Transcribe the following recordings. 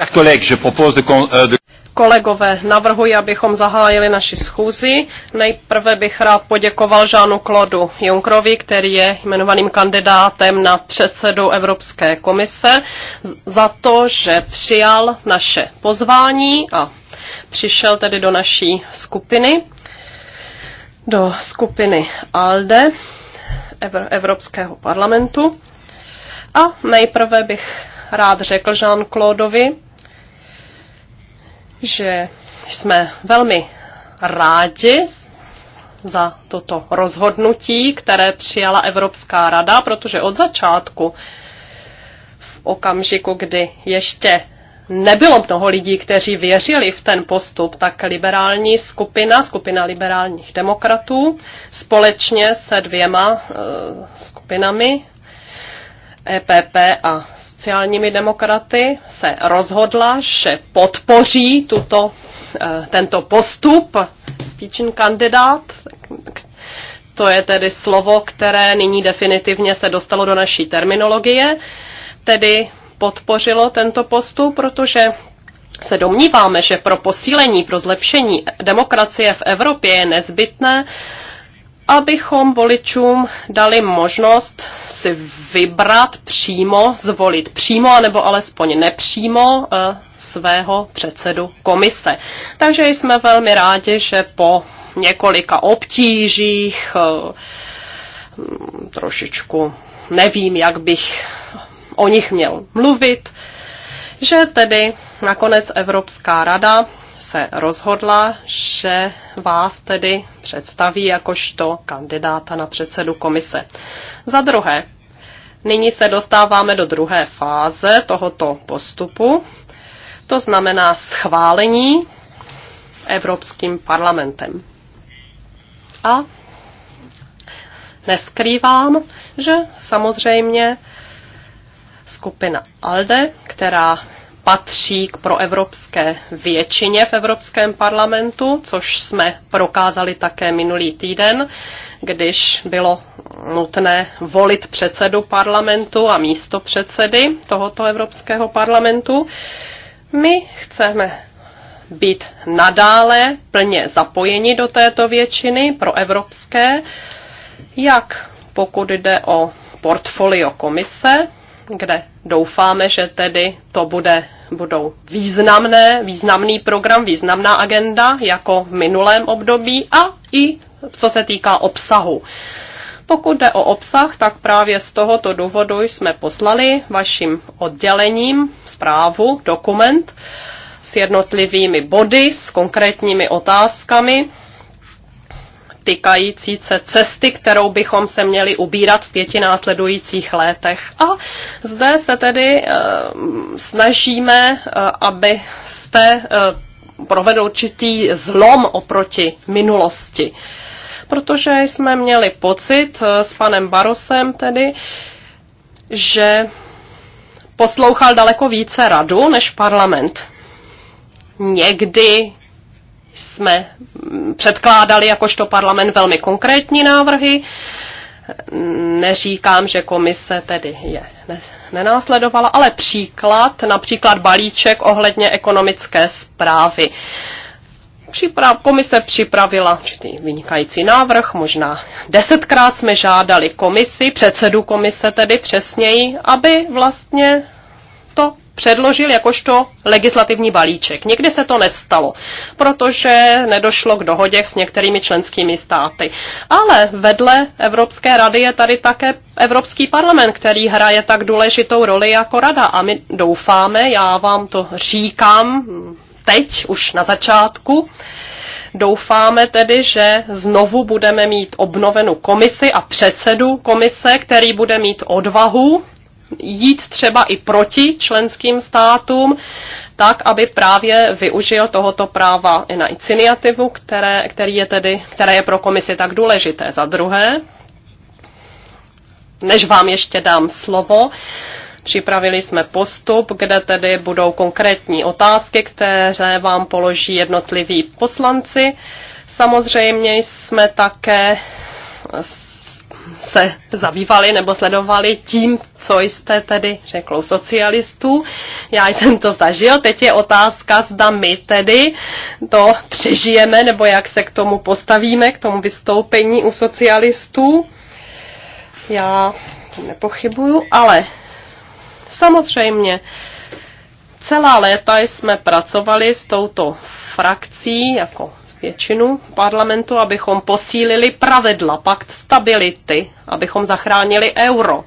Euh, Kolegové, navrhuji, abychom zahájili naši schůzi. Nejprve bych rád poděkoval Žánu Klodu Junkrovi, který je jmenovaným kandidátem na předsedu Evropské komise, za to, že přijal naše pozvání a přišel tedy do naší skupiny, do skupiny ALDE Evropského parlamentu. A nejprve bych rád řekl Žán Klodovi, že jsme velmi rádi za toto rozhodnutí, které přijala Evropská rada, protože od začátku, v okamžiku, kdy ještě nebylo mnoho lidí, kteří věřili v ten postup, tak liberální skupina, skupina liberálních demokratů, společně se dvěma eh, e, skupinami, EPP a sociálními demokraty se rozhodla, že podpoří tuto, eh, tento postup, speeching kandidát, to je tedy slovo, které nyní definitivně se dostalo do naší terminologie, tedy podpořilo tento postup, protože se domníváme, že pro posílení, pro zlepšení demokracie v Evropě je nezbytné abychom voličům dali možnost si vybrat přímo, zvolit přímo, anebo alespoň nepřímo eh, svého předsedu komise. Takže jsme velmi rádi, že po několika obtížích, eh, mm, trošičku nevím, jak bych o nich měl mluvit, že tedy nakonec Evropská rada se rozhodla, že vás tedy představí jakožto kandidáta na předsedu komise. Za druhé, nyní se dostáváme do druhé fáze tohoto postupu, to znamená schválení Evropským parlamentem. A neskrývám, že samozřejmě skupina ALDE, která patří k proevropské většině v Evropském parlamentu, což jsme prokázali také minulý týden, když bylo nutné volit předsedu parlamentu a místo předsedy tohoto Evropského parlamentu. My chceme být nadále plně zapojeni do této většiny pro evropské, jak pokud jde o portfolio komise, kde doufáme, že tedy to bude, budou významné, významný program, významná agenda, jako v minulém období a i co se týká obsahu. Pokud jde o obsah, tak právě z tohoto důvodu jsme poslali vašim oddělením zprávu, dokument s jednotlivými body, s konkrétními otázkami, týkající se cesty, kterou bychom se měli ubírat v pěti následujících letech. A zde se tedy eh, snažíme, eh, aby jste eh, provedl určitý zlom oproti minulosti. Protože jsme měli pocit s panem Barosem tedy, že poslouchal daleko více radu než parlament. Někdy jsme předkládali jakožto parlament velmi konkrétní návrhy. Neříkám, že komise tedy je nenásledovala, ale příklad, například balíček ohledně ekonomické zprávy. Připra- komise připravila určitý vynikající návrh, možná desetkrát jsme žádali komisi, předsedu komise tedy přesněji, aby vlastně to předložil jakožto legislativní balíček. Někdy se to nestalo, protože nedošlo k dohodě s některými členskými státy. Ale vedle Evropské rady je tady také Evropský parlament, který hraje tak důležitou roli jako rada. A my doufáme, já vám to říkám teď, už na začátku, Doufáme tedy, že znovu budeme mít obnovenou komisi a předsedu komise, který bude mít odvahu jít třeba i proti členským státům, tak, aby právě využil tohoto práva i na iniciativu, které, který je tedy, které je pro komisi tak důležité. Za druhé, než vám ještě dám slovo, Připravili jsme postup, kde tedy budou konkrétní otázky, které vám položí jednotliví poslanci. Samozřejmě jsme také se zabývali nebo sledovali tím, co jste tedy řekl u socialistů. Já jsem to zažil, teď je otázka, zda my tedy to přežijeme nebo jak se k tomu postavíme, k tomu vystoupení u socialistů. Já to nepochybuju, ale samozřejmě celá léta jsme pracovali s touto frakcí jako většinu parlamentu, abychom posílili pravidla, pakt stability, abychom zachránili euro.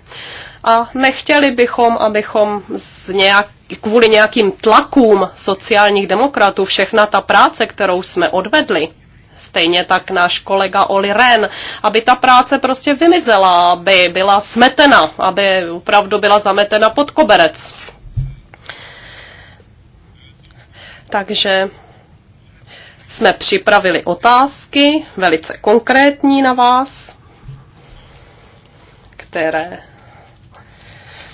A nechtěli bychom, abychom z nějak, kvůli nějakým tlakům sociálních demokratů všechna ta práce, kterou jsme odvedli, stejně tak náš kolega Oli Ren, aby ta práce prostě vymizela, aby byla smetena, aby opravdu byla zametena pod koberec. Takže jsme připravili otázky, velice konkrétní na vás, které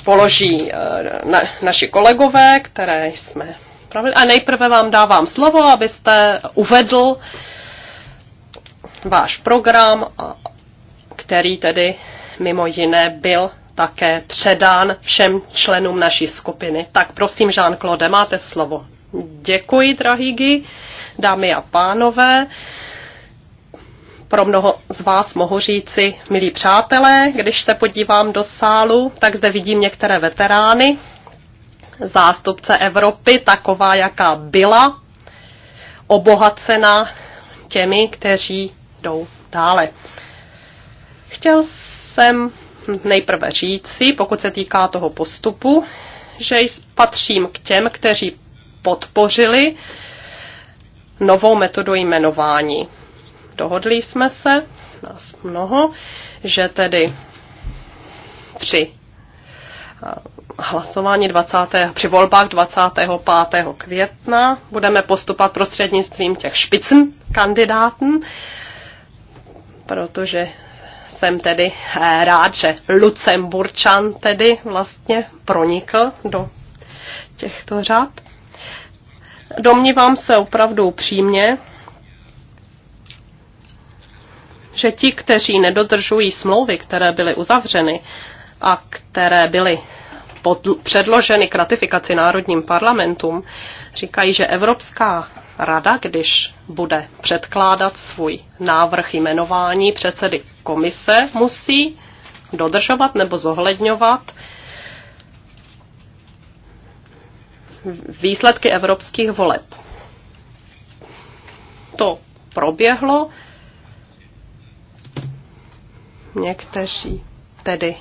položí eh, na, naši kolegové, které jsme pravili. A nejprve vám dávám slovo, abyste uvedl váš program, který tedy mimo jiné byl také předán všem členům naší skupiny. Tak prosím, Jean-Claude, máte slovo. Děkuji, drahý Guy dámy a pánové. Pro mnoho z vás mohu říci, milí přátelé, když se podívám do sálu, tak zde vidím některé veterány, zástupce Evropy, taková, jaká byla, obohacena těmi, kteří jdou dále. Chtěl jsem nejprve říci, pokud se týká toho postupu, že patřím k těm, kteří podpořili novou metodu jmenování. Dohodli jsme se, nás mnoho, že tedy při eh, hlasování 20. při volbách 25. května budeme postupovat prostřednictvím těch špicn kandidátů, protože jsem tedy eh, rád, že Lucemburčan tedy vlastně pronikl do těchto řad. Domnívám se opravdu upřímně, že ti, kteří nedodržují smlouvy, které byly uzavřeny a které byly předloženy k ratifikaci národním parlamentům, říkají, že Evropská rada, když bude předkládat svůj návrh jmenování předsedy komise, musí dodržovat nebo zohledňovat výsledky evropských voleb. To proběhlo. Někteří tedy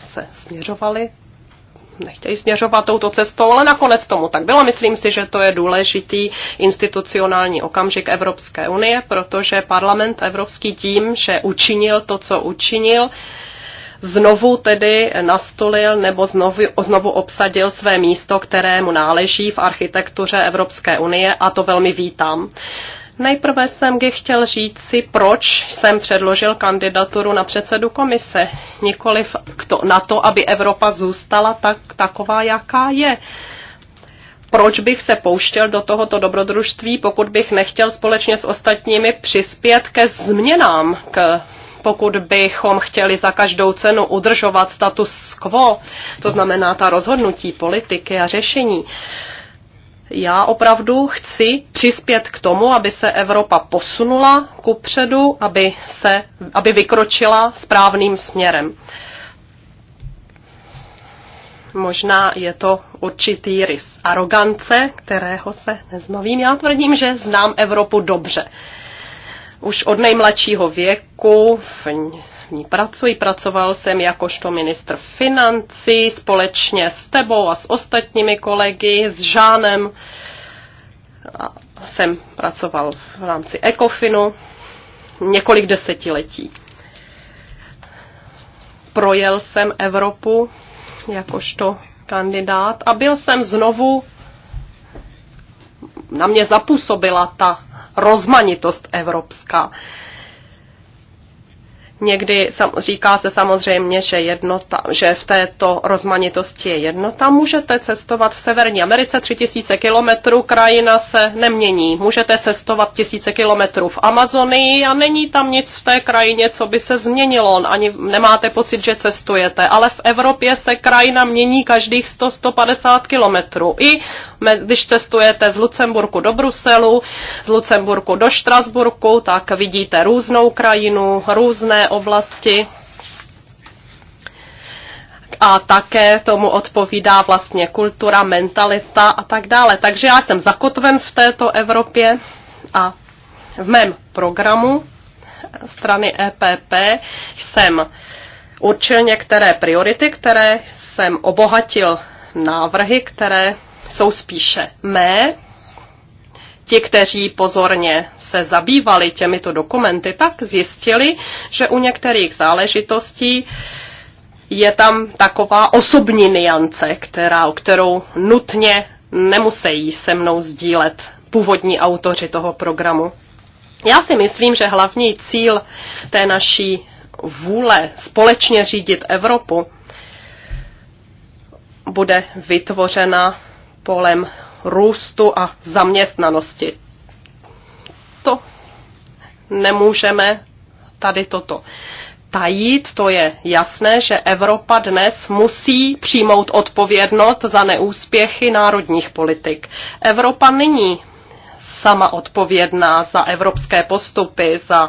se směřovali, nechtěli směřovat touto cestou, ale nakonec tomu tak bylo. Myslím si, že to je důležitý institucionální okamžik Evropské unie, protože parlament evropský tím, že učinil to, co učinil, znovu tedy nastolil nebo znovu, znovu obsadil své místo, které mu náleží v architektuře Evropské unie a to velmi vítám. Nejprve jsem ji chtěl říct si, proč jsem předložil kandidaturu na předsedu komise, nikoliv to, na to, aby Evropa zůstala tak, taková, jaká je proč bych se pouštěl do tohoto dobrodružství, pokud bych nechtěl společně s ostatními přispět ke změnám, k pokud bychom chtěli za každou cenu udržovat status quo, to znamená ta rozhodnutí politiky a řešení, já opravdu chci přispět k tomu, aby se Evropa posunula kupředu, aby, se, aby vykročila správným směrem. Možná je to určitý rys arogance, kterého se nezmavím. Já tvrdím, že znám Evropu dobře. Uh, už od nejmladšího věku v ní pracuji. Pracoval jsem jakožto ministr financí společně s tebou a s ostatními kolegy, s Žánem. Jsem pracoval v rámci Ekofinu několik desetiletí. Projel jsem Evropu jakožto kandidát a byl jsem znovu, na mě zapůsobila ta rozmanitost evropská. Někdy sam, říká se samozřejmě, že, jednota, že v této rozmanitosti je jednota. Můžete cestovat v Severní Americe 3000 kilometrů, krajina se nemění. Můžete cestovat tisíce kilometrů v Amazonii a není tam nic v té krajině, co by se změnilo. Ani nemáte pocit, že cestujete. Ale v Evropě se krajina mění každých 100-150 kilometrů. I když cestujete z Lucemburku do Bruselu, z Lucemburku do Štrasburku, tak vidíte různou krajinu, různé oblasti. A také tomu odpovídá vlastně kultura, mentalita a tak dále. Takže já jsem zakotven v této Evropě a v mém programu strany EPP jsem určil některé priority, které jsem obohatil návrhy, které jsou spíše mé. Ti, kteří pozorně se zabývali těmito dokumenty, tak zjistili, že u některých záležitostí je tam taková osobní niance, která, kterou nutně nemusí se mnou sdílet původní autoři toho programu. Já si myslím, že hlavní cíl té naší vůle společně řídit Evropu bude vytvořena polem růstu a zaměstnanosti. To nemůžeme tady toto tajít. to je jasné, že Evropa dnes musí přijmout odpovědnost za neúspěchy národních politik. Evropa není sama odpovědná za evropské postupy, za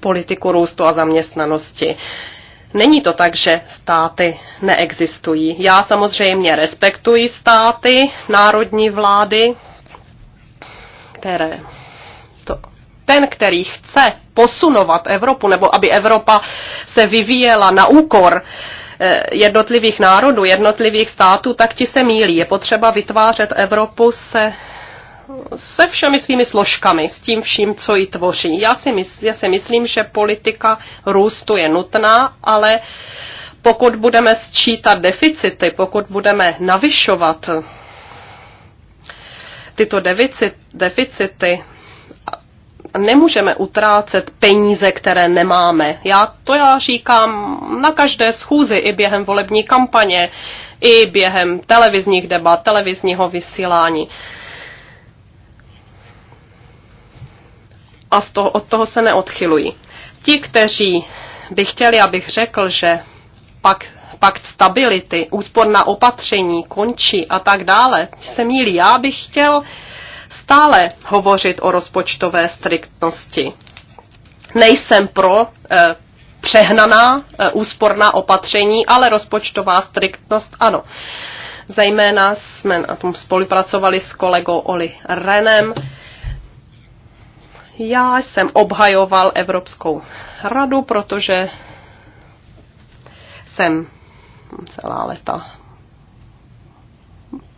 politiku růstu a zaměstnanosti. Není to tak, že státy neexistují. Já samozřejmě respektuji státy, národní vlády, které to, ten, který chce posunovat Evropu, nebo aby Evropa se vyvíjela na úkor eh, jednotlivých národů, jednotlivých států, tak ti se mílí. Je potřeba vytvářet Evropu se se všemi svými složkami, s tím vším, co ji tvoří. Já si, mysl, já si myslím, že politika růstu je nutná, ale pokud budeme sčítat deficity, pokud budeme navyšovat tyto deficit, deficity, nemůžeme utrácet peníze, které nemáme. Já to já říkám na každé schůzi i během volební kampaně, i během televizních debat, televizního vysílání. Uh, a z toho, od toho se neodchylují. Ti, kteří by chtěli, abych řekl, že pak pakt stability, úsporná opatření, končí a tak dále, se mílí. Já bych chtěl stále hovořit o rozpočtové striktnosti. Nejsem pro eh, přehnaná eh, úsporná opatření, ale rozpočtová striktnost ano. Zejména jsme na tom spolupracovali s kolegou Oli Renem. Eh, já jsem obhajoval Evropskou radu, protože jsem celá leta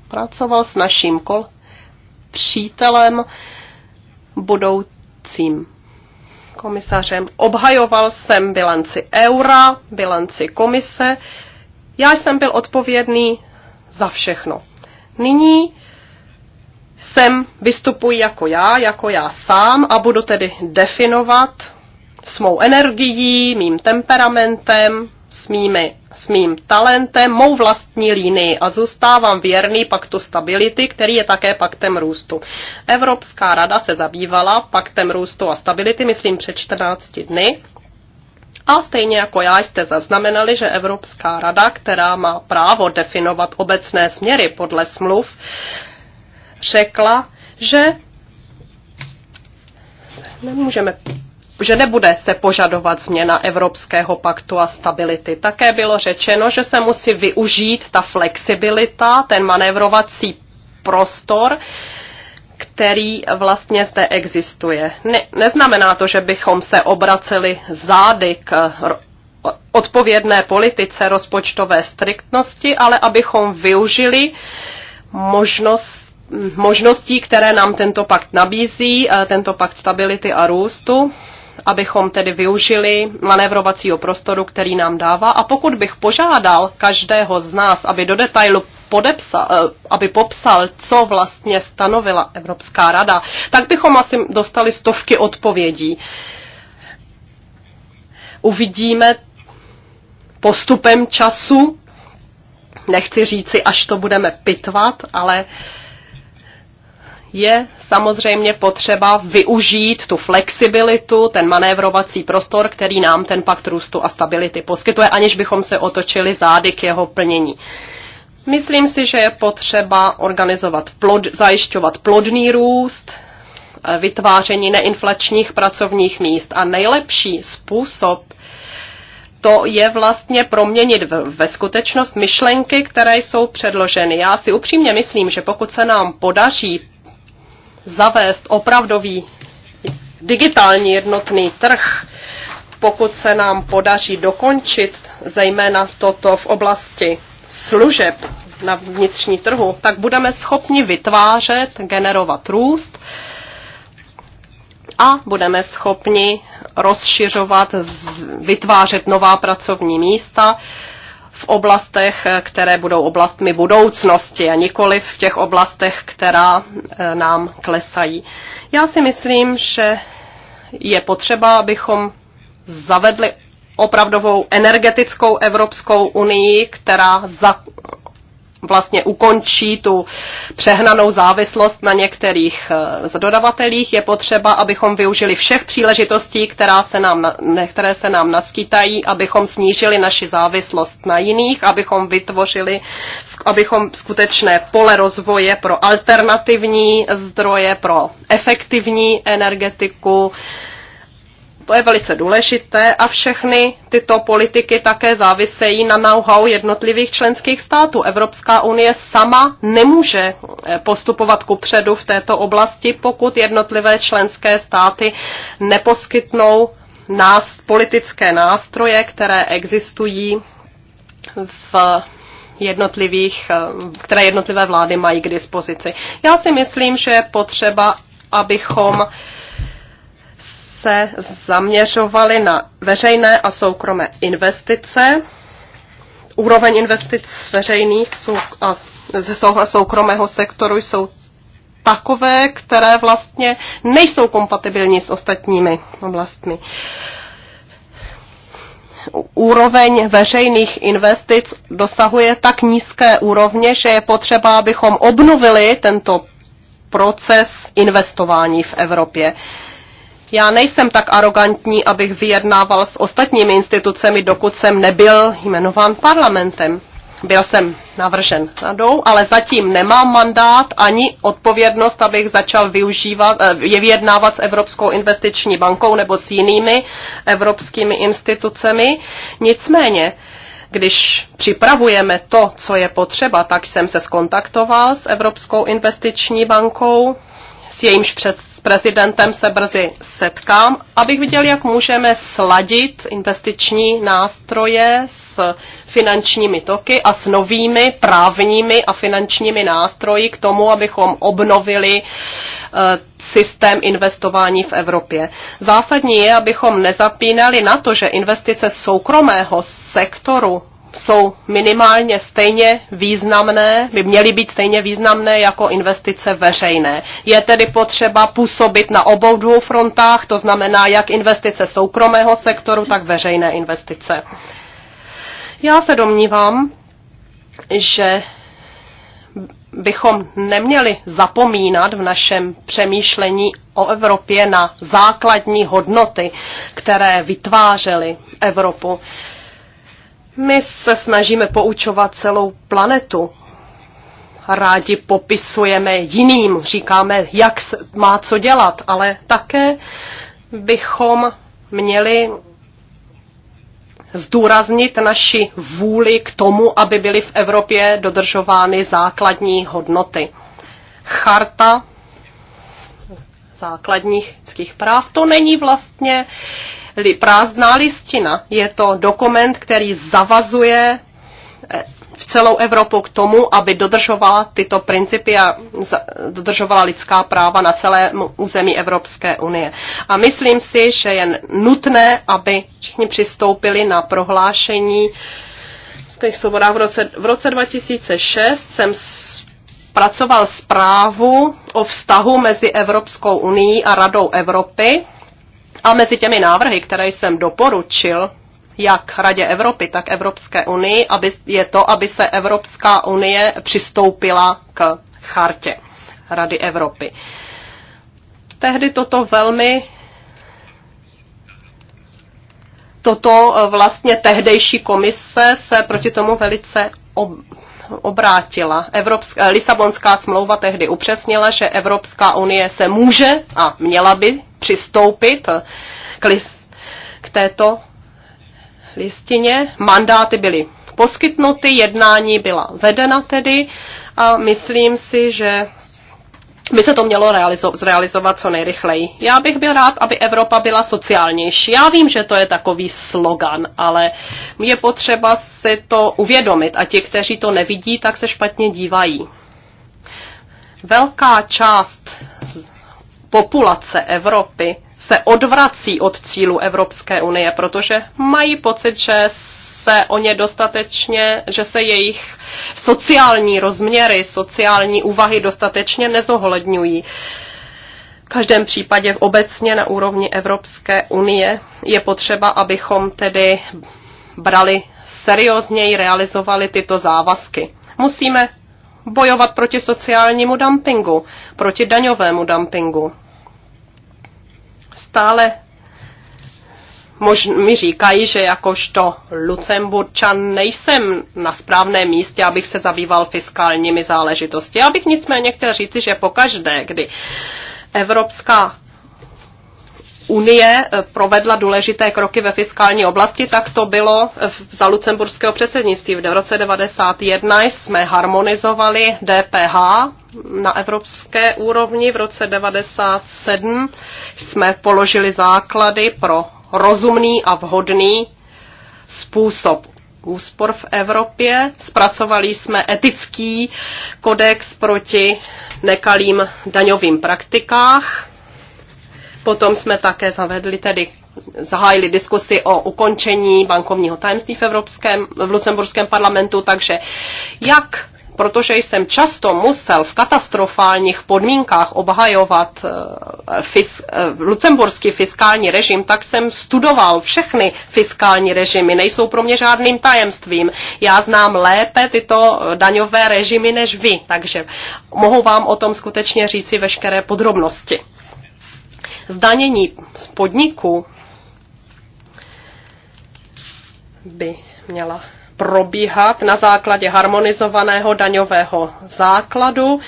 pracoval s naším kol přítelem, budoucím komisařem. Obhajoval jsem bilanci eura, bilanci komise. Já jsem byl odpovědný za všechno. Nyní sem vystupuji jako já, jako já sám a budu tedy definovat s mou energií, mým temperamentem, s, mými, s mým talentem, mou vlastní línii a zůstávám věrný paktu stability, který je také paktem růstu. Evropská rada se zabývala paktem růstu a stability, myslím, před 14 dny. A stejně jako já jste zaznamenali, že Evropská rada, která má právo definovat obecné směry podle smluv, řekla, že nemůžeme že nebude se požadovat změna Evropského paktu a stability. Také bylo řečeno, že se musí využít ta flexibilita, ten manévrovací prostor, který vlastně zde existuje. Ne, neznamená to, že bychom se obraceli zády k odpovědné politice rozpočtové striktnosti, ale abychom využili možnost možností, které nám tento pakt nabízí, eh, tento pakt stability a růstu, abychom tedy využili manévrovacího prostoru, který nám dává. A pokud bych požádal každého z nás, aby do detailu podepsal, eh, aby popsal, co vlastně stanovila Evropská rada, tak bychom asi dostali stovky odpovědí. Uvidíme postupem času, nechci říci, až to budeme pitvat, ale uh, je samozřejmě potřeba využít tu flexibilitu, ten manévrovací prostor, který nám ten pakt růstu a stability poskytuje, aniž bychom se otočili zády k jeho plnění. Myslím si, že je potřeba organizovat plod, zajišťovat plodný růst, eh, vytváření neinflačních pracovních míst a nejlepší způsob, to je vlastně proměnit ve skutečnost myšlenky, které jsou předloženy. Já si upřímně myslím, že pokud se nám podaří zavést opravdový digitální jednotný trh, pokud se nám podaří dokončit zejména toto v oblasti služeb na vnitřní trhu, tak budeme schopni vytvářet, generovat růst a budeme schopni rozšiřovat, vytvářet nová pracovní místa, v oblastech, eh, které budou oblastmi budoucnosti a nikoli v těch oblastech, která eh, nám klesají. Já si myslím, že je potřeba, abychom zavedli opravdovou energetickou Evropskou unii, která za, vlastně ukončí tu přehnanou závislost na některých eh, dodavatelích. Je potřeba, abychom využili všech příležitostí, která se nám, které se nám naskytají, abychom snížili naši závislost na jiných, abychom vytvořili, abychom skutečné pole rozvoje pro alternativní zdroje, pro efektivní energetiku, to je velice důležité a všechny tyto politiky také závisejí na know-how jednotlivých členských států. Evropská unie sama nemůže eh, postupovat kupředu v této oblasti, pokud jednotlivé členské státy neposkytnou nás, politické nástroje, které existují v jednotlivých, eh, které jednotlivé vlády mají k dispozici. Já si myslím, že je potřeba, abychom se zaměřovaly na veřejné a soukromé investice, úroveň investic veřejných a ze soukromého sektoru jsou takové, které vlastně nejsou kompatibilní s ostatními oblastmi. Úroveň veřejných investic dosahuje tak nízké úrovně, že je potřeba, abychom obnovili tento proces investování v Evropě. Já nejsem tak arrogantní, abych vyjednával s ostatními institucemi, dokud jsem nebyl jmenován parlamentem. Byl jsem navržen radou, ale zatím nemám mandát ani odpovědnost, abych začal využívat, eh, je vyjednávat s Evropskou investiční bankou nebo s jinými evropskými institucemi. Nicméně, když připravujeme to, co je potřeba, tak jsem se skontaktoval s Evropskou investiční bankou, s jejímž před, prezidentem se brzy setkám, abych viděl, jak můžeme sladit investiční nástroje s finančními toky a s novými právními a finančními nástroji k tomu, abychom obnovili eh, systém investování v Evropě. Zásadní je, abychom nezapínali na to, že investice soukromého sektoru jsou minimálně stejně významné, by měly být stejně významné jako investice veřejné. Je tedy potřeba působit na obou dvou frontách, to znamená jak investice soukromého sektoru, tak veřejné investice. Já se domnívám, že bychom neměli zapomínat v našem přemýšlení o Evropě na základní hodnoty, které vytvářely Evropu. My se snažíme poučovat celou planetu. Rádi popisujeme jiným, říkáme, jak má co dělat, ale také bychom měli zdůraznit naši vůli k tomu, aby byly v Evropě dodržovány základní hodnoty. Charta základních lidských práv, to není vlastně prázdná listina. Je to dokument, který zavazuje eh, v celou Evropu k tomu, aby dodržovala tyto principy a dodržovala lidská práva na celém území Evropské unie. A myslím si, že je nutné, aby všichni přistoupili na prohlášení lidských V roce, v roce 2006 jsem pracoval zprávu o vztahu mezi Evropskou unii a Radou Evropy a mezi těmi návrhy, které jsem doporučil, jak Radě Evropy, tak Evropské unii, aby, je to, aby se Evropská unie přistoupila k chartě Rady Evropy. Tehdy toto velmi toto eh, vlastně tehdejší komise se proti tomu velice ob, obrátila. Evropská, eh, Lisabonská smlouva tehdy upřesnila, že Evropská unie se může a měla by přistoupit eh, k, lis, k této listině. Mandáty byly poskytnuty, jednání byla vedena tedy a myslím si, že by se to mělo realizo- zrealizovat co nejrychleji. Já bych byl rád, aby Evropa byla sociálnější. Já vím, že to je takový slogan, ale je potřeba si to uvědomit a ti, kteří to nevidí, tak se špatně dívají. Velká část populace Evropy se odvrací od cílu Evropské unie, protože mají pocit, že se o ně dostatečně, že se jejich sociální rozměry, sociální úvahy dostatečně nezohledňují. V každém případě obecně na úrovni Evropské unie je potřeba, abychom tedy brali seriózněji, realizovali tyto závazky. Musíme bojovat proti sociálnímu dumpingu, proti daňovému dumpingu. Stále mož, mi říkají, že jakožto Lucemburčan nejsem na správném místě, abych se zabýval fiskálními záležitosti. Já bych nicméně chtěl říci, že pokaždé, kdy Evropská Unie eh, provedla důležité kroky ve fiskální oblasti, tak to bylo za lucemburského předsednictví. V roce 1991 jsme harmonizovali DPH na evropské úrovni. V roce 1997 jsme položili základy pro rozumný a vhodný způsob úspor v Evropě. Zpracovali jsme etický kodex proti nekalým daňovým praktikách. Potom jsme také zavedli tedy zahájili diskusy o ukončení bankovního tajemství v, Evropském, v Lucemburském parlamentu, takže jak protože jsem často musel v katastrofálních podmínkách obhajovat eh, fis, eh, lucemburský fiskální režim, tak jsem studoval všechny fiskální režimy. Nejsou pro mě žádným tajemstvím. Já znám lépe tyto eh, daňové režimy než vy, takže mohu vám o tom skutečně říci veškeré podrobnosti. Zdanění z podniku by měla probíhat na základě harmonizovaného daňového základu,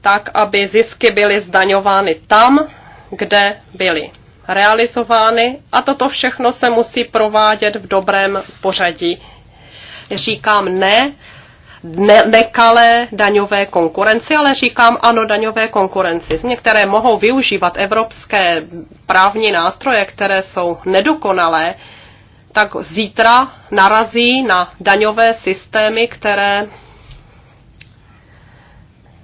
tak aby zisky byly zdaňovány tam, kde byly realizovány a toto všechno se musí provádět v dobrém pořadí. Říkám ne, ne nekalé daňové konkurenci, ale říkám ano daňové konkurenci. Z některé mohou využívat evropské právní nástroje, které jsou nedokonalé, tak zítra narazí na daňové systémy, které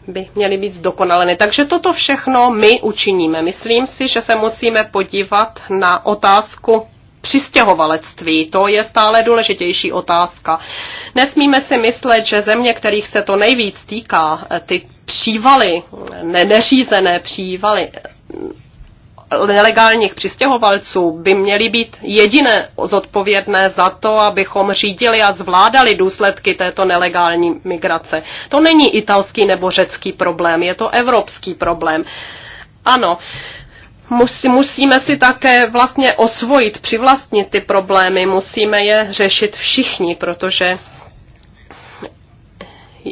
by měly být zdokonaleny. Takže toto všechno my učiníme. Myslím si, že se musíme podívat na otázku přistěhovalectví. To je stále důležitější otázka. Nesmíme si myslet, že země, kterých se to nejvíc týká, ty přívaly, ne, neřízené přívaly, nelegálních přistěhovalců by měly být jediné zodpovědné za to, abychom řídili a zvládali důsledky této nelegální migrace. To není italský nebo řecký problém, je to evropský problém. Ano, musí, musíme si také vlastně osvojit, přivlastnit ty problémy, musíme je řešit všichni, protože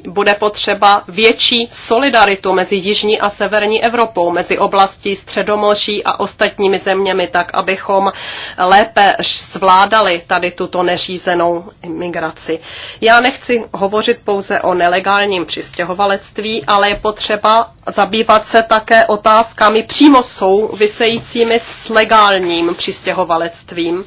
bude potřeba větší solidaritu mezi Jižní a Severní Evropou, mezi oblastí Středomoří a ostatními zeměmi, tak abychom lépe zvládali tady tuto neřízenou imigraci. Já nechci hovořit pouze o nelegálním přistěhovalectví, ale je potřeba zabývat se také otázkami přímo souvisejícími s legálním přistěhovalectvím.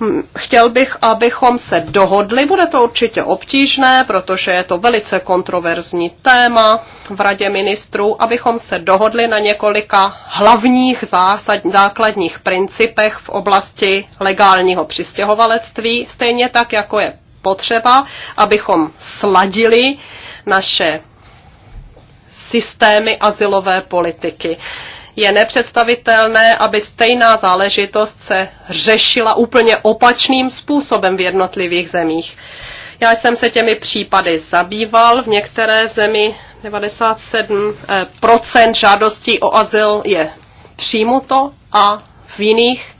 Hm, chtěl bych, abychom se dohodli. Bude to určitě obtížné, protože je to velice kontroverzní téma v Radě ministrů, abychom se dohodli na několika hlavních zásad, základních principech v oblasti legálního přistěhovalectví, stejně tak, jako je potřeba, abychom sladili naše systémy asilové politiky je nepředstavitelné, aby stejná záležitost se řešila úplně opačným způsobem v jednotlivých zemích. Já jsem se těmi případy zabýval. V některé zemi 97% eh, žádostí o azyl je přijímuto a v jiných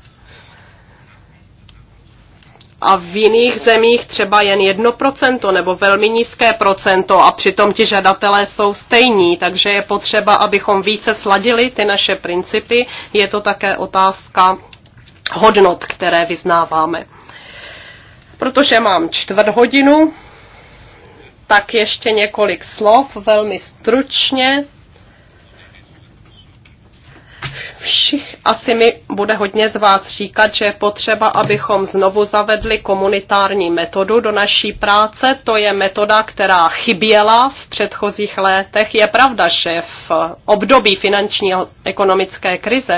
a v jiných zemích třeba jen 1% nebo velmi nízké procento a přitom ti žadatelé jsou stejní, takže je potřeba, abychom více sladili ty naše principy. Je to také otázka hodnot, které vyznáváme. Protože mám čtvrt hodinu, tak ještě několik slov, velmi stručně všich asi mi bude hodně z vás říkat, že je potřeba, abychom znovu zavedli komunitární metodu do naší práce. To je metoda, která chyběla v předchozích letech. Je pravda, že v období finanční a ekonomické krize,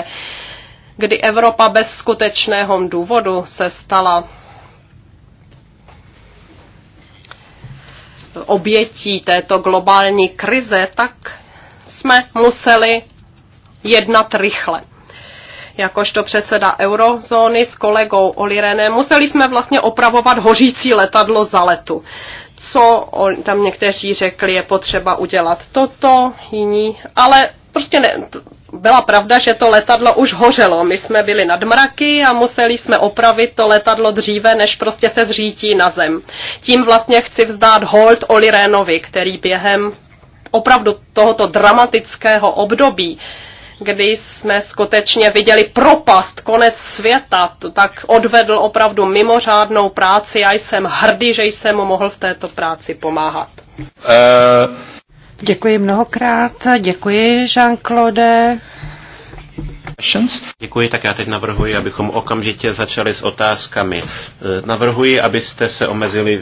kdy Evropa bez skutečného důvodu se stala obětí této globální krize, tak jsme museli jednat rychle jakožto předseda eurozóny s kolegou Olirenem. Museli jsme vlastně opravovat hořící letadlo za letu. Co on, tam někteří řekli, je potřeba udělat toto, jiní, ale prostě ne, byla pravda, že to letadlo už hořelo. My jsme byli nad mraky a museli jsme opravit to letadlo dříve, než prostě se zřítí na zem. Tím vlastně chci vzdát hold Oli Rénovi, který během opravdu tohoto dramatického období kdy jsme skutečně viděli propast, konec světa, tak odvedl opravdu mimořádnou práci. Já jsem hrdý, že jsem mu mohl v této práci pomáhat. Uh... Děkuji mnohokrát, děkuji Jean-Claude. Děkuji, tak já teď navrhuji, abychom okamžitě začali s otázkami. E, navrhuji, abyste se omezili e,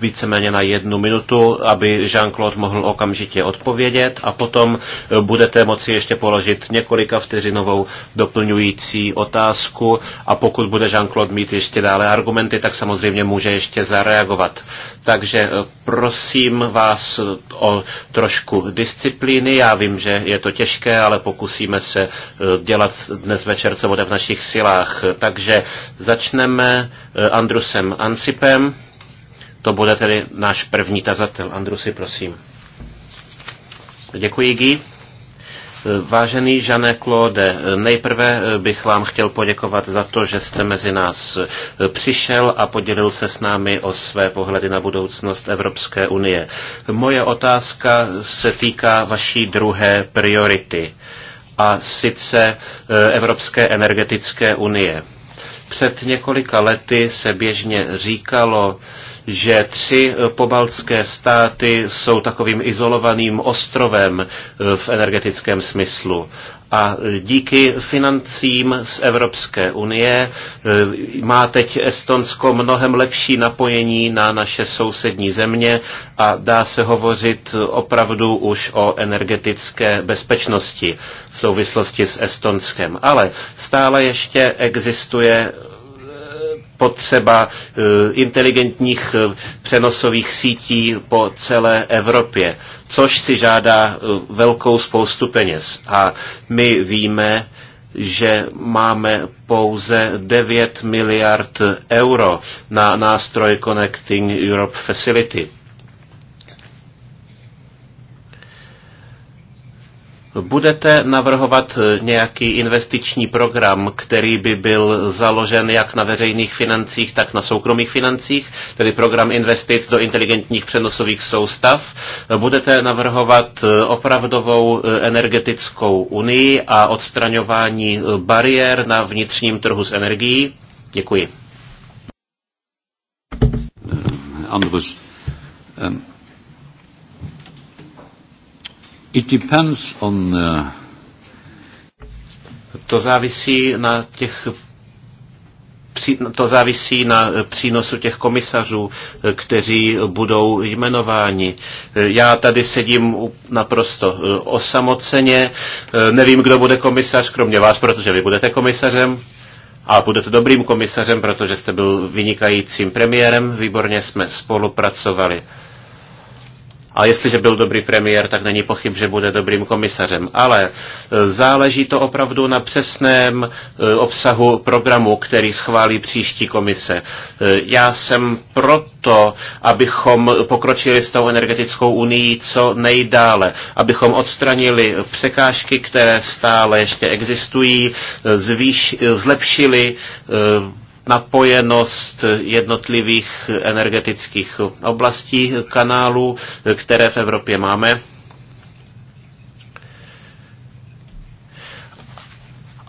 víceméně na jednu minutu, aby Jean-Claude mohl okamžitě odpovědět a potom e, budete moci ještě položit několika vteřinovou doplňující otázku a pokud bude Jean-Claude mít ještě dále argumenty, tak samozřejmě může ještě zareagovat. Takže prosím vás o trošku disciplíny. Já vím, že je to těžké, ale pokusíme se dělat dnes večer, co bude v našich silách. Takže začneme eh, Andrusem Ansipem. To bude tedy náš první tazatel. Andrusi, prosím. Děkuji, Gý. Eh, vážený Žané Claude, eh, nejprve bych vám chtěl poděkovat za to, že jste mezi nás přišel a podělil se s námi o své pohledy na budoucnost Evropské unie. Moje otázka se týká vaší druhé priority a sice e, Evropské energetické unie. Před několika lety se běžně říkalo, že tři eh, pobaltské státy jsou takovým izolovaným ostrovem eh, v energetickém smyslu. A eh, díky financím z Evropské unie má teď Estonsko mnohem lepší napojení na naše sousední země a dá se hovořit opravdu už o energetické bezpečnosti v souvislosti s Estonskem. Ale stále ještě existuje potřeba eh, inteligentních eh, přenosových sítí po celé Evropě, což si žádá eh, velkou spoustu peněz. A my víme, že máme pouze 9 miliard euro na nástroj Connecting Europe Facility. Budete navrhovat eh, nějaký investiční program, který by byl založen jak na veřejných financích, tak na soukromých financích, tedy program investic do inteligentních přenosových soustav? Budete navrhovat eh, opravdovou eh, energetickou unii a odstraňování bariér na vnitřním trhu s energií? Děkuji. um, It depends on, uh... To závisí na těch to závisí na eh, přínosu těch komisařů, eh, kteří budou jmenováni. Eh, já tady sedím naprosto osamoceně, nevím, kdo bude komisař, kromě vás, protože vy budete komisařem a budete dobrým komisařem, protože jste byl vynikajícím premiérem, výborně jsme spolupracovali. A jestliže byl dobrý premiér, tak není pochyb, že bude dobrým komisařem. Ale e, záleží to opravdu na přesném e, obsahu programu, který schválí příští komise. E, já jsem proto, abychom pokročili s tou energetickou unii co nejdále, abychom odstranili překážky, které stále ještě existují, zvýš, zlepšili napojenost jednotlivých energetických oblastí kanálů, které v Evropě máme.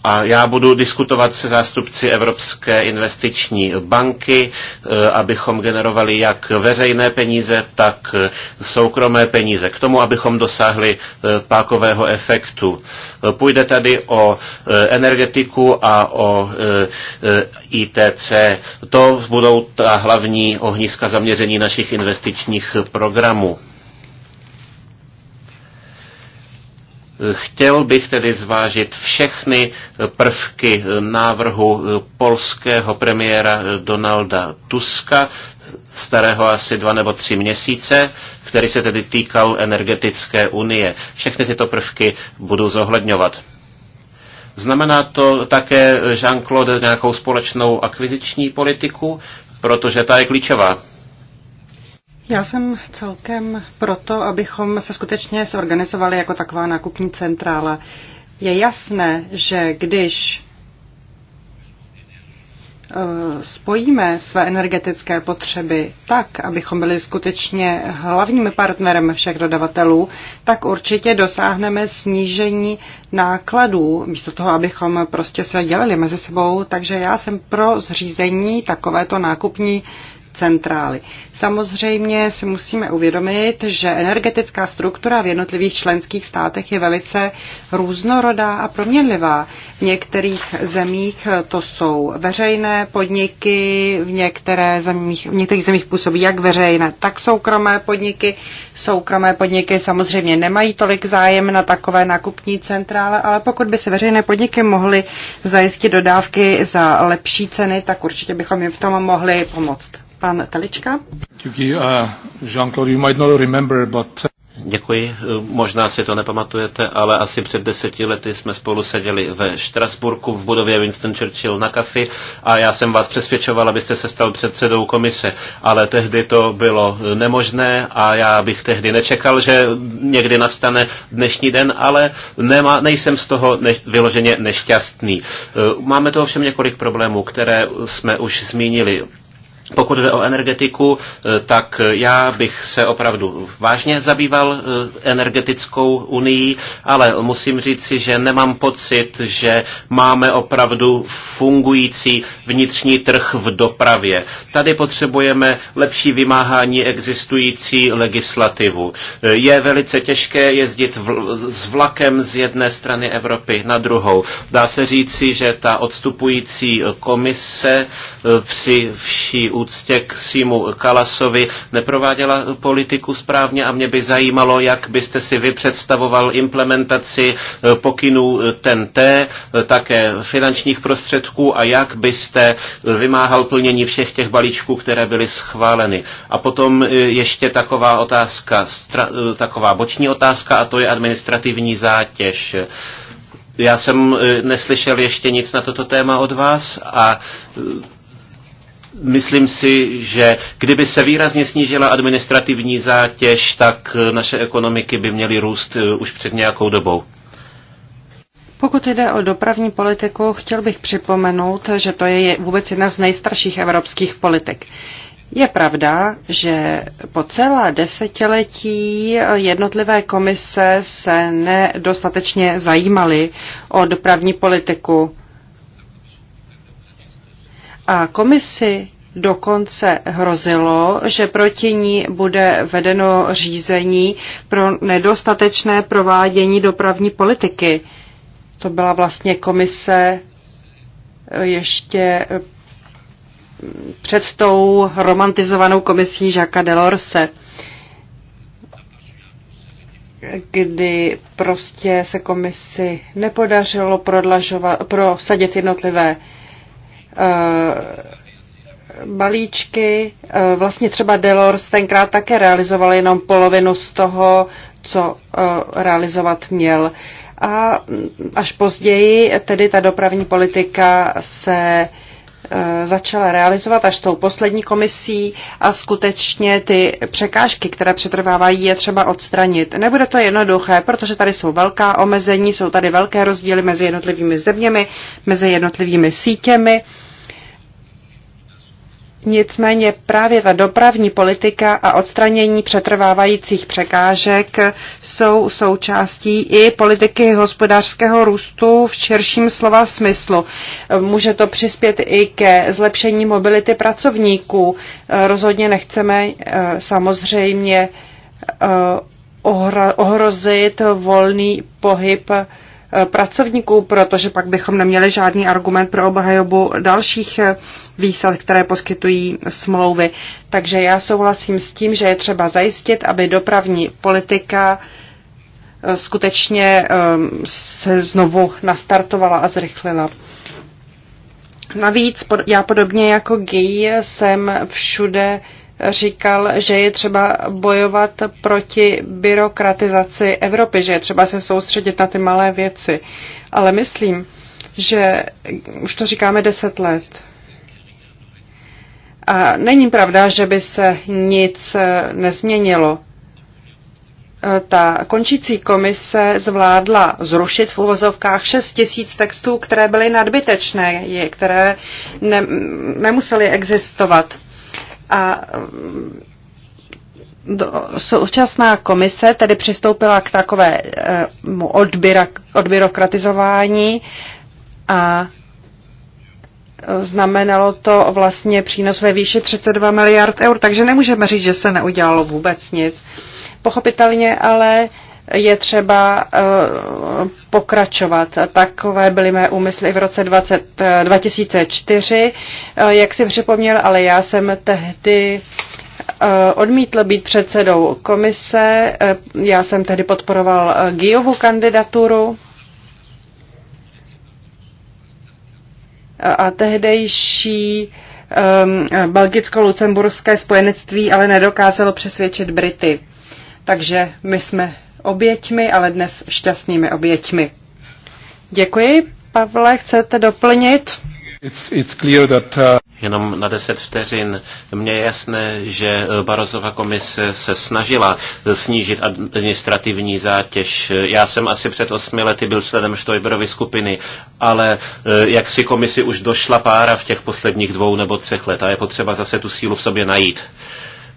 A já budu diskutovat se zástupci Evropské investiční banky, eh, abychom generovali jak veřejné peníze, tak eh, soukromé peníze, k tomu, abychom dosáhli eh, pákového efektu. Půjde tady o energetiku a o ITC. To budou ta hlavní ohniska zaměření našich investičních programů. Chtěl bych tedy zvážit všechny prvky návrhu polského premiéra Donalda Tuska, starého asi dva nebo tři měsíce, který se tedy týkal energetické unie. Všechny tyto prvky budu zohledňovat. Znamená to také Jean-Claude nějakou společnou akviziční politiku, protože ta je klíčová. Já jsem celkem proto, abychom se skutečně zorganizovali jako taková nákupní centrála. Je jasné, že když eh, spojíme své energetické potřeby tak, abychom byli skutečně hlavním partnerem všech dodavatelů, tak určitě dosáhneme snížení nákladů, místo toho, abychom prostě se dělali mezi sebou. Takže já jsem pro zřízení takovéto nákupní centrály. Samozřejmě si musíme uvědomit, že energetická struktura v jednotlivých členských státech je velice různorodá a proměnlivá. V některých zemích to jsou veřejné podniky, v, některé zemích, v některých zemích působí jak veřejné, tak soukromé podniky. Soukromé podniky samozřejmě nemají tolik zájem na takové nákupní centrále, ale pokud by se veřejné podniky mohly zajistit dodávky za lepší ceny, tak určitě bychom jim v tom mohli pomoct. Pan Telička. Uh, uh, Děkuji, uh, možná si to nepamatujete, ale asi před deseti lety jsme spolu seděli ve Štrasburku v budově Winston Churchill na kafi a já jsem vás přesvědčoval, abyste se stal předsedou komise, ale tehdy to bylo nemožné a já bych tehdy nečekal, že někdy nastane dnešní den, ale nema, nejsem z toho ne, vyloženě nešťastný. Máme to ovšem několik problémů, které jsme už zmínili. Pokud jde o energetiku, eh, tak já bych se opravdu vážně zabýval eh, energetickou unii, ale musím říci, že nemám pocit, že máme opravdu fungující vnitřní trh v dopravě. Tady potřebujeme lepší vymáhání existující legislativu. Eh, je velice těžké jezdit v, s vlakem z jedné strany Evropy na druhou. Dá se říci, že ta odstupující komise při vší úctě k Simu Kalasovi neprováděla politiku správně a mě by zajímalo, jak byste si vy představoval implementaci eh, pokynů eh, TNT, eh, také finančních prostředků a jak byste vymáhal plnění všech těch balíčků, které byly schváleny. A potom ještě taková otázka, taková boční otázka a to je administrativní zátěž. Já jsem neslyšel ještě nic na toto téma od vás a myslím si, že kdyby se výrazně snížila administrativní zátěž, tak eh, naše ekonomiky by měly růst eh, už před nějakou dobou. Pokud jde o dopravní politiku, chtěl bych připomenout, že to je vůbec jedna z nejstarších evropských politik. Je pravda, že po celá desetiletí jednotlivé komise se nedostatečně zajímaly o dopravní politiku. A komisi dokonce hrozilo, že proti ní bude vedeno řízení pro nedostatečné provádění dopravní politiky. To byla vlastně komise eh, ještě eh, před tou romantizovanou komisí Žaka Delorse, kdy prostě se komisi nepodařilo prosadit jednotlivé Eh, balíčky. Eh, vlastně třeba Delors tenkrát také realizoval jenom polovinu z toho, co eh, realizovat měl. A mm, až později tedy ta dopravní politika se začala realizovat až tou poslední komisí a skutečně ty překážky, které přetrvávají, je třeba odstranit. Nebude to jednoduché, protože tady jsou velká omezení, jsou tady velké rozdíly mezi jednotlivými zeměmi, mezi jednotlivými sítěmi. Nicméně právě ta dopravní politika a odstranění přetrvávajících překážek jsou součástí i politiky hospodářského růstu v širším slova smyslu. Může to přispět i ke zlepšení mobility pracovníků. Rozhodně nechceme eh, samozřejmě eh, ohrozit volný pohyb Eh, pracovníků, protože pak bychom neměli žádný argument pro obhajobu dalších eh, výsad, které poskytují smlouvy. Takže já souhlasím s tím, že je třeba zajistit, aby dopravní politika eh, skutečně ehm, se znovu nastartovala a zrychlila. Navíc já podobně jako gay jsem všude říkal, že je třeba bojovat proti byrokratizaci Evropy, že je třeba se soustředit na ty malé věci. Ale myslím, že už to říkáme deset let. A není pravda, že by se nic nezměnilo. Ta končící komise zvládla zrušit v uvozovkách 6 tisíc textů, které byly nadbytečné, které ne, nemusely existovat. A mm, do, současná komise tedy přistoupila k takovému eh, odbyra, odbyrokratizování a eh, znamenalo to vlastně přínos ve výši 32 miliard eur, takže nemůžeme říct, že se neudělalo vůbec nic. Pochopitelně ale je třeba eh, pokračovat. Takové byly mé úmysly v roce 20, 2004, eh, eh, jak si připomněl, ale já jsem tehdy odmítl být předsedou komise. Já jsem tehdy podporoval Giovu kandidaturu. A tehdejší um, belgicko-lucemburské spojenectví ale nedokázalo přesvědčit Brity. Takže my jsme oběťmi, ale dnes šťastnými oběťmi. Děkuji. Pavle, chcete doplnit? It's, it's clear that, uh... Jenom na deset vteřin. Mně je jasné, že Barozova komise se snažila snížit administrativní zátěž. Já jsem asi před osmi lety byl členem Štojberovy skupiny, ale eh, jak si komisi už došla pára v těch posledních dvou nebo třech let a je potřeba zase tu sílu v sobě najít.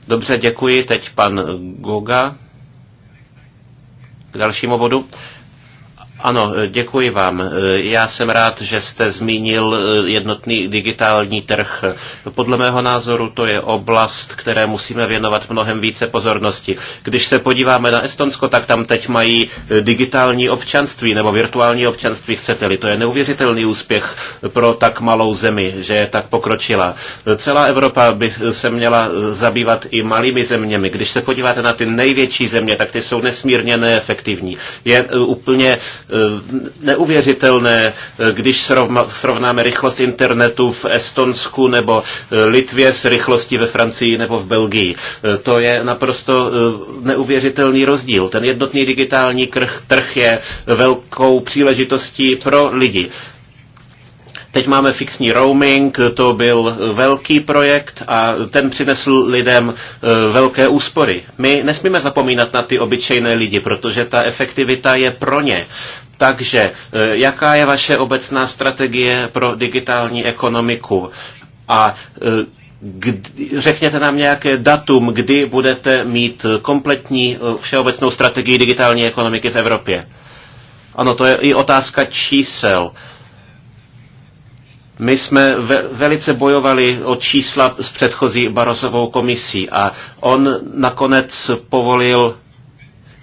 Dobře, děkuji. Teď pan Goga k dalšímu bodu. Ano, e, děkuji vám. E, já jsem rád, že jste zmínil e, jednotný digitální trh. Podle mého názoru to je oblast, které musíme věnovat mnohem více pozornosti. Když se podíváme na Estonsko, tak tam teď mají digitální občanství nebo virtuální občanství, chcete-li. To je neuvěřitelný úspěch pro tak malou zemi, že je tak pokročila. Celá Evropa by se měla zabývat i malými zeměmi. Když se podíváte na ty největší země, tak ty jsou nesmírně neefektivní. Je úplně Eh, neuvěřitelné, eh, když srovnáme rychlost internetu v Estonsku nebo eh, Litvě s rychlostí ve Francii nebo v Belgii. To je naprosto neuvěřitelný rozdíl. Ten jednotný digitální trh je velkou příležitostí pro lidi. Teď máme fixní roaming, to byl velký projekt a ten přinesl lidem e, velké úspory. My nesmíme zapomínat na ty obyčejné lidi, protože ta efektivita je pro ně. Takže e, jaká je vaše obecná strategie pro digitální ekonomiku? A e, kdy, řekněte nám nějaké datum, kdy budete mít kompletní všeobecnou strategii digitální ekonomiky v Evropě. Ano, to je i otázka čísel. Uh, my jsme ve, velice bojovali o čísla s předchozí Barosovou komisí a on nakonec povolil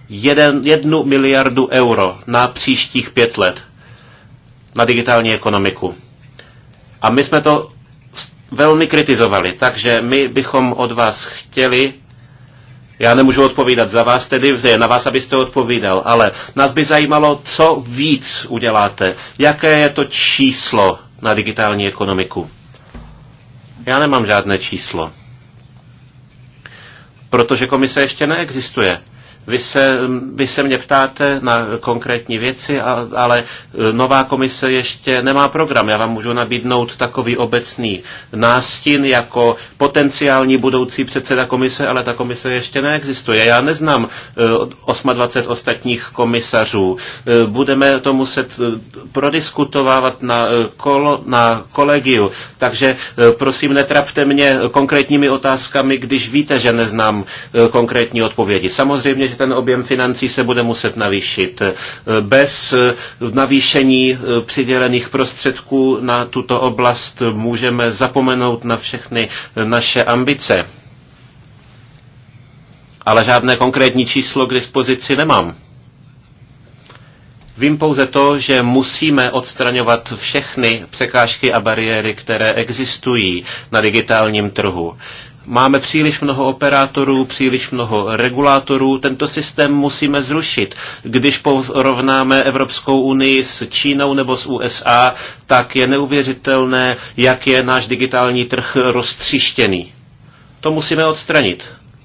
jeden, jednu miliardu euro na příštích pět let na digitální ekonomiku. A my jsme to velmi kritizovali, takže my bychom od vás chtěli, já nemůžu odpovídat za vás, tedy je na vás, abyste odpovídal, ale nás by zajímalo, co víc uděláte, jaké je to číslo, na digitální ekonomiku? Já nemám žádné číslo, protože komise ještě neexistuje. Vy se, vy se mě ptáte na konkrétní věci, ale e, nová komise ještě nemá program. Já vám můžu nabídnout takový obecný nástin jako potenciální budoucí předseda komise, ale ta komise ještě neexistuje. Já neznám 28 e, ostatních komisařů. E, budeme to muset prodiskutovávat na, kolo, na kolegiu. Takže prosím, netrapte mě konkrétními otázkami, když víte, že neznám konkrétní odpovědi. Samozřejmě, že ten objem financí se bude muset navýšit. Bez navýšení přidělených prostředků na tuto oblast můžeme zapomenout na všechny naše ambice. Ale žádné konkrétní číslo k dispozici nemám. Vím pouze to, že musíme odstraňovat všechny překážky a bariéry, které existují na digitálním trhu. Máme příliš mnoho operátorů, příliš mnoho regulátorů. Tento systém musíme zrušit. Když porovnáme Evropskou unii s Čínou nebo s USA, tak je neuvěřitelné, jak je náš digitální trh roztřištěný. To musíme odstranit.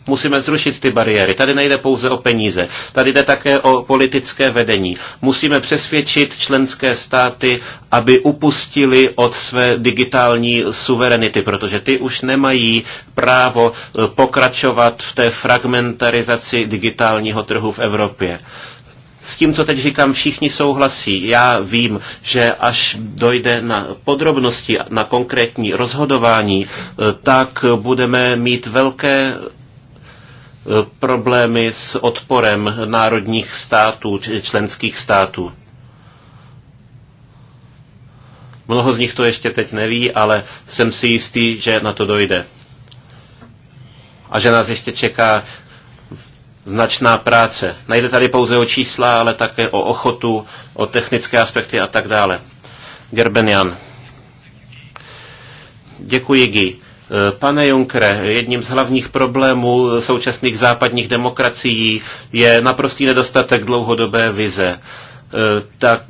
Musíme zrušit ty bariéry. Tady nejde pouze o peníze. Tady jde také o politické vedení. Musíme přesvědčit členské státy, aby upustili od své digitální suverenity, protože ty už nemají právo eh, pokračovat v té fragmentarizaci digitálního trhu v Evropě s tím, co teď říkám, všichni souhlasí. Já vím, že až dojde na podrobnosti, na konkrétní rozhodování, eh, tak budeme mít velké problémy s odporem národních států, členských států. Mnoho z nich to ještě teď neví, ale jsem si jistý, že na to dojde. A že nás ještě čeká značná práce. Nejde tady pouze o čísla, ale také o ochotu, o technické aspekty a tak dále. Gerbenian. Děkuji, Guy. Pane Junkre, jedním z hlavních problémů současných západních demokracií je naprostý nedostatek dlouhodobé vize. Eh, tak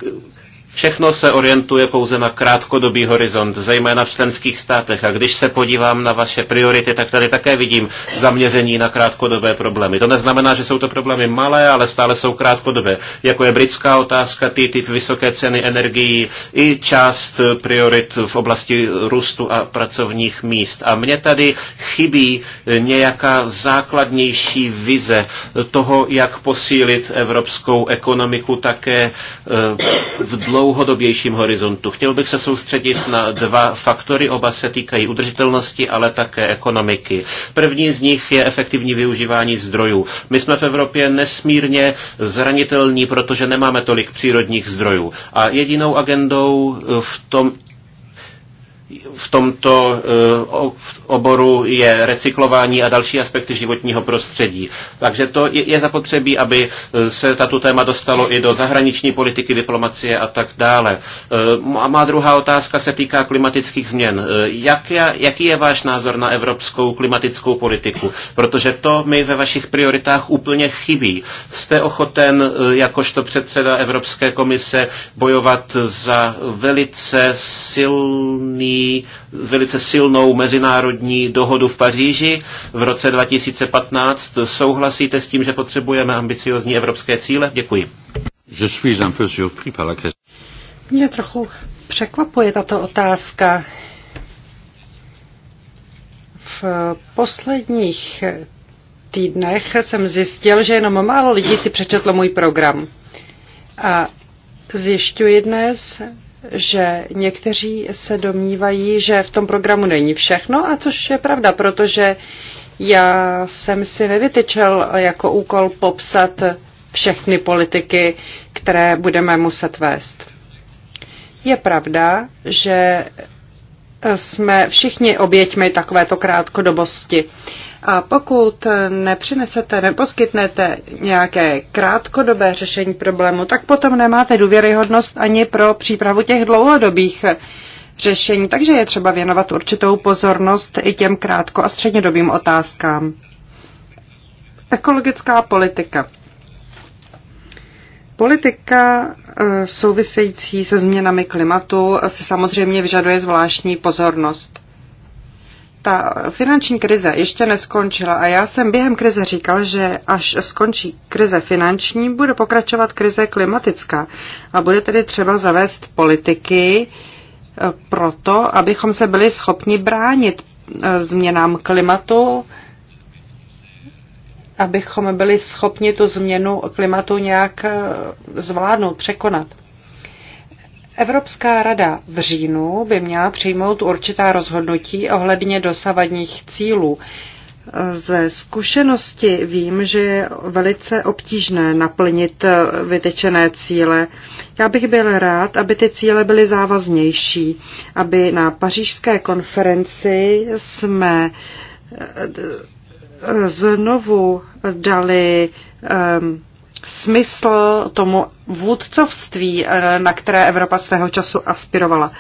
Všechno se orientuje pouze na krátkodobý horizont, zejména v členských státech. A když se podívám na vaše priority, tak tady také vidím zaměření na krátkodobé problémy. To neznamená, že jsou to problémy malé, ale stále jsou krátkodobé. Jako je britská otázka, ty typ vysoké ceny energií i část priorit v oblasti růstu a pracovních míst. A mně tady chybí nějaká základnější vize toho, jak posílit evropskou ekonomiku také eh, v dlouhé dlouhodobějším horizontu. Chtěl bych se soustředit na dva faktory, oba se týkají udržitelnosti, ale také ekonomiky. První z nich je efektivní využívání zdrojů. My jsme v Evropě nesmírně zranitelní, protože nemáme tolik přírodních zdrojů. A jedinou agendou v tom, v tomto eh, oboru je recyklování a další aspekty životního prostředí. Takže to je zapotřebí, aby eh, se tato téma dostalo i do zahraniční politiky, diplomacie a tak dále. Eh, a má druhá otázka se týká klimatických změn. Jak je, jaký je váš názor na evropskou klimatickou politiku? Protože to mi ve vašich prioritách úplně chybí. Jste ochoten jakožto předseda Evropské komise bojovat za velice silný velice silnou mezinárodní dohodu v Paříži v roce 2015. Souhlasíte s tím, že potřebujeme ambiciozní evropské cíle? Děkuji. Je suis un peu surpris par la Mě trochu překvapuje tato otázka. V posledních týdnech jsem zjistil, že jenom málo lidí si přečetlo můj program. A zjišťuji dnes, že někteří se domnívají, že v tom programu není všechno, a což je pravda, protože já jsem si nevytyčel jako úkol popsat všechny politiky, které budeme muset vést. Je pravda, že jsme všichni oběťmi takovéto krátkodobosti. A pokud nepřinesete, neposkytnete nějaké krátkodobé řešení problému, tak potom nemáte důvěryhodnost ani pro přípravu těch dlouhodobých řešení, takže je třeba věnovat určitou pozornost i těm krátko- a střednědobým otázkám. Ekologická politika. Politika eh, související se změnami klimatu se samozřejmě vyžaduje zvláštní pozornost ta finanční krize ještě neskončila a já jsem během krize říkal, že až skončí krize finanční, bude pokračovat krize klimatická a bude tedy třeba zavést politiky eh, proto, abychom se byli schopni bránit eh, změnám klimatu, abychom byli schopni tu změnu klimatu nějak eh, zvládnout, překonat. Evropská rada v říjnu by měla přijmout určitá rozhodnutí ohledně dosavadních cílů. Ze zkušenosti vím, že je velice obtížné naplnit vytečené cíle. Já bych byl rád, aby ty cíle byly závaznější, aby na pařížské konferenci jsme eh, eh, znovu dali um, smysl tomu vůdcovství, eh, na které Evropa svého času aspirovala.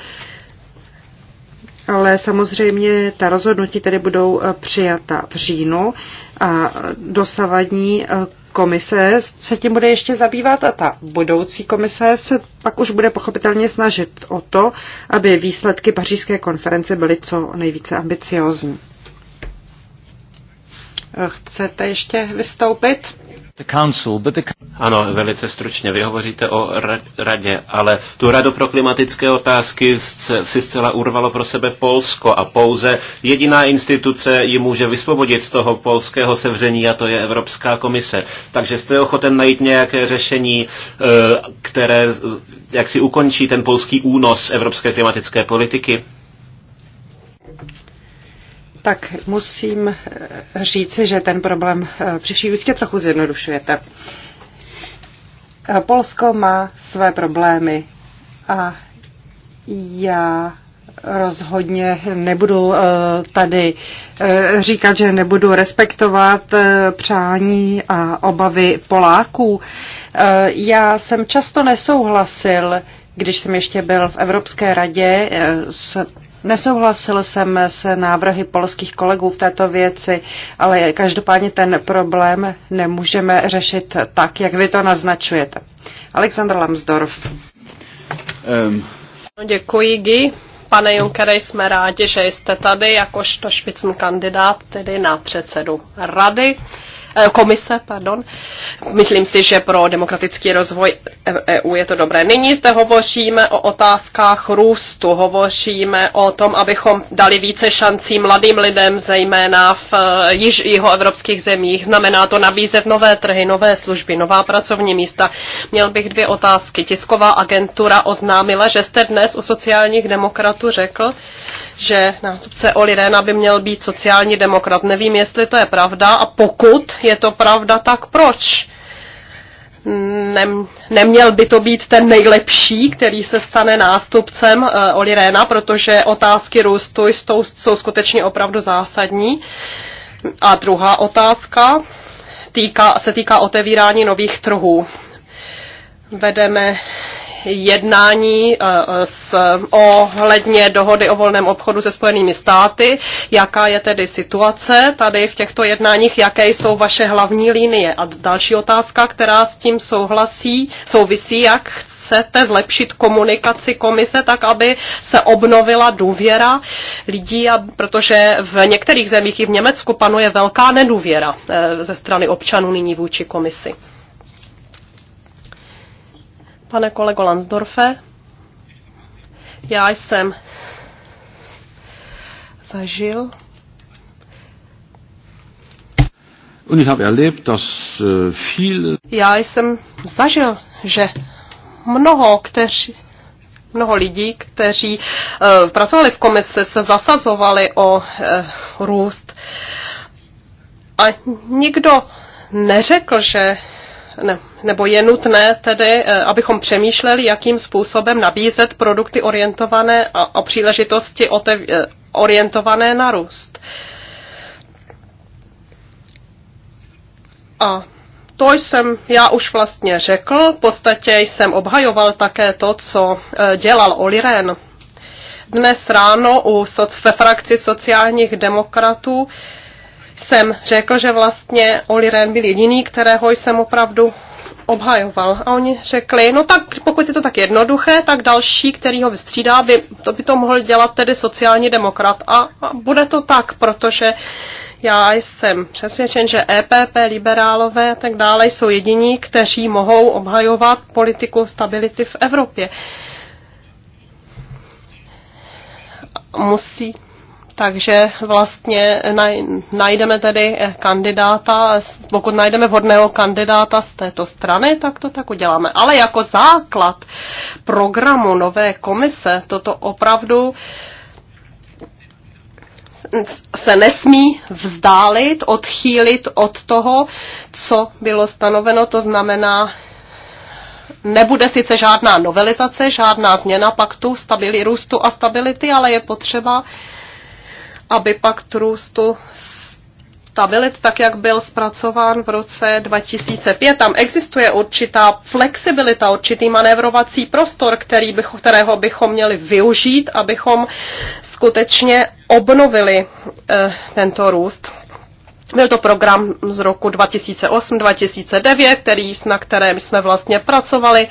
Ale samozřejmě ta rozhodnutí tedy budou eh, přijata v říjnu a dosavadní eh, komise se tím bude ještě zabývat a ta budoucí komise se pak už bude pochopitelně snažit o to, aby výsledky pařížské konference byly co nejvíce ambiciozní. Chcete ještě vystoupit? Ano, velice stručně. Vy hovoříte o radě, ale tu radu pro klimatické otázky si zcela urvalo pro sebe Polsko a pouze jediná instituce ji může vysvobodit z toho polského sevření a to je Evropská komise. Takže jste ochoten najít nějaké řešení, eh, které jak si ukončí ten polský únos evropské klimatické politiky? tak musím eh, říci, že ten problém při vší úctě trochu zjednodušujete. Eh, Polsko má své problémy a já rozhodně nebudu eh, tady říkat, že nebudu respektovat přání a obavy Poláků. Já jsem často nesouhlasil, když jsem ještě byl v Evropské radě s Nesouhlasil jsem s návrhy polských kolegů v této věci, ale každopádně ten problém nemůžeme řešit tak, jak vy to naznačujete. Aleksandr Lamsdorf. Um. No, děkuji, Guy. Pane Junkere, jsme rádi, že jste tady jakožto špicný kandidát, tedy na předsedu rady. Eh, komise, pardon. Myslím si, že pro demokratický rozvoj EU e je to dobré. Nyní zde hovoříme o otázkách růstu, hovoříme o tom, abychom dali více šancí mladým lidem, zejména v eh, již, jihoevropských zemích. Znamená to nabízet nové trhy, nové služby, nová pracovní místa. Měl bych dvě otázky. Tisková agentura oznámila, že jste dnes u sociálních demokratů řekl, že nástupce Oli Rena by měl být sociální demokrat. Nevím, jestli to je pravda a pokud je to pravda, tak proč? Nem, neměl by to být ten nejlepší, který se stane nástupcem uh, Oli Réna, protože otázky růstu jsou, jsou skutečně opravdu zásadní. A druhá otázka týká, se týká otevírání nových trhů. Vedeme jednání eh, s ohledně dohody o volném obchodu se Spojenými státy. Jaká je tedy situace tady v těchto jednáních? Jaké jsou vaše hlavní linie? A další otázka, která s tím souhlasí, souvisí, jak chcete zlepšit komunikaci komise tak, aby se obnovila důvěra lidí, a protože v některých zemích i v Německu panuje velká nedůvěra eh, ze strany občanů nyní vůči komisi. Pane kolego Lansdorfe, já jsem zažil Und ich habe erlebt, dass viele Já jsem zažil, že mnoho, kteří, mnoho lidí, kteří uh, pracovali v komisi, se zasazovali o uh, růst. A nikdo neřekl, že ne, nebo je nutné tedy, eh, abychom přemýšleli, jakým způsobem nabízet produkty orientované a, a příležitosti otev, eh, orientované na růst. A to jsem já už vlastně řekl. V podstatě jsem obhajoval také to, co eh, dělal Oliren. Dnes ráno u, ve frakci sociálních demokratů jsem řekl, že vlastně Oli byl jediný, kterého jsem opravdu obhajoval. A oni řekli, no tak pokud je to tak jednoduché, tak další, který ho vystřídá, by to, by to mohl dělat tedy sociální demokrat. A, a bude to tak, protože já jsem přesvědčen, že EPP, liberálové a tak dále jsou jediní, kteří mohou obhajovat politiku stability v Evropě. Musí takže vlastně najdeme tedy eh, kandidáta, pokud najdeme vhodného kandidáta z této strany, tak to tak uděláme. Ale jako základ programu nové komise toto opravdu se nesmí vzdálit, odchýlit od toho, co bylo stanoveno, to znamená Nebude sice žádná novelizace, žádná změna paktu stabili, růstu a stability, ale je potřeba aby pak tu stabilit, tak jak byl zpracován v roce 2005. Tam existuje určitá flexibilita, určitý manévrovací prostor, který bych, kterého bychom měli využít, abychom skutečně obnovili eh, tento růst. Byl to program z roku 2008-2009, který, na kterém jsme vlastně pracovali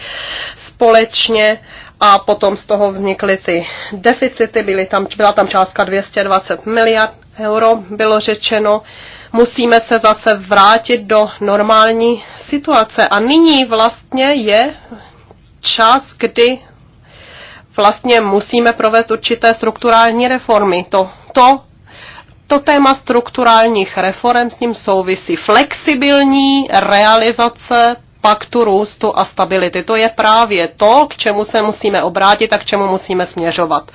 společně a potom z toho vznikly ty deficity, byly tam, byla tam částka 220 miliard euro, bylo řečeno, musíme se zase vrátit do normální situace. A nyní vlastně je čas, kdy vlastně musíme provést určité strukturální reformy. To, to to téma strukturálních reform s ním souvisí. Flexibilní realizace paktu růstu a stability. To je právě to, k čemu se musíme obrátit a k čemu musíme směřovat.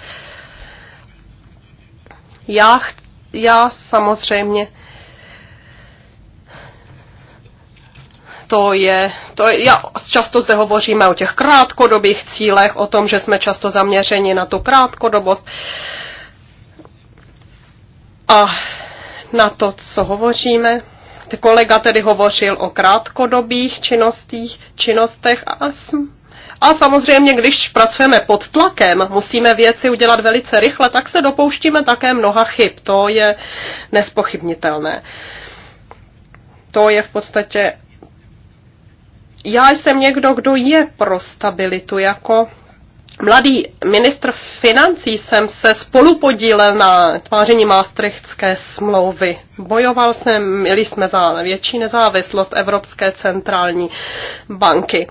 Já, já samozřejmě to je, to je, já často zde hovoříme o těch krátkodobých cílech, o tom, že jsme často zaměřeni na tu krátkodobost a na to, co hovoříme kolega tedy hovořil o krátkodobých činnostích, činnostech a a samozřejmě, když pracujeme pod tlakem, musíme věci udělat velice rychle, tak se dopouštíme také mnoha chyb. To je nespochybnitelné. To je v podstatě. Já jsem někdo, kdo je pro stabilitu jako mladý ministr financí jsem se spolupodílel na tváření Maastrichtské smlouvy. Bojoval jsem, měli jsme za větší nezávislost Evropské centrální banky.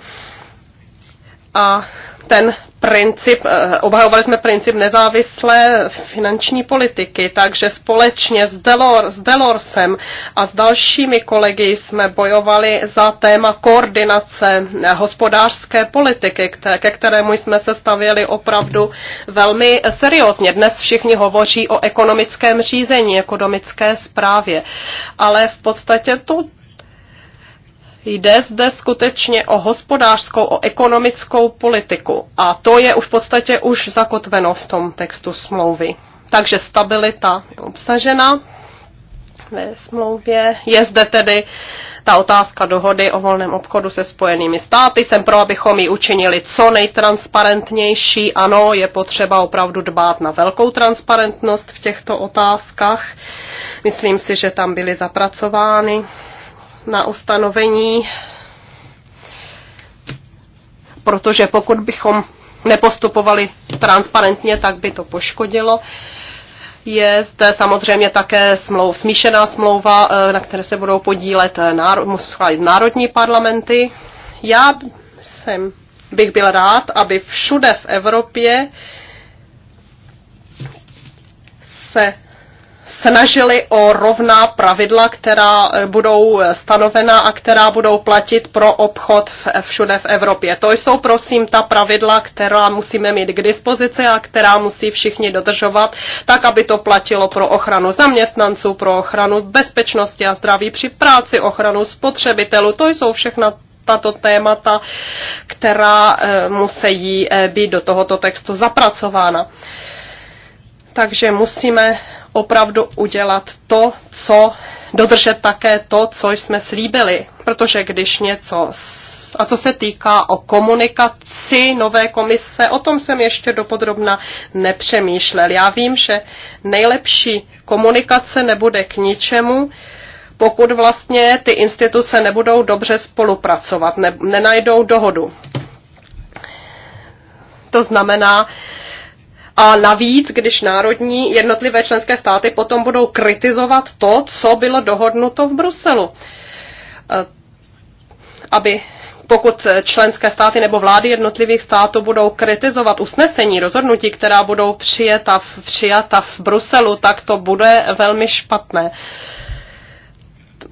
A ten princip, eh, obhajovali jsme princip nezávislé finanční politiky, takže společně s, Delor, s Delorsem a s dalšími kolegy jsme bojovali za téma koordinace hospodářské politiky, ke kterému jsme se stavěli opravdu velmi seriózně. Dnes všichni hovoří o ekonomickém řízení, ekonomické správě, ale v podstatě to Jde zde skutečně o hospodářskou, o ekonomickou politiku a to je už v podstatě už zakotveno v tom textu smlouvy. Takže stabilita je obsažena ve smlouvě. Je zde tedy ta otázka dohody o volném obchodu se spojenými státy. Jsem pro, abychom ji učinili co nejtransparentnější. Ano, je potřeba opravdu dbát na velkou transparentnost v těchto otázkách. Myslím si, že tam byly zapracovány na ustanovení, protože pokud bychom nepostupovali transparentně, tak by to poškodilo. Je zde samozřejmě také smlou, smíšená smlouva, eh, na které se budou podílet eh, náro, národní parlamenty. Já jsem, bych byl rád, aby všude v Evropě se snažili o rovná pravidla, která eh, budou stanovena a která budou platit pro obchod všude v Evropě. To jsou prosím ta pravidla, která musíme mít k dispozici a která musí všichni dodržovat, tak aby to platilo pro ochranu zaměstnanců, pro ochranu bezpečnosti a zdraví při práci, ochranu spotřebitelů. To jsou všechna tato témata, která eh, musí eh, být do tohoto textu zapracována. Takže musíme opravdu udělat to, co, dodržet také to, co jsme slíbili. Protože když něco a co se týká o komunikaci nové komise, o tom jsem ještě dopodrobna nepřemýšlel. Já vím, že nejlepší komunikace nebude k ničemu, pokud vlastně ty instituce nebudou dobře spolupracovat, ne, nenajdou dohodu. To znamená, a navíc, když národní jednotlivé členské státy potom budou kritizovat to, co bylo dohodnuto v Bruselu. E, aby pokud členské státy nebo vlády jednotlivých států budou kritizovat usnesení, rozhodnutí, která budou přijata v, přijata v Bruselu, tak to bude velmi špatné.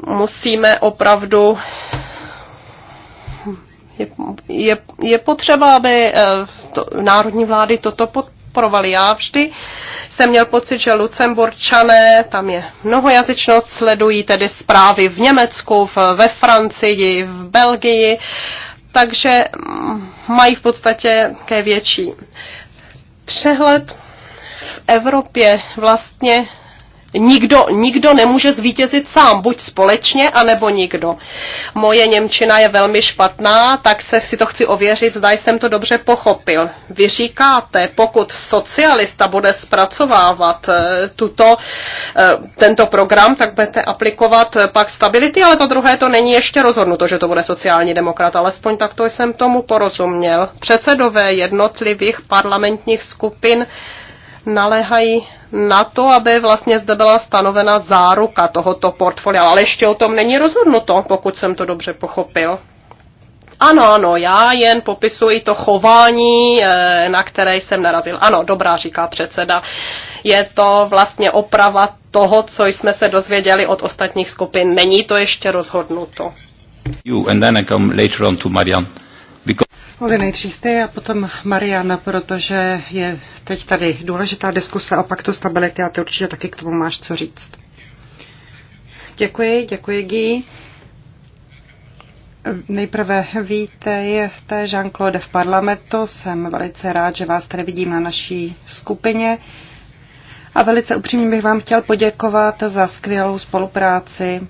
Musíme opravdu je, je, je potřeba, aby e, to, národní vlády toto pod, podporovali. Já vždy jsem měl pocit, že Lucemburčané, tam je mnohojazyčnost, sledují tedy zprávy v Německu, v, ve Francii, v Belgii, takže mm, mají v podstatě ke větší přehled v Evropě vlastně nikdo, nikdo nemůže zvítězit sám, buď společně, anebo nikdo. Moje Němčina je velmi špatná, tak se si to chci ověřit, zda jsem to dobře pochopil. Vy říkáte, pokud socialista bude zpracovávat eh, tuto, eh, tento program, tak budete aplikovat eh, pak stability, ale to druhé to není ještě rozhodnuto, že to bude sociální demokrat, alespoň tak to jsem tomu porozuměl. Předsedové jednotlivých parlamentních skupin naléhají na to, aby vlastně zde byla stanovena záruka tohoto portfolia, ale ještě o tom není rozhodnuto, pokud jsem to dobře pochopil. Ano, ano, já jen popisuji to chování, eh, na které jsem narazil. Ano, dobrá, říká předseda. Je to vlastně oprava toho, co jsme se dozvěděli od ostatních skupin. Není to ještě rozhodnuto. You and then I come later on to Marianne. Mluví nejdřív ty a potom Mariana, protože je teď tady důležitá diskuse o paktu stability a ty určitě taky k tomu máš co říct. Děkuji, děkuji Gý. Nejprve vítej, to je Jean-Claude v parlamentu. Jsem velice rád, že vás tady vidím na naší skupině. A velice upřímně bych vám chtěl poděkovat za skvělou spolupráci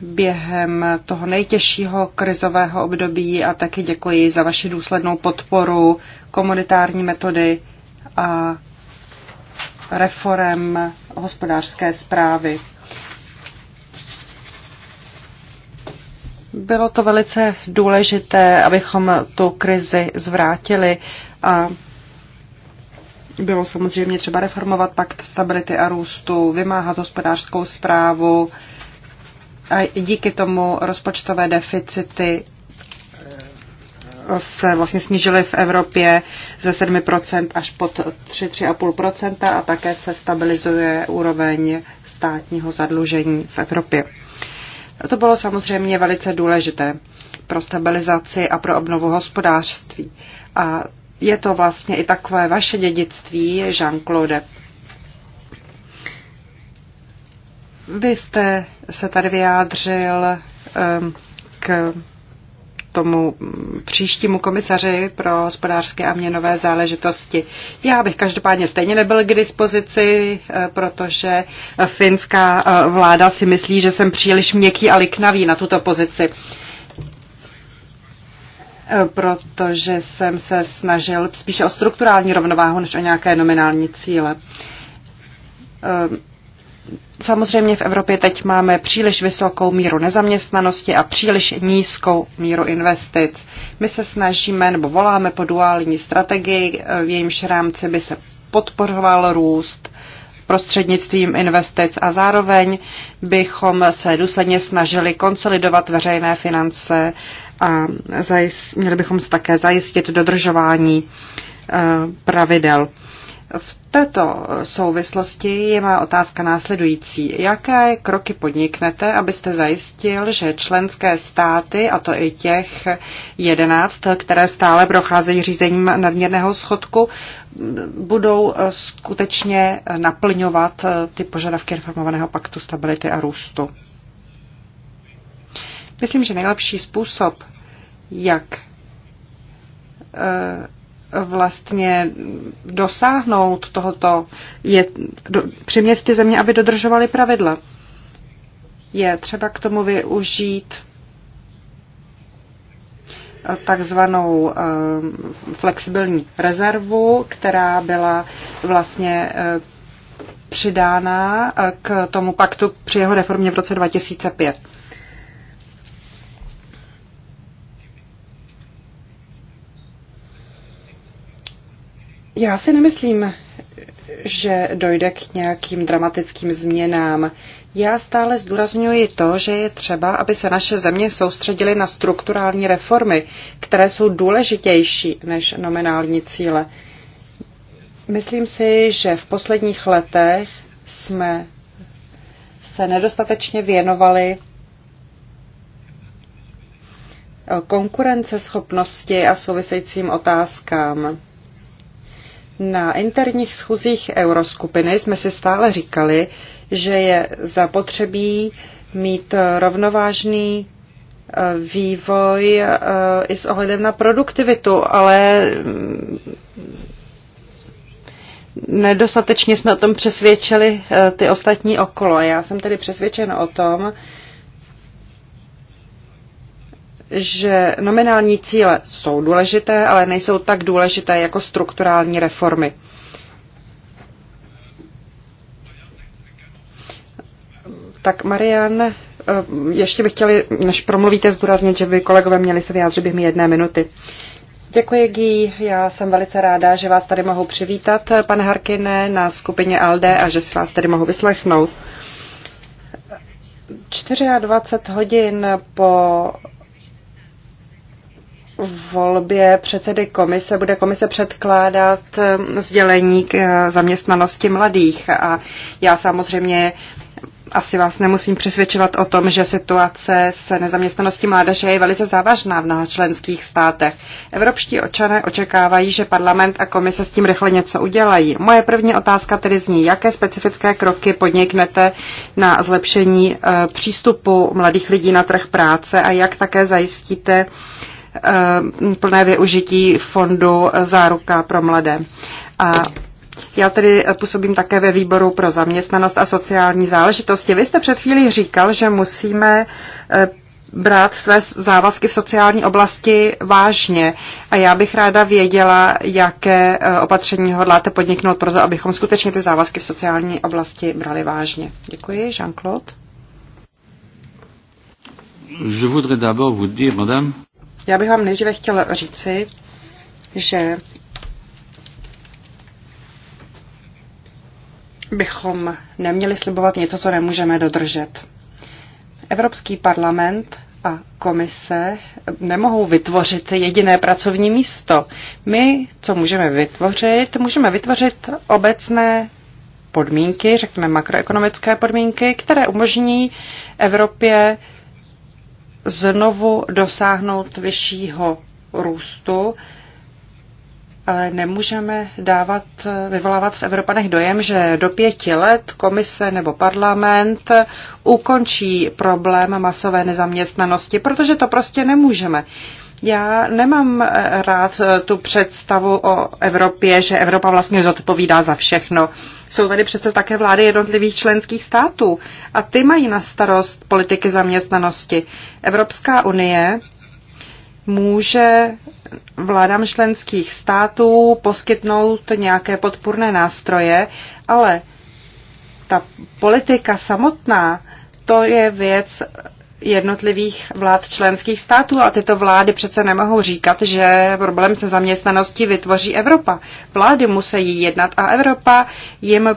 během toho nejtěžšího krizového období a taky děkuji za vaši důslednou podporu komunitární metody a reform hospodářské zprávy. Bylo to velice důležité, abychom tu krizi zvrátili a bylo samozřejmě třeba reformovat pakt stability a růstu, vymáhat hospodářskou zprávu, a díky tomu rozpočtové deficity eh, se vlastně snížily v Evropě ze 7% až pod 3-3,5% a také se stabilizuje úroveň státního zadlužení v Evropě. To bylo samozřejmě velice důležité pro stabilizaci a pro obnovu hospodářství. A je to vlastně i takové vaše dědictví, Jean-Claude, Vy jste se tady vyjádřil ehm, k tomu příštímu komisaři pro hospodářské a měnové záležitosti. Já bych každopádně stejně nebyl k dispozici, eh, protože finská eh, vláda si myslí, že jsem příliš měkký a liknavý na tuto pozici eh, protože jsem se snažil spíše o strukturální rovnováhu, než o nějaké nominální cíle. Ehm, Samozřejmě v Evropě teď máme příliš vysokou míru nezaměstnanosti a příliš nízkou míru investic. My se snažíme nebo voláme po duální strategii, v jejímž rámci by se podporoval růst prostřednictvím investic a zároveň bychom se důsledně snažili konsolidovat veřejné finance a zajist, měli bychom se také zajistit dodržování eh, pravidel. V této souvislosti je má otázka následující. Jaké kroky podniknete, abyste zajistil, že členské státy, a to i těch 11, které stále procházejí řízením nadměrného schodku, budou eh, skutečně naplňovat eh, ty požadavky reformovaného paktu stability a růstu? Myslím, že nejlepší způsob, jak eh, vlastně dosáhnout tohoto, je do, přimět ty země, aby dodržovaly pravidla. Je třeba k tomu využít eh, takzvanou eh, flexibilní rezervu, která byla vlastně eh, přidána k tomu paktu při jeho reformě v roce 2005. Já si nemyslím, že dojde k nějakým dramatickým změnám. Já stále zdůrazňuji to, že je třeba, aby se naše země soustředily na strukturální reformy, které jsou důležitější než nominální cíle. Myslím si, že v posledních letech jsme se nedostatečně věnovali konkurenceschopnosti a souvisejícím otázkám. Na interních schůzích euroskupiny jsme si stále říkali, že je zapotřebí mít rovnovážný eh, vývoj eh, i s ohledem na produktivitu, ale mm, nedostatečně jsme o tom přesvědčili eh, ty ostatní okolo. Já jsem tedy přesvědčen o tom, že nominální cíle jsou důležité, ale nejsou tak důležité jako strukturální reformy. Tak Marian, eh, ještě bych chtěli, než promluvíte, zdůraznit, že by kolegové měli se vyjádřit během jedné minuty. Děkuji, Gý. Já jsem velice ráda, že vás tady mohu přivítat, pane Harkine, na skupině LD a že si vás tady mohu vyslechnout. 24 hodin po volbě předsedy komise bude komise předkládat eh, sdělení k eh, zaměstnanosti mladých. A já samozřejmě asi vás nemusím přesvědčovat o tom, že situace s nezaměstnaností mládeže je velice závažná v mnoha členských státech. Evropští občané očekávají, že parlament a komise s tím rychle něco udělají. Moje první otázka tedy zní, jaké specifické kroky podniknete na zlepšení eh, přístupu mladých lidí na trh práce a jak také zajistíte, Eh, plné využití fondu záruka pro mladé. A já tedy působím také ve výboru pro zaměstnanost a sociální záležitosti. Vy jste před chvílí říkal, že musíme eh, brát své závazky v sociální oblasti vážně. A já bych ráda věděla, jaké eh, opatření hodláte podniknout pro to, abychom skutečně ty závazky v sociální oblasti brali vážně. Děkuji, Jean-Claude. Je voudrais d'abord vous dire, madame. Já bych vám nejdříve chtěla říci, že bychom neměli slibovat něco, co nemůžeme dodržet. Evropský parlament a komise nemohou vytvořit jediné pracovní místo. My, co můžeme vytvořit, můžeme vytvořit obecné podmínky, řekněme makroekonomické podmínky, které umožní Evropě znovu dosáhnout vyššího růstu, ale nemůžeme dávat, vyvolávat v Evropanech dojem, že do pěti let komise nebo parlament ukončí problém masové nezaměstnanosti, protože to prostě nemůžeme. Já nemám eh, rád eh, tu představu o Evropě, že Evropa vlastně zodpovídá za všechno. Jsou tady přece také vlády jednotlivých členských států a ty mají na starost politiky zaměstnanosti. Evropská unie může vládám členských států poskytnout nějaké podpůrné nástroje, ale ta politika samotná, to je věc jednotlivých vlád členských států a tyto vlády přece nemohou říkat, že problém se zaměstnaností vytvoří Evropa. Vlády musí jednat a Evropa jim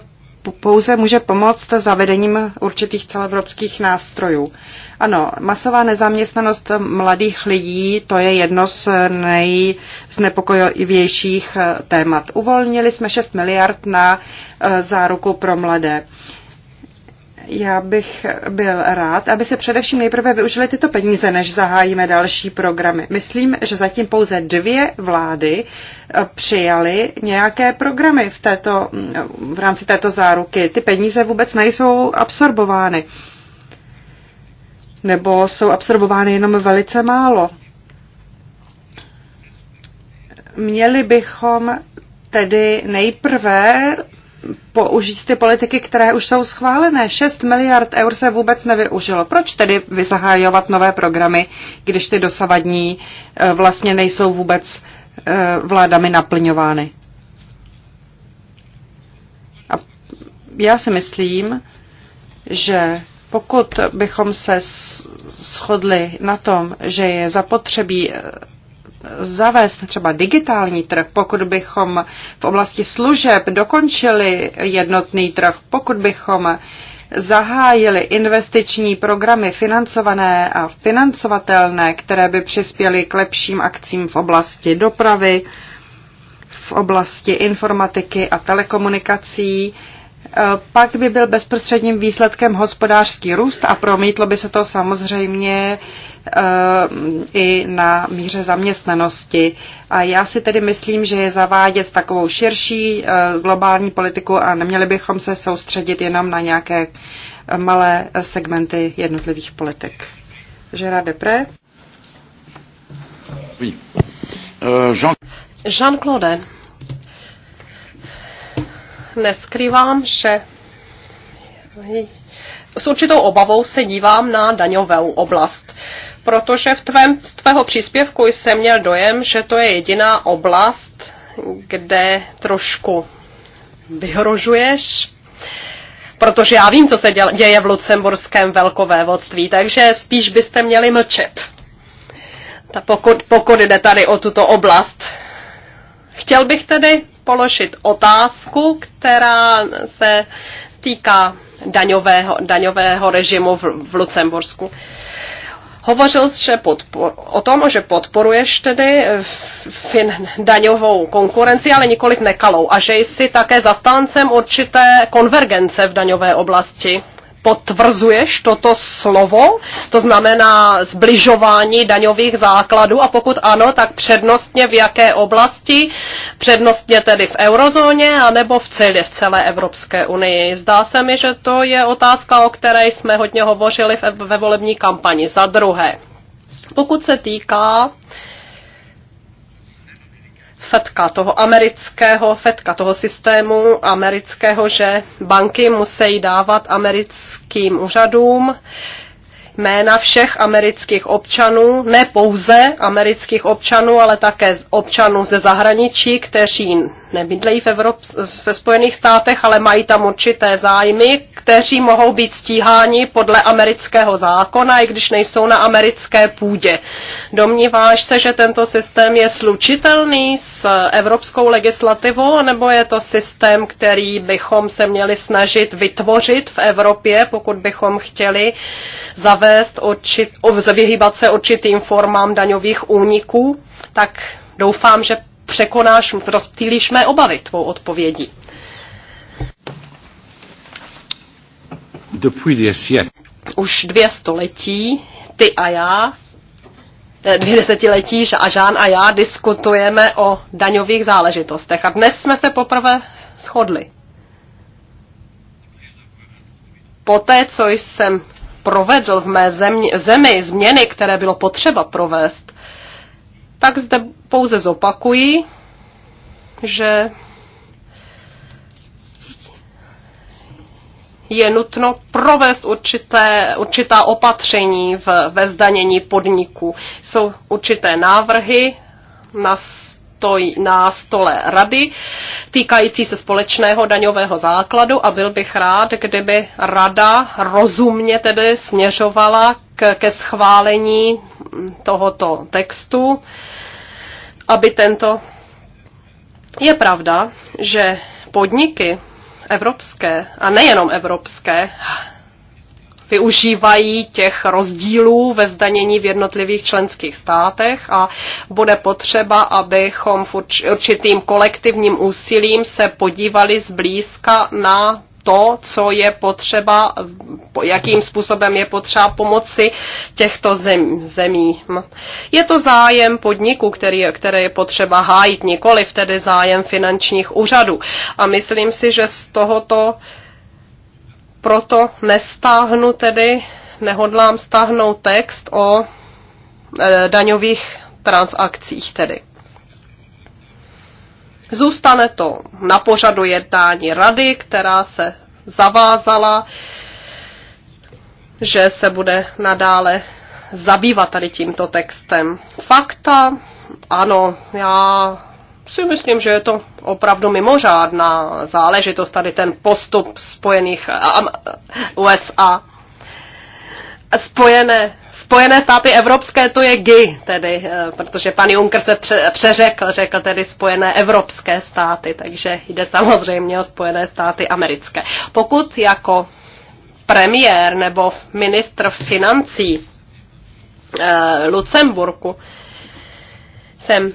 pouze může pomoct zavedením určitých celoevropských nástrojů. Ano, masová nezaměstnanost mladých lidí, to je jedno z nejznepokojivějších eh, témat. Uvolnili jsme 6 miliard na eh, záruku pro mladé. Já bych byl rád, aby se především nejprve využili tyto peníze, než zahájíme další programy. Myslím, že zatím pouze dvě vlády eh, přijaly nějaké programy v, této, mm, v rámci této záruky. Ty peníze vůbec nejsou absorbovány. Nebo jsou absorbovány jenom velice málo. Měli bychom tedy nejprve použít ty politiky, které už jsou schválené. 6 miliard eur se vůbec nevyužilo. Proč tedy vyzahájovat nové programy, když ty dosavadní e, vlastně nejsou vůbec e, vládami naplňovány? A já si myslím, že pokud bychom se shodli na tom, že je zapotřebí e, zavést třeba digitální trh, pokud bychom v oblasti služeb dokončili jednotný trh, pokud bychom zahájili investiční programy financované a financovatelné, které by přispěly k lepším akcím v oblasti dopravy, v oblasti informatiky a telekomunikací, Eh, pak by byl bezprostředním výsledkem hospodářský růst a promítlo by se to samozřejmě eh, i na míře zaměstnanosti. A já si tedy myslím, že je zavádět takovou širší eh, globální politiku a neměli bychom se soustředit jenom na nějaké malé segmenty jednotlivých politik. Žera Depré? Euh, Jean-Claude, neskrývám, že s určitou obavou se dívám na daňovou oblast, protože v tvém, z tvého příspěvku jsem měl dojem, že to je jediná oblast, kde trošku vyhrožuješ, protože já vím, co se děje v lucemburském velkovévodství, takže spíš byste měli mlčet, ta pokud, pokud jde tady o tuto oblast. Chtěl bych tedy položit otázku, která se týká daňového, daňového režimu v, v Lucembursku. Hovořil jsi podpor, o tom, že podporuješ tedy fin, daňovou konkurenci, ale nikoliv nekalou a že jsi také zastáncem určité konvergence v daňové oblasti potvrzuješ toto slovo, to znamená zbližování daňových základů a pokud ano, tak přednostně v jaké oblasti, přednostně tedy v eurozóně anebo v celé, v celé Evropské unii. Zdá se mi, že to je otázka, o které jsme hodně hovořili ve volební kampani. Za druhé, pokud se týká uh, FEDka, toho amerického FEDka, toho systému amerického, že banky musí dávat americkým úřadům jména všech amerických občanů, ne pouze amerických občanů, ale také občanů ze zahraničí, kteří nebydlejí v, Evrop- ve Spojených státech, ale mají tam určité zájmy, kteří mohou být stíháni podle amerického zákona, i když nejsou na americké půdě. Domníváš se, že tento systém je slučitelný s evropskou legislativou, nebo je to systém, který bychom se měli snažit vytvořit v Evropě, pokud bychom chtěli zavést, určit, vyhýbat se určitým formám daňových úniků? Tak doufám, že překonáš rozptýlíš mé obavy tvou odpovědí. Už dvě století ty a já, eh, dvě desetiletí a Žán a já diskutujeme o daňových záležitostech. A dnes jsme se poprvé shodli. Poté, co jsem provedl v mé zemi, zemi změny, které bylo potřeba provést, tak zde pouze zopakuji, že je nutno provést určité, určitá opatření v, ve zdanění podniků. Jsou určité návrhy na stoj, na stole rady týkající se společného daňového základu a byl bych rád, kdyby rada rozumně tedy směřovala k, ke schválení tohoto textu, aby tento. Je pravda, že podniky evropské, a nejenom evropské, využívají těch rozdílů ve zdanění v jednotlivých členských státech a bude potřeba, abychom v určitým kolektivním úsilím se podívali zblízka na to, co je potřeba, jakým způsobem je potřeba pomoci těchto zem, zemím. Je to zájem podniku, který, které je potřeba hájit, nikoliv tedy zájem finančních úřadů. A myslím si, že z tohoto proto nestáhnu tedy, nehodlám stáhnout text o e, daňových transakcích tedy. Zůstane to na pořadu jednání rady, která se zavázala, že se bude nadále zabývat tady tímto textem. Fakta, ano, já si myslím, že je to opravdu mimořádná záležitost, tady ten postup Spojených USA Spojené, Spojené státy evropské to je GY, tedy, eh, protože pan Juncker se pře, přeřekl, řekl tedy Spojené evropské státy, takže jde samozřejmě o Spojené státy americké. Pokud jako premiér nebo ministr financí eh, Lucemburku jsem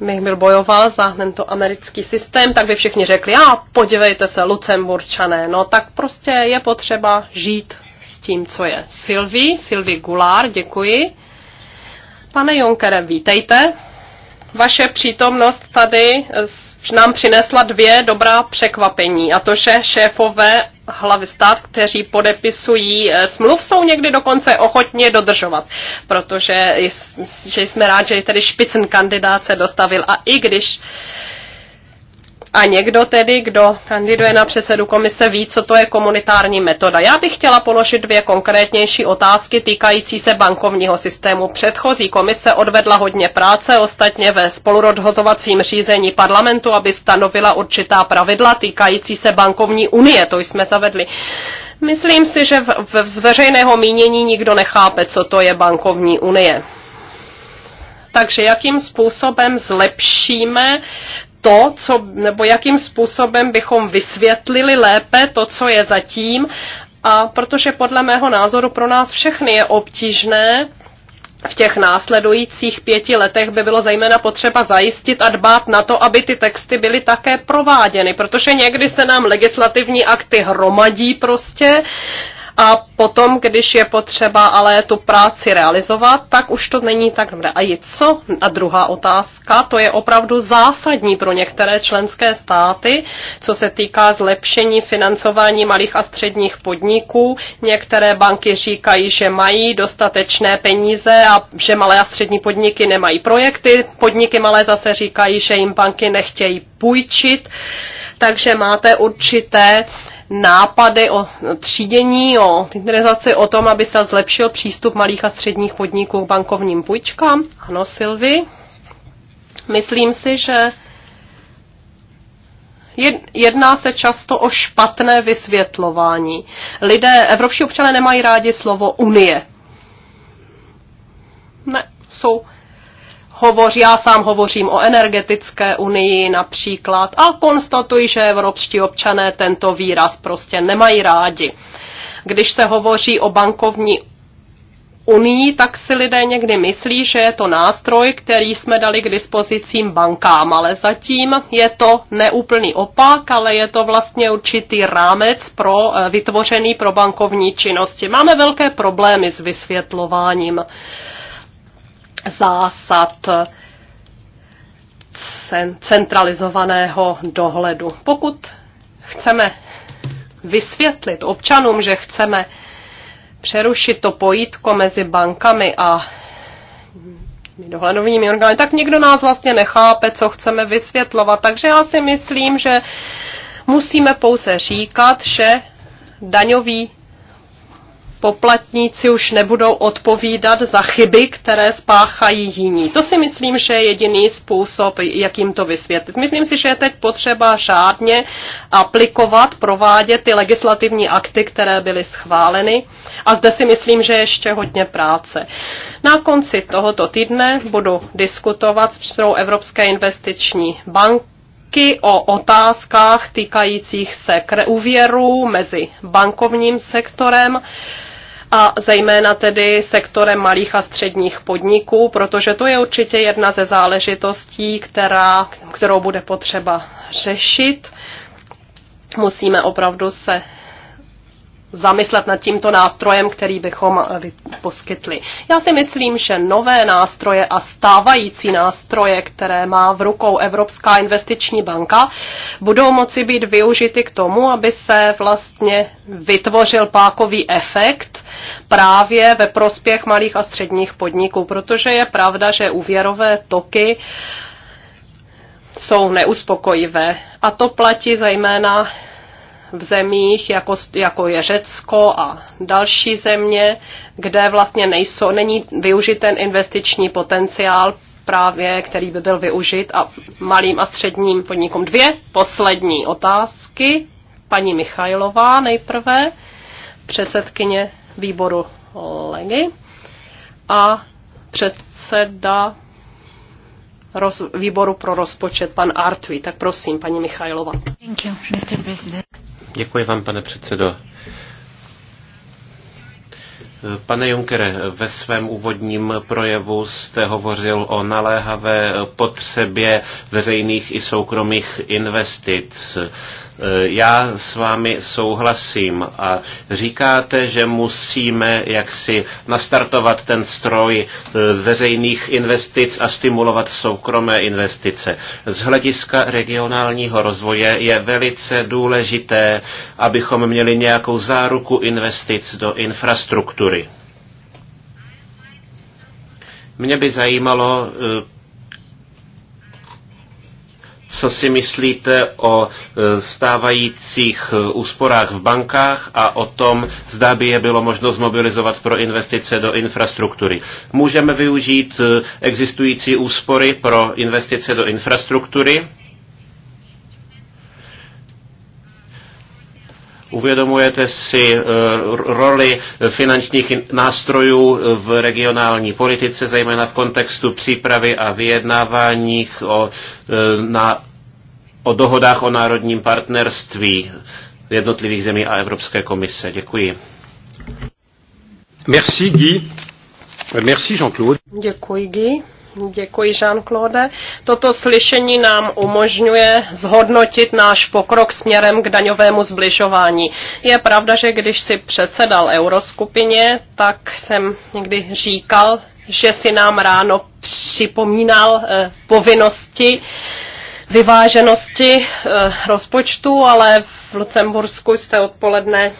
bych byl bojoval za tento americký systém, tak by všichni řekli, a podívejte se, Lucemburčané, no tak prostě je potřeba žít s tím, co je Silvi. Silvi Gulár, děkuji. Pane Jonkere, vítejte. Vaše přítomnost tady nám přinesla dvě dobrá překvapení, a to, že šéfové hlavy stát, kteří podepisují eh, smluv, jsou někdy dokonce ochotně dodržovat, protože že jsme rádi, že tady špicen kandidát se dostavil. A i když a někdo tedy, kdo kandiduje na předsedu komise, ví, co to je komunitární metoda. Já bych chtěla položit dvě konkrétnější otázky týkající se bankovního systému. Předchozí komise odvedla hodně práce, ostatně ve spolurozhodovacím řízení parlamentu, aby stanovila určitá pravidla týkající se bankovní unie. To jsme zavedli. Myslím si, že v, v, z veřejného mínění nikdo nechápe, co to je bankovní unie. Takže jakým způsobem zlepšíme to, co, nebo jakým způsobem bychom vysvětlili lépe to, co je zatím. A protože podle mého názoru pro nás všechny je obtížné v těch následujících pěti letech by bylo zejména potřeba zajistit a dbát na to, aby ty texty byly také prováděny, protože někdy se nám legislativní akty hromadí prostě a potom, když je potřeba ale tu práci realizovat, tak už to není tak dobré. A je co? A druhá otázka, to je opravdu zásadní pro některé členské státy, co se týká zlepšení financování malých a středních podniků. Některé banky říkají, že mají dostatečné peníze a že malé a střední podniky nemají projekty. Podniky malé zase říkají, že jim banky nechtějí půjčit, takže máte určité nápady o třídění, o digitalizaci, o tom, aby se zlepšil přístup malých a středních podniků k bankovním půjčkám. Ano, Silvi. Myslím si, že jedná se často o špatné vysvětlování. Lidé, evropští občané nemají rádi slovo unie. Ne, jsou hovoří, já sám hovořím o energetické unii například a konstatuji, že evropští občané tento výraz prostě nemají rádi. Když se hovoří o bankovní unii, tak si lidé někdy myslí, že je to nástroj, který jsme dali k dispozicím bankám, ale zatím je to neúplný opak, ale je to vlastně určitý rámec pro, eh, vytvořený pro bankovní činnosti. Máme velké problémy s vysvětlováním zásad centralizovaného dohledu. Pokud chceme vysvětlit občanům, že chceme přerušit to pojítko mezi bankami a dohledovými orgány, tak někdo nás vlastně nechápe, co chceme vysvětlovat. Takže já si myslím, že musíme pouze říkat, že daňový poplatníci už nebudou odpovídat za chyby, které spáchají jiní. To si myslím, že je jediný způsob, jak jim to vysvětlit. Myslím si, že je teď potřeba řádně aplikovat, provádět ty legislativní akty, které byly schváleny. A zde si myslím, že je ještě hodně práce. Na konci tohoto týdne budu diskutovat s Evropské investiční banky články o otázkách týkajících se úvěrů mezi bankovním sektorem a zejména tedy sektorem malých a středních podniků, protože to je určitě jedna ze záležitostí, která, kterou bude potřeba řešit. Musíme opravdu se zamyslet nad tímto nástrojem, který bychom eh, poskytli. Já si myslím, že nové nástroje a stávající nástroje, které má v rukou Evropská investiční banka, budou moci být využity k tomu, aby se vlastně vytvořil pákový efekt právě ve prospěch malých a středních podniků, protože je pravda, že úvěrové toky jsou neuspokojivé. A to platí zejména v zemích, jako, jako je Řecko a další země, kde vlastně nejsou, není využit ten investiční potenciál právě, který by byl využit a malým a středním podnikům. Dvě poslední otázky. Paní Michajlová nejprve, předsedkyně výboru Legy a předseda roz, výboru pro rozpočet, pan Artwi. Tak prosím, paní Michajlova. Děkuji vám, pane předsedo. Pane Junkere, ve svém úvodním projevu jste hovořil o naléhavé potřebě veřejných i soukromých investic Eh, já s vámi souhlasím a říkáte, že musíme jaksi nastartovat ten stroj eh, veřejných investic a stimulovat soukromé investice. Z hlediska regionálního rozvoje je velice důležité, abychom měli nějakou záruku investic do infrastruktury. Mě by zajímalo, eh, co si myslíte o e, stávajících e, úsporách v bankách a o tom, zda by je bylo možno zmobilizovat pro investice do infrastruktury. Můžeme využít e, existující úspory pro investice do infrastruktury Uvědomujete si eh, roli finančních nástrojů eh, v regionální politice, zejména v kontextu přípravy a vyjednávání o, eh, na, o dohodách o národním partnerství jednotlivých zemí a Evropské komise. Děkuji. Merci Guy. Merci Jean-Claude. Děkuji Guy. Děkuji, Jean-Claude. Toto slyšení nám umožňuje zhodnotit náš pokrok směrem k daňovému zbližování. Je pravda, že když si předsedal euroskupině, tak jsem někdy říkal, že si nám ráno připomínal eh, povinnosti, eh, vyváženosti eh, rozpočtu, ale v Lucembursku jste odpoledne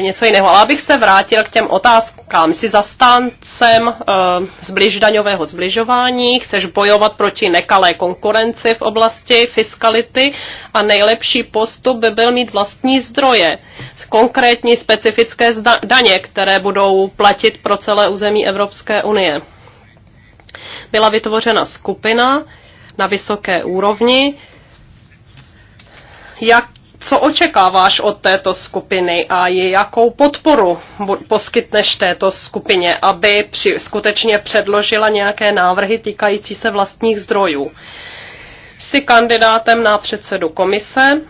něco jiného. Ale abych se vrátil k těm otázkám. Jsi zastáncem uh, zbliž zbližování, chceš bojovat proti nekalé konkurenci v oblasti fiskality a nejlepší postup by byl mít vlastní zdroje, konkrétní specifické daně, které budou platit pro celé území Evropské unie. Byla vytvořena skupina, na vysoké úrovni. Jak, co očekáváš od této skupiny a jakou podporu poskytneš této skupině, aby při, skutečně předložila nějaké návrhy týkající se vlastních zdrojů? Jsi kandidátem na předsedu komise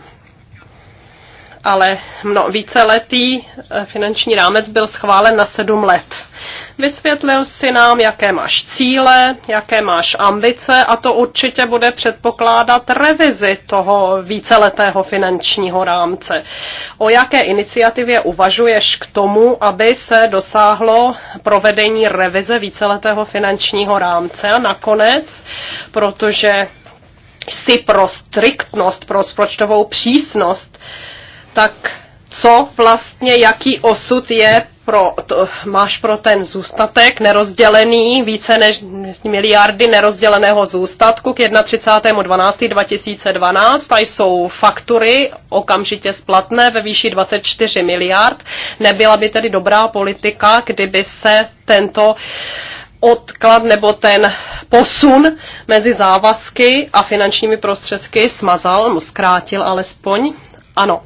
ale mno, víceletý eh, finanční rámec byl schválen na sedm let. Vysvětlil si nám, jaké máš cíle, jaké máš ambice a to určitě bude předpokládat revizi toho víceletého finančního rámce. O jaké iniciativě uvažuješ k tomu, aby se dosáhlo provedení revize víceletého finančního rámce a nakonec, protože si pro striktnost, pro rozpočtovou přísnost, tak co vlastně, jaký osud je pro, to, máš pro ten zůstatek nerozdělený, více než miliardy nerozděleného zůstatku k 31.12.2012. Tady jsou faktury okamžitě splatné ve výši 24 miliard. Nebyla by tedy dobrá politika, kdyby se tento odklad nebo ten posun mezi závazky a finančními prostředky smazal, zkrátil alespoň. Ano.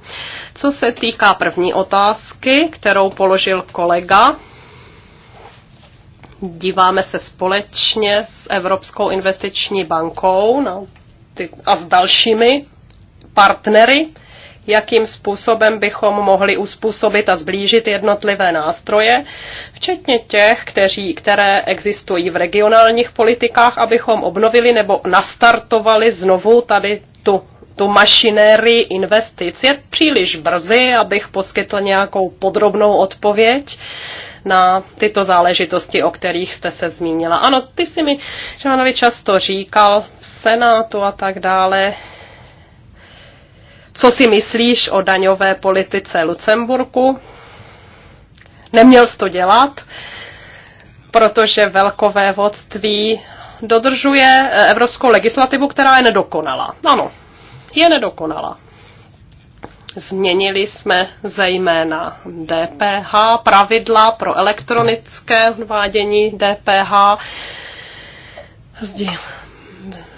Co se týká první otázky, kterou položil kolega, díváme se společně s Evropskou investiční bankou na ty, a s dalšími partnery, jakým způsobem bychom mohli uspůsobit a zblížit jednotlivé nástroje, včetně těch, kteří, které existují v regionálních politikách, abychom obnovili nebo nastartovali znovu tady tu tu mašinérii investic. Je příliš brzy, abych poskytl nějakou podrobnou odpověď na tyto záležitosti, o kterých jste se zmínila. Ano, ty si mi, Žánovi, často říkal v Senátu a tak dále, co si myslíš o daňové politice Lucemburku? Neměl jsi to dělat, protože velkové vodství dodržuje eh, evropskou legislativu, která je nedokonalá. Ano, je nedokonalá. Změnili jsme zejména DPH, pravidla pro elektronické odvádění DPH.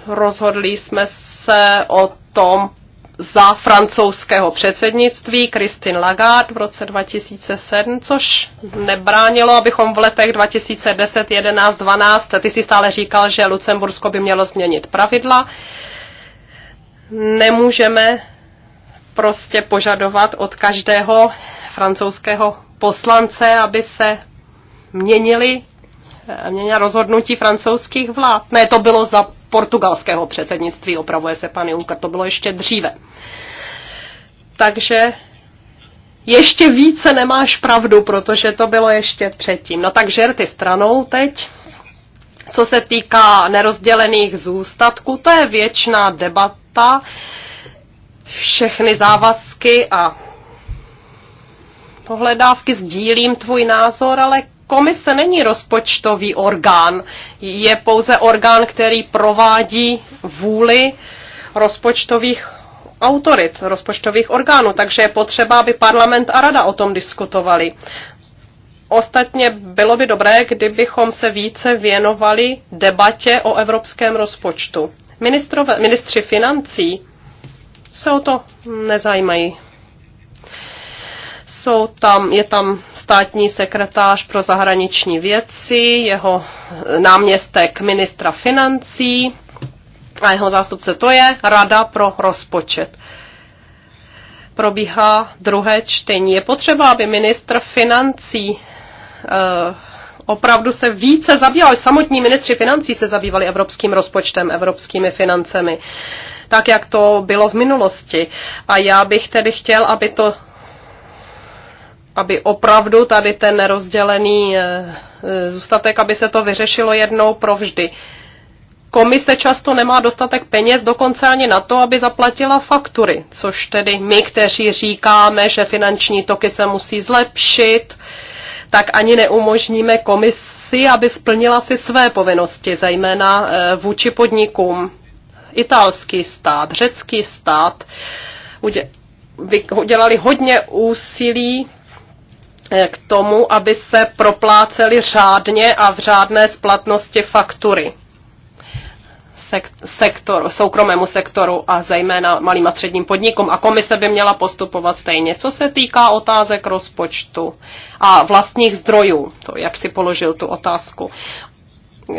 Rozhodli jsme se o tom za francouzského předsednictví Christine Lagarde v roce 2007, což nebránilo, abychom v letech 2010, 2011, 12, ty si stále říkal, že Lucembursko by mělo změnit pravidla. Uh, Nemůžeme prostě požadovat od každého francouzského poslance, aby se měnili eh, měnila rozhodnutí francouzských vlád. Ne, to bylo za portugalského předsednictví, opravuje se pan Juncker, to bylo ještě dříve. Takže ještě více nemáš pravdu, protože to bylo ještě předtím. No tak žerty stranou teď. Co se týká nerozdělených zůstatků, to je věčná debata data, všechny závazky a pohledávky, sdílím tvůj názor, ale komise není rozpočtový orgán, je pouze orgán, který provádí vůli rozpočtových autorit, rozpočtových orgánů, takže je potřeba, aby parlament a rada o tom diskutovali. Ostatně bylo by dobré, kdybychom se více věnovali debatě o evropském rozpočtu ministrové, ministři financí se o to nezajímají. Jsou tam, je tam státní sekretář pro zahraniční věci, jeho náměstek ministra financí a jeho zástupce to je Rada pro rozpočet probíhá druhé čtení. Je potřeba, aby ministr financí eh, opravdu se více zabývali, samotní ministři financí se zabývali evropským rozpočtem, evropskými financemi, tak jak to bylo v minulosti. A já bych tedy chtěl, aby to aby opravdu tady ten rozdělený eh, eh, zůstatek, aby se to vyřešilo jednou provždy. Komise často nemá dostatek peněz dokonce ani na to, aby zaplatila faktury, což tedy my, kteří říkáme, že finanční toky se musí zlepšit, tak ani neumožníme komisi, aby splnila si své povinnosti, zejména eh, vůči podnikům. Italský stát, řecký stát udělali hodně úsilí eh, k tomu, aby se propláceli řádně a v řádné splatnosti faktury sektor, soukromému sektoru a zejména malým a středním podnikům a komise by měla postupovat stejně. Co se týká otázek rozpočtu a vlastních zdrojů, to jak si položil tu otázku.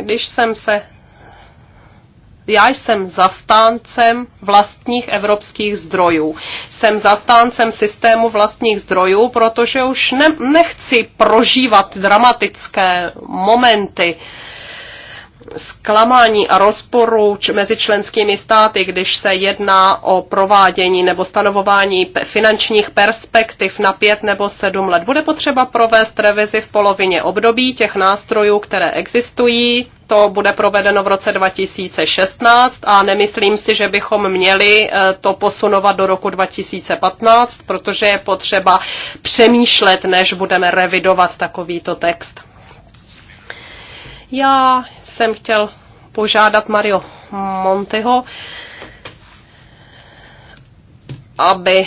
Když jsem se já jsem zastáncem vlastních evropských zdrojů. Jsem zastáncem systému vlastních zdrojů, protože už ne, nechci prožívat dramatické momenty, uh, zklamání a rozporu mezi členskými státy, když se jedná o provádění nebo stanovování finančních perspektiv na pět nebo sedm let. Bude potřeba provést revizi v polovině období těch nástrojů, které existují. To bude provedeno v roce 2016 a nemyslím si, že bychom měli eh, to posunovat do roku 2015, protože je potřeba přemýšlet, než budeme revidovat takovýto text. Já jsem chtěl požádat Mario Monteho, aby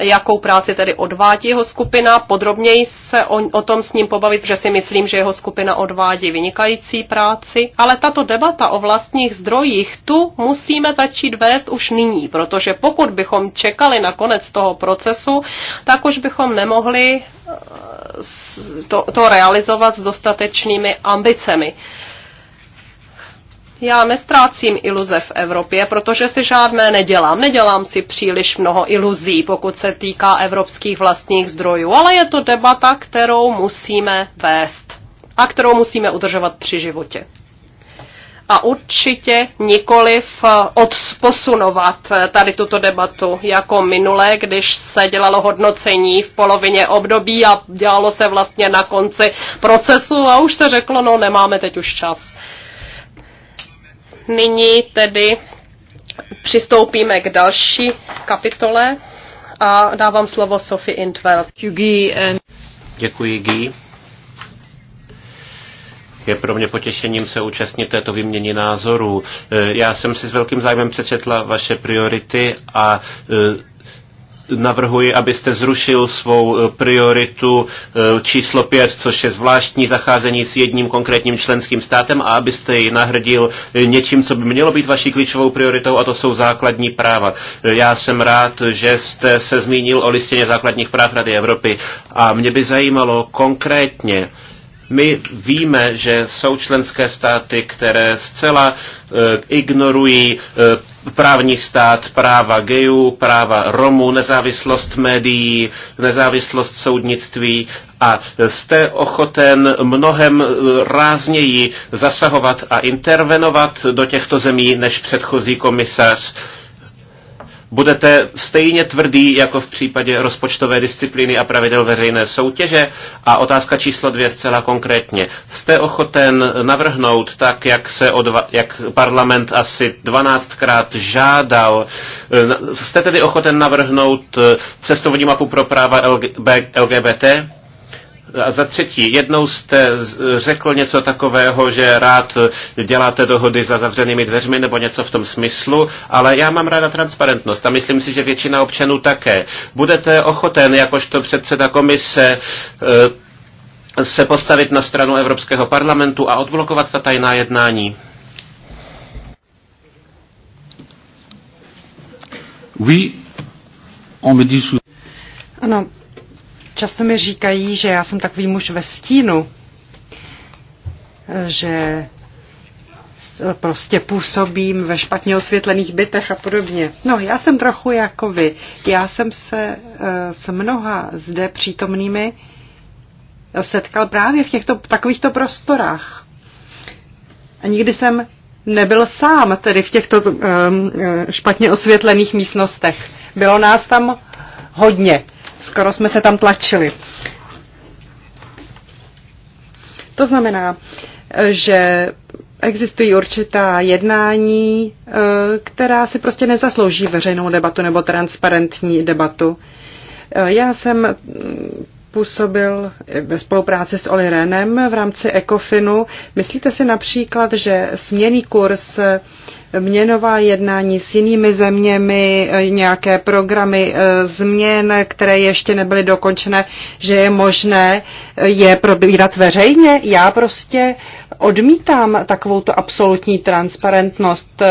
jakou práci tedy odvádí jeho skupina. Podrobněji se o, o tom s ním pobavit, protože si myslím, že jeho skupina odvádí vynikající práci. Ale tato debata o vlastních zdrojích tu musíme začít vést už nyní, protože pokud bychom čekali na konec toho procesu, tak už bychom nemohli eh, to, to realizovat s dostatečnými ambicemi já nestrácím iluze v Evropě, protože si žádné nedělám. Nedělám si příliš mnoho iluzí, pokud se týká evropských vlastních zdrojů, ale je to debata, kterou musíme vést a kterou musíme udržovat při životě. A určitě nikoliv eh, odposunovat eh, tady tuto debatu jako minule, když se dělalo hodnocení v polovině období a dělalo se vlastně na konci procesu a už se řeklo, no nemáme teď už čas. Nyní tedy přistoupíme k další kapitole a dávám slovo Sophie Intveld. Děkuji, Guy. Je pro mě potěšením se účastnit této výměny názorů. E, já jsem si s velkým zájmem přečetla vaše priority a e, navrhuji, abyste zrušil svou eh, prioritu eh, číslo 5, což je zvláštní zacházení s jedním konkrétním členským státem a abyste ji nahradil eh, něčím, co by mělo být vaší klíčovou prioritou a to jsou základní práva. Já jsem rád, že jste se zmínil o listině základních práv Rady Evropy a mě by zajímalo konkrétně, my víme, že jsou členské státy, které zcela ignorují právní stát, práva gejů, práva Romů, nezávislost médií, nezávislost soudnictví a jste ochoten mnohem rázněji zasahovat a intervenovat do těchto zemí než předchozí komisař budete stejně tvrdý jako v případě rozpočtové disciplíny a pravidel veřejné soutěže? A otázka číslo dvě zcela konkrétně. Jste ochoten navrhnout tak, jak, se odva, jak parlament asi 12krát žádal, eh, jste tedy ochoten navrhnout eh, cestovní mapu pro práva LGBT? A za třetí, jednou jste řekl něco takového, že rád děláte dohody za zavřenými dveřmi nebo něco v tom smyslu, ale já mám ráda transparentnost a myslím si, že většina občanů také. Budete ochoten, jakožto předseda komise, eh, se postavit na stranu Evropského parlamentu a odblokovat ta tajná jednání? Oui, on me dit... Ano, Často mi říkají, že já jsem takový muž ve stínu, že e, prostě působím ve špatně osvětlených bytech a podobně. No, já jsem trochu jako vy. Já jsem se e, s mnoha zde přítomnými e, setkal právě v těchto takovýchto prostorách. A nikdy jsem nebyl sám, tedy v těchto špatně osvětlených místnostech. Bylo nás tam hodně. Skoro jsme se tam tlačili. To znamená, že existují určitá jednání, eh, která si prostě nezaslouží veřejnou debatu nebo transparentní debatu. Eh, já jsem mm, působil ve spolupráci s Oli Renem v rámci Ecofinu. Myslíte si například, že směný kurz měnová jednání s jinými zeměmi, e, nějaké programy e, změn, které ještě nebyly dokončené, že je možné e, je probírat veřejně. Já prostě odmítám takovou tu absolutní transparentnost.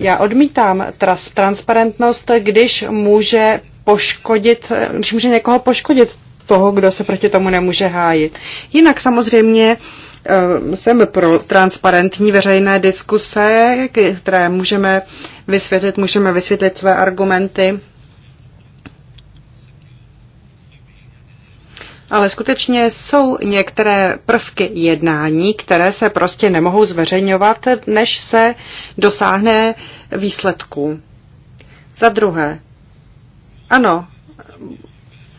Já odmítám tras transparentnost, když může poškodit, když může někoho poškodit toho, kdo se proti tomu nemůže hájit. Jinak samozřejmě Ehm, jsem pro transparentní veřejné diskuse, které můžeme vysvětlit, můžeme vysvětlit své argumenty. Ale skutečně jsou některé prvky jednání, které se prostě nemohou zveřejňovat, než se dosáhne výsledku. Za druhé, ano,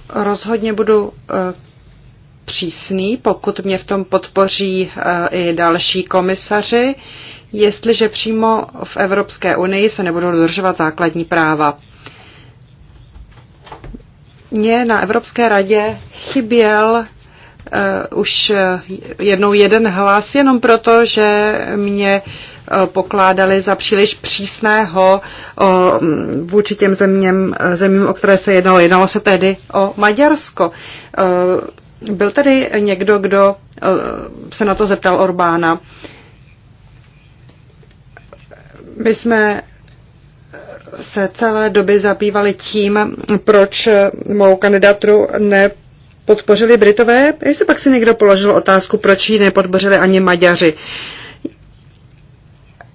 rozhodně budu eh, přísný, pokud mě v tom podpoří eh, i další komisaři, jestliže přímo v Evropské unii se nebudou dodržovat základní práva. Mně na Evropské radě chyběl uh, už eh, jednou jeden hlas, jenom proto, že mě pokládali za příliš přísného mm, vůči těm zeměm, zemím, o které se jednalo. Jednalo se tedy o Maďarsko. Byl tady někdo, kdo eh, se na to zeptal Orbána. My jsme se celé doby zabývali tím, proč mou kandidaturu nepodpořili Britové. Jestli pak si někdo položil otázku, proč ji nepodpořili ani Maďaři.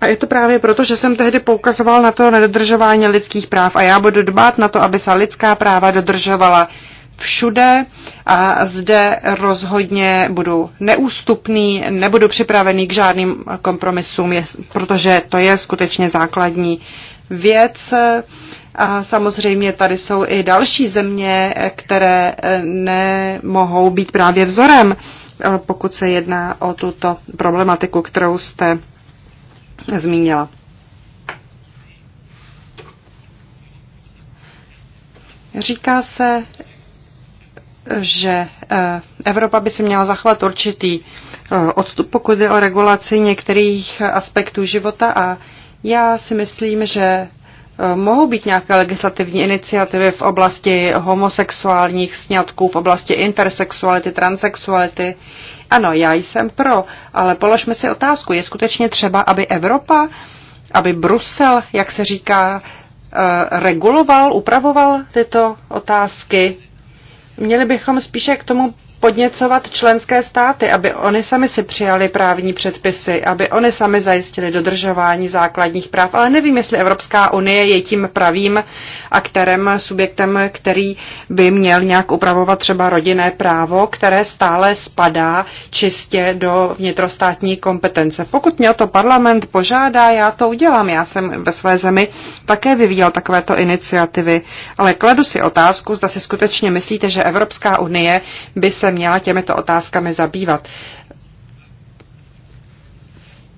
A je to právě proto, že jsem tehdy poukazoval na to nedodržování lidských práv a já budu dbát na to, aby se lidská práva dodržovala všude a zde rozhodně budu neústupný, nebudu připravený k žádným kompromisům, protože to je skutečně základní věc. A samozřejmě tady jsou i další země, které eh, nemohou být právě vzorem, eh, pokud se jedná o tuto problematiku, kterou jste zmínila. Říká se, že eh, Evropa by si měla zachovat určitý eh, odstup, pokud je o regulaci některých aspektů života a já si myslím, že eh, mohou být nějaké legislativní iniciativy v oblasti homosexuálních sňatků, v oblasti intersexuality, transexuality. Ano, já jsem pro, ale položme si otázku, je skutečně třeba, aby Evropa, aby Brusel, jak se říká, reguloval, upravoval tyto otázky, měli bychom spíše k tomu podněcovat členské státy, aby oni sami si přijali právní předpisy, aby oni sami zajistili dodržování základních práv. Ale nevím, jestli Evropská unie je tím pravým aktérem, subjektem, který by měl nějak upravovat třeba rodinné právo, které stále spadá čistě do vnitrostátní kompetence. Pokud mě o to parlament požádá, já to udělám. Já jsem ve své zemi také vyvíjel takovéto iniciativy. Ale kladu si otázku, zda si skutečně myslíte, že Evropská unie by se měla těmito otázkami zabývat.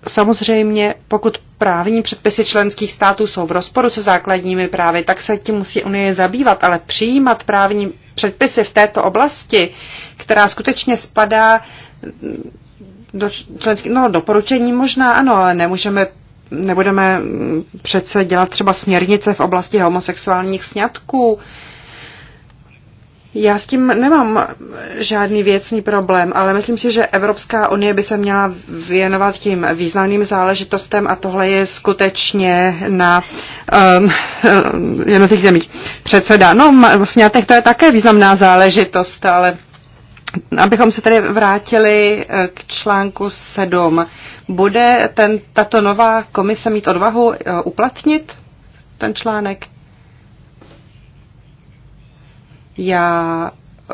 Samozřejmě, pokud právní předpisy členských států jsou v rozporu se základními právy, tak se tím musí Unie zabývat, ale přijímat právní předpisy v této oblasti, která skutečně spadá do členský, no doporučení možná ano, ale nemůžeme, nebudeme mm, přece dělat třeba směrnice v oblasti homosexuálních sňatků, já s tím nemám žádný věcný problém, ale myslím si, že Evropská unie by se měla věnovat tím významným záležitostem a tohle je skutečně na um, jednotlivých zemích předseda. No, vlastně to je také významná záležitost, ale abychom se tedy vrátili eh, k článku 7. Bude ten, tato nová komise mít odvahu eh, uplatnit ten článek? Já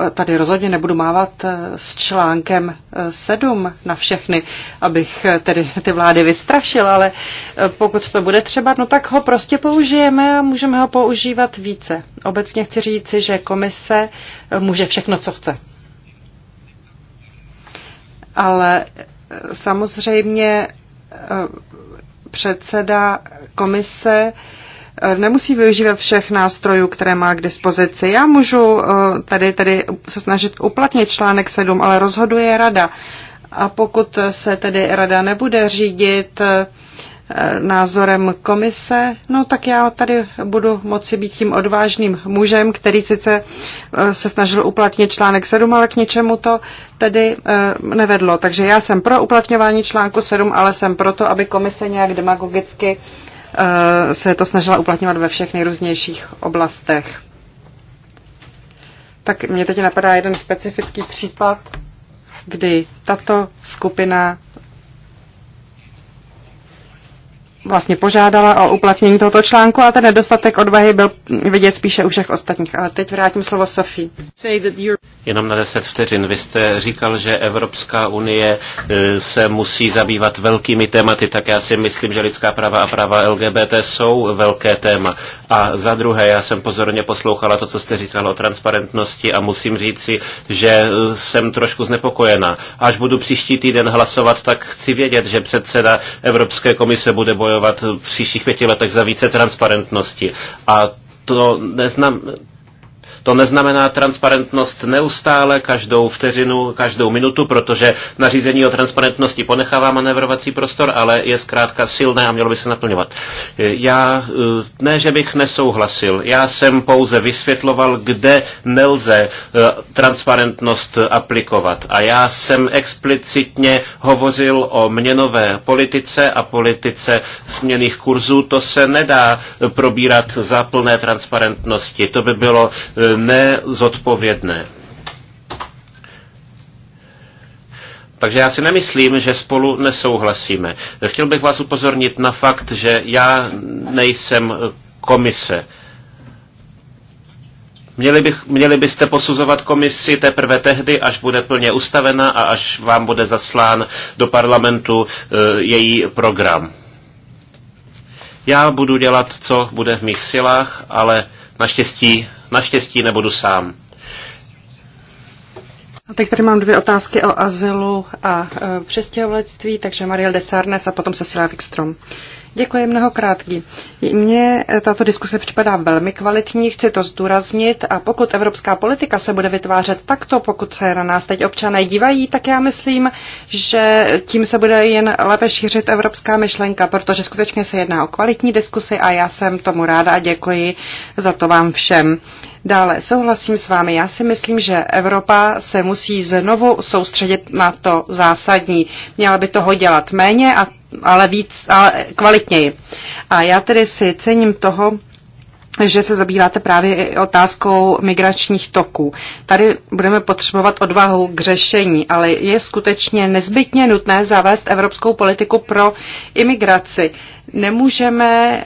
eh, tady rozhodně nebudu mávat eh, s článkem 7 eh, na všechny, abych tedy ty vlády vystrašil, ale pokud to bude třeba, no tak ho prostě použijeme a můžeme ho používat více. Obecně chci říci, že komise může všechno, co chce. Ale samozřejmě předseda komise nemusí využívat všech nástrojů, které má k dispozici. Já můžu eh, tady, tady se snažit uplatnit článek 7, ale rozhoduje rada. A pokud se tedy rada nebude řídit eh, názorem komise, no tak já tady budu moci být tím odvážným mužem, který sice eh, se snažil uplatnit článek 7, ale k ničemu to tedy nevedlo. Takže já jsem pro uplatňování článku 7, ale jsem proto, aby komise nějak demagogicky Eh, se to snažila uplatňovat ve všech nejrůznějších oblastech. Tak mě teď napadá jeden specifický případ, kdy tato skupina vlastně požádala o uplatnění tohoto článku a ten nedostatek odvahy byl vidět spíše u všech ostatních. Ale teď vrátím slovo Sofii. Jenom na 10 vteřin. Vy jste říkal, že Evropská unie e, se musí zabývat velkými tématy, tak já si myslím, že lidská práva a práva LGBT jsou velké téma. A za druhé, já jsem pozorně poslouchala to, co jste říkal o transparentnosti a musím říci, že e, jsem trošku znepokojená. Až budu příští týden hlasovat, tak chci vědět, že předseda Evropské komise bude bojovat bojovat v příštích pěti letech za více transparentnosti. A to neznám, to neznamená transparentnost neustále, každou vteřinu, každou minutu, protože nařízení o transparentnosti ponechává manevrovací prostor, ale je zkrátka silné a mělo by se naplňovat. Já eh, ne, že bych nesouhlasil, já jsem pouze vysvětloval, kde nelze eh, transparentnost aplikovat. A já jsem explicitně hovořil o měnové politice a politice směných kurzů. To se nedá probírat za plné transparentnosti. To by bylo eh, nezodpovědné. Takže já si nemyslím, že spolu nesouhlasíme. Chtěl bych vás upozornit na fakt, že já nejsem komise. Měli, bych, měli byste posuzovat komisi teprve tehdy, až bude plně ustavena a až vám bude zaslán do parlamentu e, její program. Já budu dělat, co bude v mých silách, ale naštěstí Naštěstí nebudu sám. A teď tady mám dvě otázky o azylu a e, přestěhovalectví, takže Mariel Desarnes a potom Cecilia Wikstrom. E, Děkuji mnohokrát. Mně tato diskuse připadá velmi kvalitní, chci to zdůraznit a pokud evropská politika se bude vytvářet takto, pokud se na nás teď občané dívají, tak já myslím, že tím se bude jen lépe šířit evropská myšlenka, protože skutečně se jedná o kvalitní diskusi a já jsem tomu ráda a děkuji za to vám všem. Dále souhlasím s vámi. Já si myslím, že Evropa se musí znovu soustředit na to zásadní. Měla by toho dělat méně, a, ale, víc, ale kvalitněji. A já tedy si cením toho, že se zabýváte právě i otázkou migračních toků. Tady budeme potřebovat odvahu k řešení, ale je skutečně nezbytně nutné zavést evropskou politiku pro imigraci. Nemůžeme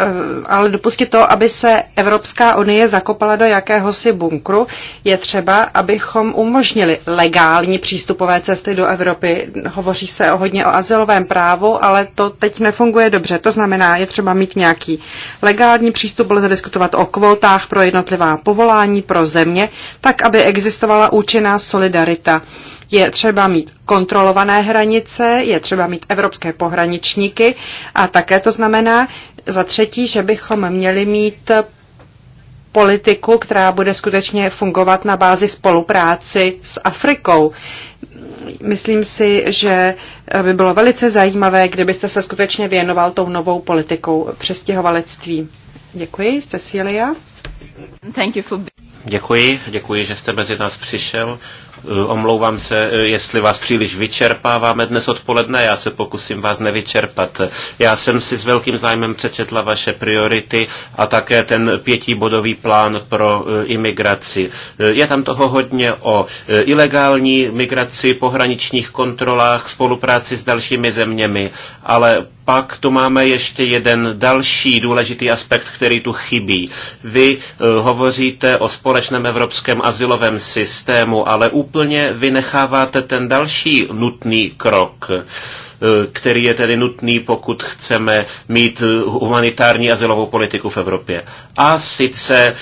Eh, ale dopustit to, aby se Evropská unie zakopala do jakéhosi bunkru, je třeba, abychom umožnili legální přístupové cesty do Evropy. Hovoří se o hodně o azylovém právu, ale to teď nefunguje dobře. To znamená, je třeba mít nějaký legální přístup, lze diskutovat o kvótách pro jednotlivá povolání, pro země, tak, aby existovala účinná solidarita. Je třeba mít kontrolované hranice, je třeba mít evropské pohraničníky a také to znamená, za třetí, že bychom měli mít politiku, která bude skutečně fungovat na bázi spolupráci s Afrikou. Myslím si, že by bylo velice zajímavé, kdybyste se skutečně věnoval tou novou politikou přestěhovalectví. Děkuji, Cecilia. Děkuji, děkuji, že jste mezi nás přišel. Eh, omlouvám se, eh, jestli vás příliš vyčerpáváme dnes odpoledne, já se pokusím vás nevyčerpat. Já jsem si s velkým zájmem přečetla vaše priority a také ten pětibodový plán pro eh, imigraci. Je tam toho hodně o ilegální migraci, pohraničních kontrolách, spolupráci s dalšími zeměmi, ale pak tu máme ještě jeden další důležitý aspekt, který tu chybí. Vy eh, hovoříte o společném evropském asilovém systému, ale úplně vynecháváte ten další nutný krok eh, který je tedy nutný, pokud chceme mít eh, humanitární azylovou politiku v Evropě. A sice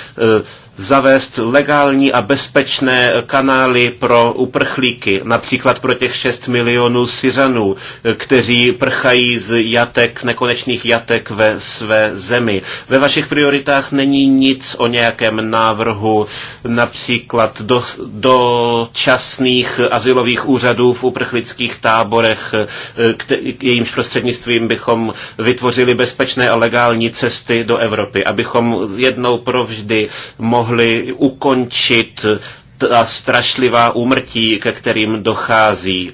zavést legální a bezpečné kanály pro uprchlíky, například pro těch 6 milionů Syřanů, kteří prchají z jatek, nekonečných jatek ve své zemi. Ve vašich prioritách není nic o nějakém návrhu například do, do časných asilových úřadů v uprchlických táborech, kte, jejímž prostřednictvím bychom vytvořili bezpečné a legální cesty do Evropy, abychom jednou provždy mohli mohli ukončit ta strašlivá úmrtí, ke kterým dochází.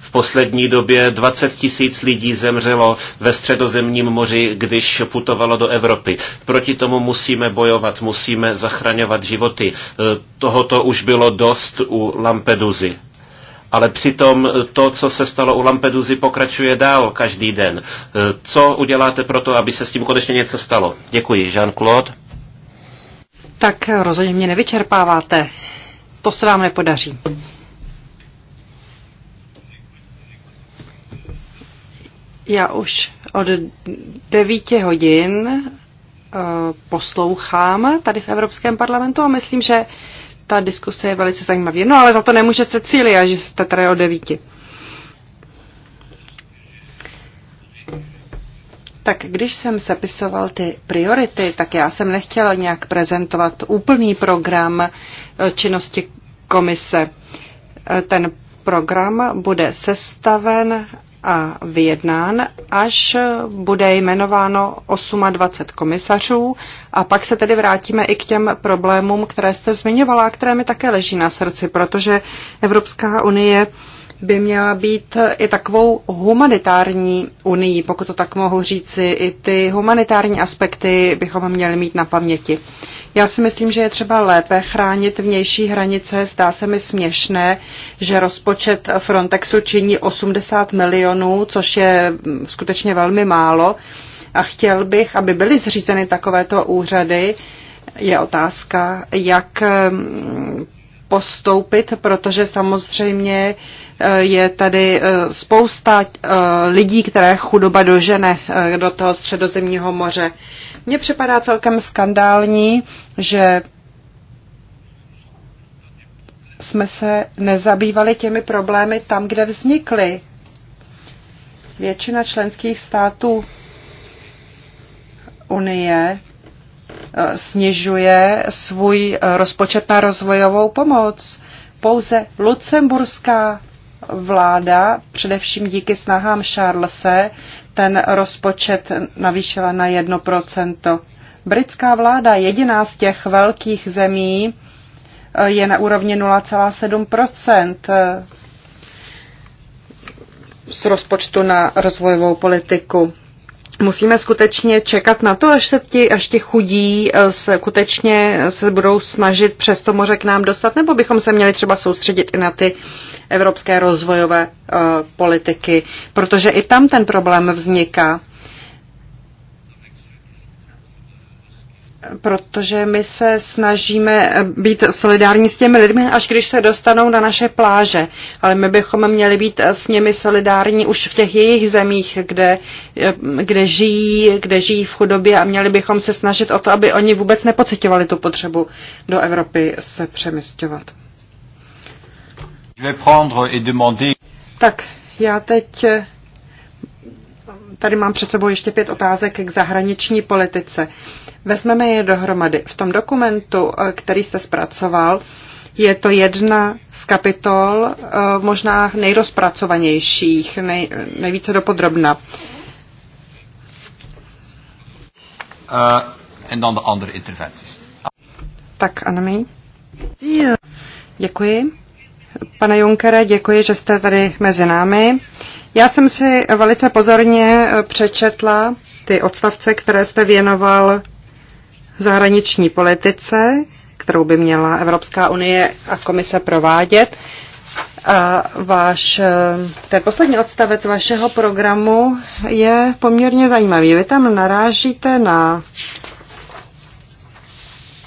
V poslední době 20 tisíc lidí zemřelo ve středozemním moři, když putovalo do Evropy. Proti tomu musíme bojovat, musíme zachraňovat životy. Tohoto už bylo dost u Lampeduzy. Ale přitom to, co se stalo u Lampeduzy, pokračuje dál každý den. Co uděláte pro to, aby se s tím konečně něco stalo? Děkuji, Jean-Claude. Tak rozhodně mě nevyčerpáváte. To se vám nepodaří. Já už od 9 hodin eh, poslouchám tady v Evropském parlamentu a myslím, že ta diskuse je velice zajímavá. No ale za to nemůže Cecília, že jste tady o devíti. tak když jsem sepisoval ty priority, tak já jsem nechtěla nějak prezentovat úplný program eh, činnosti komise. Eh, ten program bude sestaven a vyjednán, až bude jmenováno 28 komisařů a pak se tedy vrátíme i k těm problémům, které jste zmiňovala a které mi také leží na srdci, protože Evropská unie by měla být i takovou humanitární unii, pokud to tak mohu říci. I ty humanitární aspekty bychom měli mít na paměti. Já si myslím, že je třeba lépe chránit vnější hranice. Zdá se mi směšné, že rozpočet Frontexu činí 80 milionů, což je skutečně velmi málo. A chtěl bych, aby byly zřízeny takovéto úřady. Je otázka, jak mm, postoupit, protože samozřejmě Eh, je tady eh, spousta eh, lidí, které chudoba dožene do toho středozemního moře. Mně připadá celkem skandální, že jsme se nezabývali těmi problémy tam, kde vznikly. Většina členských států Unie snižuje svůj rozpočet na rozvojovou pomoc. Pouze Lucemburská vláda, především díky snahám Charlese, ten rozpočet navýšila na 1%. Britská vláda, jediná z těch velkých zemí, je na úrovni 0,7 eh, z rozpočtu na rozvojovou politiku musíme skutečně čekat na to, až, se ti, až ti chudí eh, se skutečně eh, se budou snažit přes to moře k nám dostat, nebo bychom se měli třeba soustředit i na ty evropské rozvojové uh, politiky, protože i tam ten problém vzniká. protože my se snažíme být solidární s těmi lidmi, až když se dostanou na naše pláže. Ale my bychom měli být s nimi solidární už v těch jejich zemích, kde, kde žijí, kde žijí v chudobě a měli bychom se snažit o to, aby oni vůbec nepocitovali tu potřebu do Evropy se přemysťovat. Tak já teď tady mám před sebou ještě pět otázek k zahraniční politice. Vezmeme je dohromady. V tom dokumentu, eh, který jste zpracoval, je to jedna z kapitol eh, možná nejrozpracovanějších, nej, nejvíce dopodrobna. Uh, and on the other interventions. Tak, Annemie. Děkuji. Pane Junkere, děkuji, že jste tady mezi námi. Já jsem si velice pozorně eh, přečetla ty odstavce, které jste věnoval zahraniční politice, kterou by měla Evropská unie a komise provádět. A váš, eh, ten poslední odstavec vašeho programu je poměrně zajímavý. Vy tam narážíte na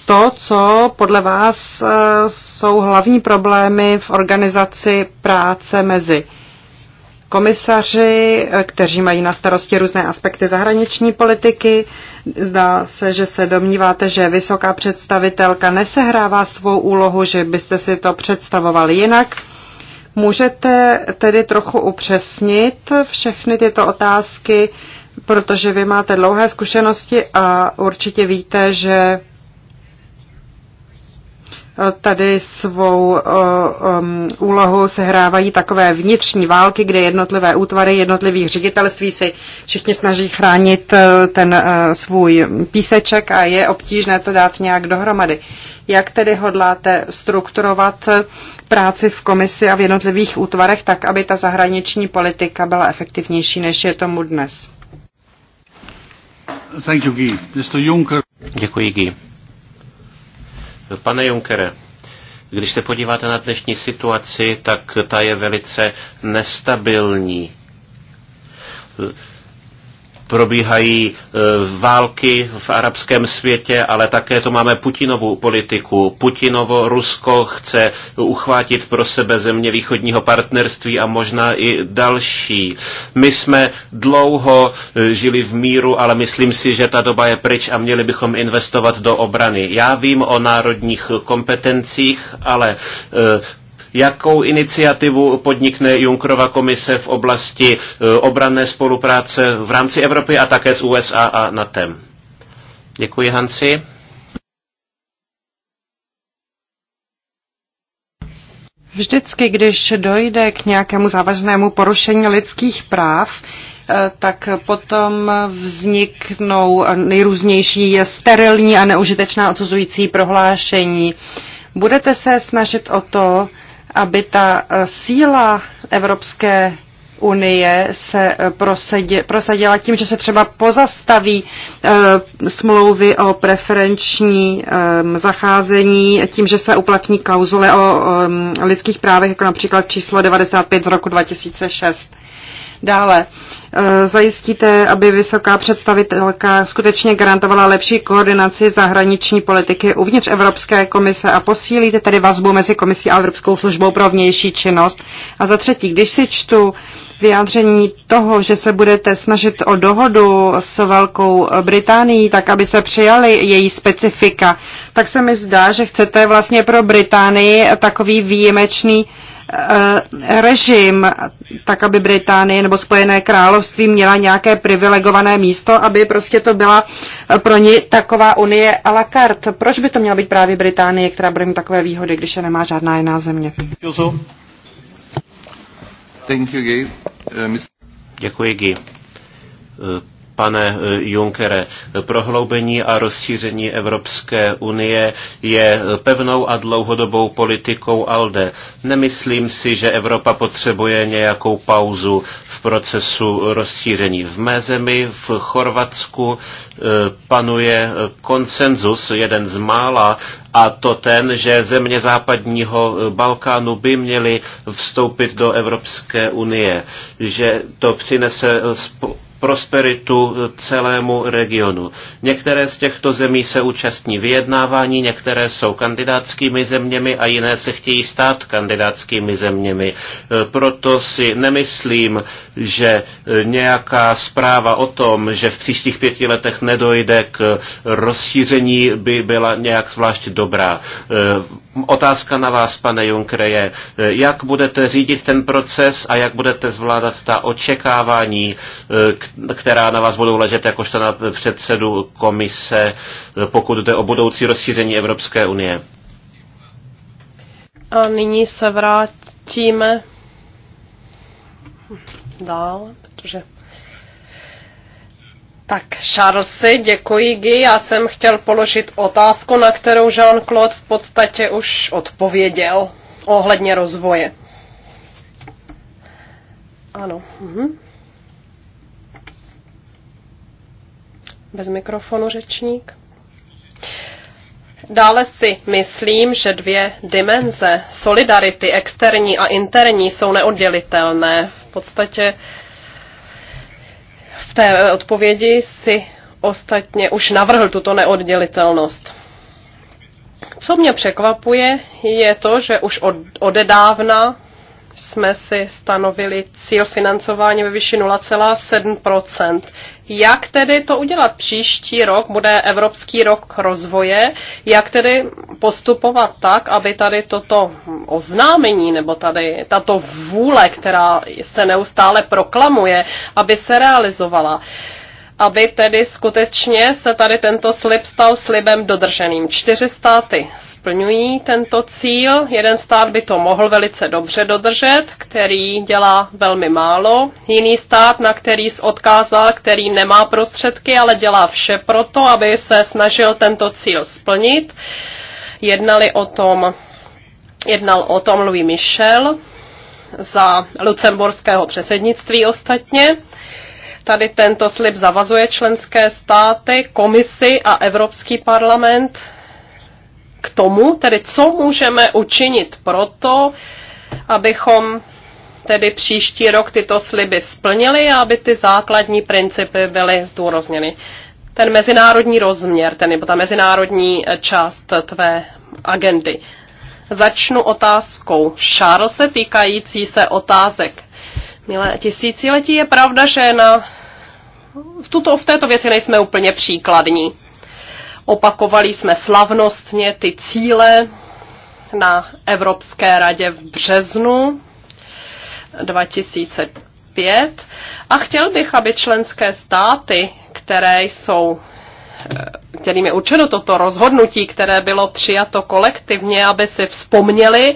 to, co podle vás eh, jsou hlavní problémy v organizaci práce mezi komisaři, kteří mají na starosti různé aspekty zahraniční politiky. Zdá se, že se domníváte, že vysoká představitelka nesehrává svou úlohu, že byste si to představovali jinak. Můžete tedy trochu upřesnit všechny tyto otázky, protože vy máte dlouhé zkušenosti a určitě víte, že tady svou um, úlohu sehrávají takové vnitřní války, kde jednotlivé útvary jednotlivých ředitelství si všichni snaží chránit eh, ten uh, svůj píseček a je obtížné to dát nějak dohromady. Jak tedy hodláte strukturovat práci v komisi a v jednotlivých útvarech tak, aby ta zahraniční politika byla efektivnější, než je tomu dnes? Thank you, Guy. Mr. Juncker. Děkuji, Guy. Pane Junkere, když se podíváte na dnešní situaci, tak ta je velice nestabilní probíhají e, války v arabském světě, ale také to máme Putinovu politiku. Putinovo Rusko chce uchvátit pro sebe země východního partnerství a možná i další. My jsme dlouho e, žili v míru, ale myslím si, že ta doba je pryč a měli bychom investovat do obrany. Já vím o národních kompetencích, ale e, Jakou iniciativu podnikne Junkrova komise v oblasti eh, obranné spolupráce v rámci Evropy a také s USA a NATEM? Děkuji, Hansi. Vždycky, když dojde k nějakému závažnému porušení lidských práv, eh, tak potom vzniknou nejrůznější sterilní a neužitečná odsuzující prohlášení. Budete se snažit o to, aby ta eh, síla Evropské unie se eh, prosadě, prosadila tím, že se třeba pozastaví e, smlouvy o preferenční e, zacházení, tím, že se uplatní klauzule o ehm, lidských právech, jako například číslo 95 z roku 2006. Dále eh, zajistíte, aby vysoká představitelka skutečně garantovala lepší koordinaci zahraniční politiky uvnitř Evropské komise a posílíte tedy vazbu mezi komisí a Evropskou službou pro vnější činnost. A za třetí, když si čtu vyjádření toho, že se budete snažit o dohodu s Velkou Británií, tak aby se přijali její specifika, tak se mi zdá, že chcete vlastně pro Británii takový výjimečný Eh, režim, tak aby Británie nebo Spojené království měla nějaké privilegované místo, aby prostě to byla pro ně taková unie à la carte. Proč by to měla být právě Británie, která bude mít takové výhody, když je nemá žádná jiná země? Eh, Děkuji, Guy. Eh, pane eh, Junckere. Prohloubení a rozšíření Evropské unie je eh, pevnou a dlouhodobou politikou ALDE. Nemyslím si, že Evropa potřebuje nějakou pauzu v procesu rozšíření. V mé zemi, v Chorvatsku, eh, panuje konsenzus, jeden z mála, a to ten, že země západního Balkánu by měly vstoupit do Evropské unie, že to přinese prosperitu eh, celému regionu. Některé z těchto zemí se účastní vyjednávání, některé jsou kandidátskými zeměmi a jiné se chtějí stát kandidátskými zeměmi. Eh, proto si nemyslím, že eh, nějaká zpráva o tom, že v příštích pěti letech nedojde k rozšíření, by byla nějak zvlášť dobrá. Otázka na vás, pane Junkre, je, jak budete řídit ten proces a jak budete zvládat ta očekávání, která na vás budou ležet jakožto na předsedu komise, pokud jde o budoucí rozšíření Evropské unie. A nyní se vrátíme dál, protože tak, Charlesy, děkuji, Guy. Já jsem chtěl položit otázku, na kterou Jean-Claude v podstatě už odpověděl ohledně rozvoje. Ano. Mhm. Bez mikrofonu řečník. Dále si myslím, že dvě dimenze solidarity, externí a interní, jsou neoddělitelné. V podstatě v té odpovědi si ostatně už navrhl tuto neoddělitelnost. Co mě překvapuje, je to, že už od, odedávna jsme si stanovili cíl financování ve výši 0,7 jak tedy to udělat? Příští rok bude Evropský rok rozvoje. Jak tedy postupovat tak, aby tady toto oznámení nebo tady tato vůle, která se neustále proklamuje, aby se realizovala? Uh, aby tedy skutečně se tady tento slib stal slibem dodrženým. Čtyři státy splňují tento cíl, jeden stát by to mohl velice dobře dodržet, který dělá velmi málo, jiný stát, na který se odkázal, který nemá prostředky, ale dělá vše proto, aby se snažil tento cíl splnit. Jednali o tom, jednal o tom Louis Michel za lucemburského předsednictví ostatně tady tento slib zavazuje členské státy, komisi a Evropský parlament k tomu, tedy co můžeme učinit proto, abychom tedy příští rok tyto sliby splnili a aby ty základní principy byly zdůrozněny. Ten mezinárodní rozměr, ten nebo ta mezinárodní eh, část tvé agendy. Začnu otázkou Charlese týkající se otázek milé tisíciletí, je pravda, že na, v, tuto, v této věci nejsme úplně příkladní. Opakovali jsme slavnostně ty cíle na Evropské radě v březnu 2005 a chtěl bych, aby členské státy, které jsou eh, kterým je určeno toto rozhodnutí, které bylo přijato kolektivně, aby si vzpomněli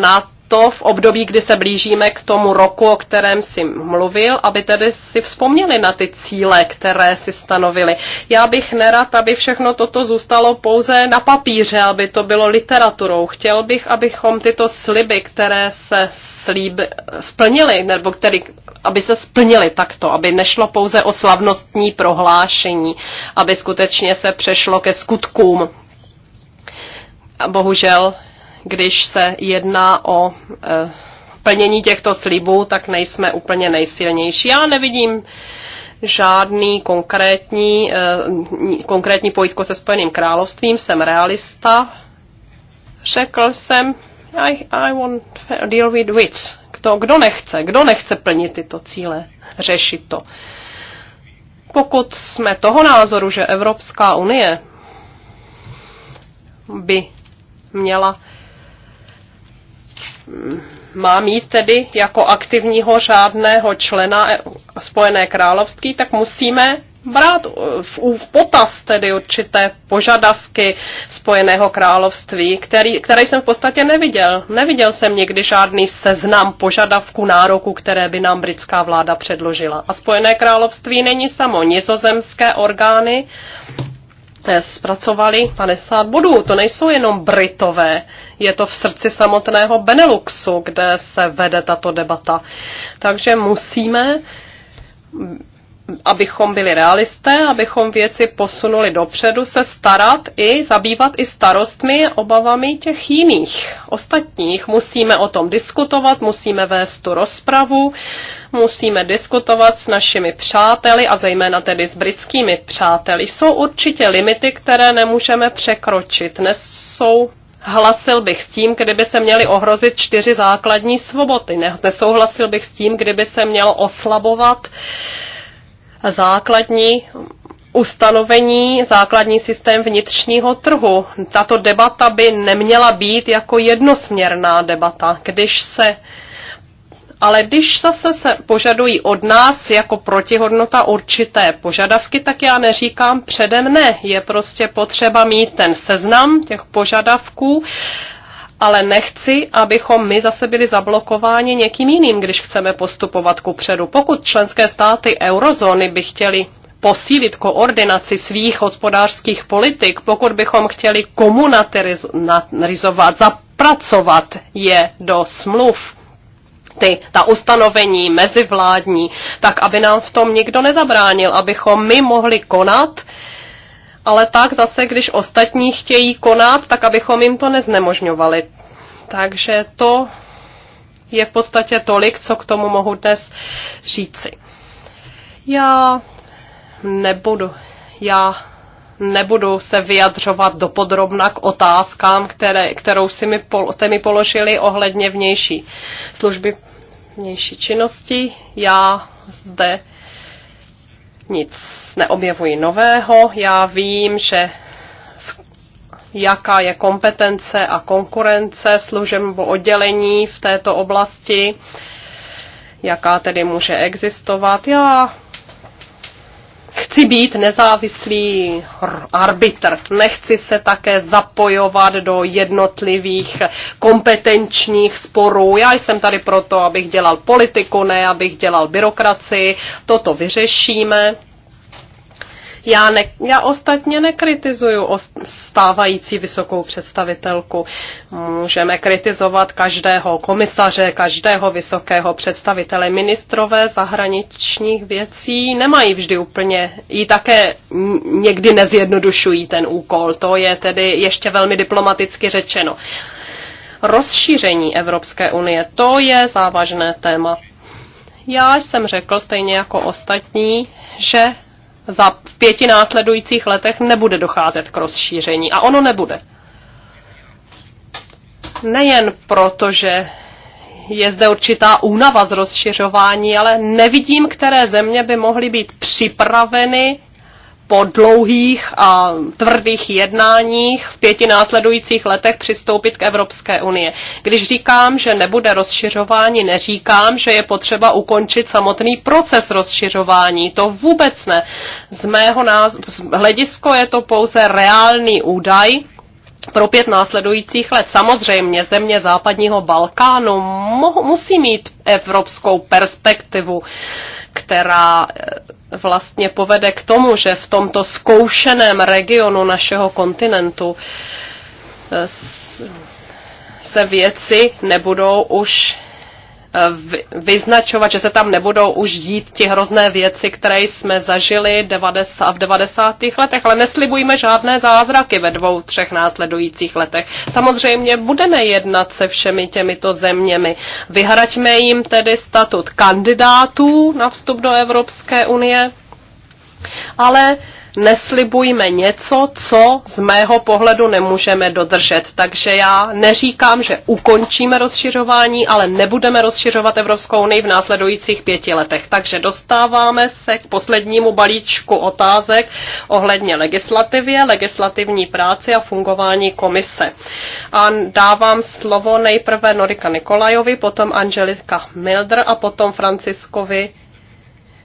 na to v období, kdy se blížíme k tomu roku, o kterém si mluvil, aby tedy si vzpomněli na ty cíle, které si stanovili. Já bych nerad, aby všechno toto zůstalo pouze na papíře, aby to bylo literaturou. Chtěl bych, abychom tyto sliby, které se slíb, splnili, nebo který, aby se splnili takto, aby nešlo pouze o slavnostní prohlášení, aby skutečně se přešlo ke skutkům. A bohužel když se jedná o e, plnění těchto slibů, tak nejsme úplně nejsilnější. Já nevidím žádný konkrétní, e, konkrétní pojitko se Spojeným královstvím, jsem realista. Řekl jsem, I, I want deal with wits. Kdo, kdo nechce? Kdo nechce plnit tyto cíle? Řešit to. Pokud jsme toho názoru, že Evropská unie by měla má mít tedy jako aktivního řádného člena Spojené království, tak musíme brát eh, v, v potaz tedy určité požadavky Spojeného království, který, které jsem v podstatě neviděl. Neviděl jsem nikdy žádný seznam požadavků nároku, které by nám britská vláda předložila. A Spojené království není samo nizozemské orgány, zpracovali 50 bodů. To nejsou jenom Britové, je to v srdci samotného Beneluxu, kde se vede tato debata. Takže musíme abychom byli realisté, abychom věci posunuli dopředu, se starat i zabývat i starostmi, obavami těch jiných, ostatních. Musíme o tom diskutovat, musíme vést tu rozpravu, musíme diskutovat s našimi přáteli a zejména tedy s britskými přáteli. Jsou určitě limity, které nemůžeme překročit. Nesou Hlasil bych s tím, kdyby se měly ohrozit čtyři základní svobody. Nesouhlasil bych s tím, kdyby se mělo oslabovat uh, základní ustanovení, základní systém vnitřního trhu. Tato debata by neměla být jako jednosměrná debata, když se ale když zase se požadují od nás jako protihodnota určité požadavky, tak já neříkám předem ne. Je prostě potřeba mít ten seznam těch požadavků ale nechci, abychom my zase byli zablokováni někým jiným, když chceme postupovat ku předu. Pokud členské státy eurozóny by chtěli posílit koordinaci svých hospodářských politik, pokud bychom chtěli komunitarizovat, zapracovat je do smluv, ty, ta ustanovení mezivládní, tak aby nám v tom nikdo nezabránil, abychom my mohli konat ale pak zase, když ostatní chtějí konat, tak abychom jim to neznemožňovali. Takže to je v podstatě tolik, co k tomu mohu dnes říci. Já nebudu, já nebudu se vyjadřovat dopodrobna k otázkám, které, kterou si mi, pol, mi položili ohledně vnější služby vnější činnosti. Já zde nic neobjevuji nového. Já vím, že jaká je kompetence a konkurence služeb nebo oddělení v této oblasti, jaká tedy může existovat. Já chci být nezávislý arbitr. Nechci se také zapojovat do jednotlivých kompetenčních sporů. Já jsem tady proto, abych dělal politiku, ne abych dělal byrokracii. Toto vyřešíme já, ne, já ostatně nekritizuju stávající vysokou představitelku. Můžeme kritizovat každého komisaře, každého vysokého představitele. Ministrové zahraničních věcí nemají vždy úplně, i také někdy nezjednodušují ten úkol. To je tedy ještě velmi diplomaticky řečeno. Rozšíření Evropské unie, to je závažné téma já jsem řekl stejně jako ostatní, že za v pěti následujících letech nebude docházet k rozšíření. A ono nebude. Nejen proto, že je zde určitá únava z rozšiřování, ale nevidím, které země by mohly být připraveny po dlouhých a tvrdých jednáních v pěti následujících letech přistoupit k Evropské unie. Když říkám, že nebude rozšiřování, neříkám, že je potřeba ukončit samotný proces rozšiřování. To vůbec ne. Z mého náz- z hledisko je to pouze reálný údaj, pro pět následujících let. Samozřejmě země západního Balkánu musí mít evropskou perspektivu, která vlastně povede k tomu, že v tomto zkoušeném regionu našeho kontinentu eh, se věci nebudou už vyznačovat, že se tam nebudou už dít ty hrozné věci, které jsme zažili 90, v 90. letech, ale neslibujme žádné zázraky ve dvou, třech následujících letech. Samozřejmě budeme jednat se všemi těmito zeměmi. Vyhraďme jim tedy statut kandidátů na vstup do Evropské unie, ale uh, neslibujme něco, co z mého pohledu nemůžeme dodržet. Takže já neříkám, že ukončíme rozšiřování, ale nebudeme rozšiřovat Evropskou unii v následujících pěti letech. Takže dostáváme se k poslednímu balíčku otázek ohledně legislativě, legislativní práci a fungování komise. A dávám slovo nejprve Norika Nikolajovi, potom Angelika Mildr a potom Franciskovi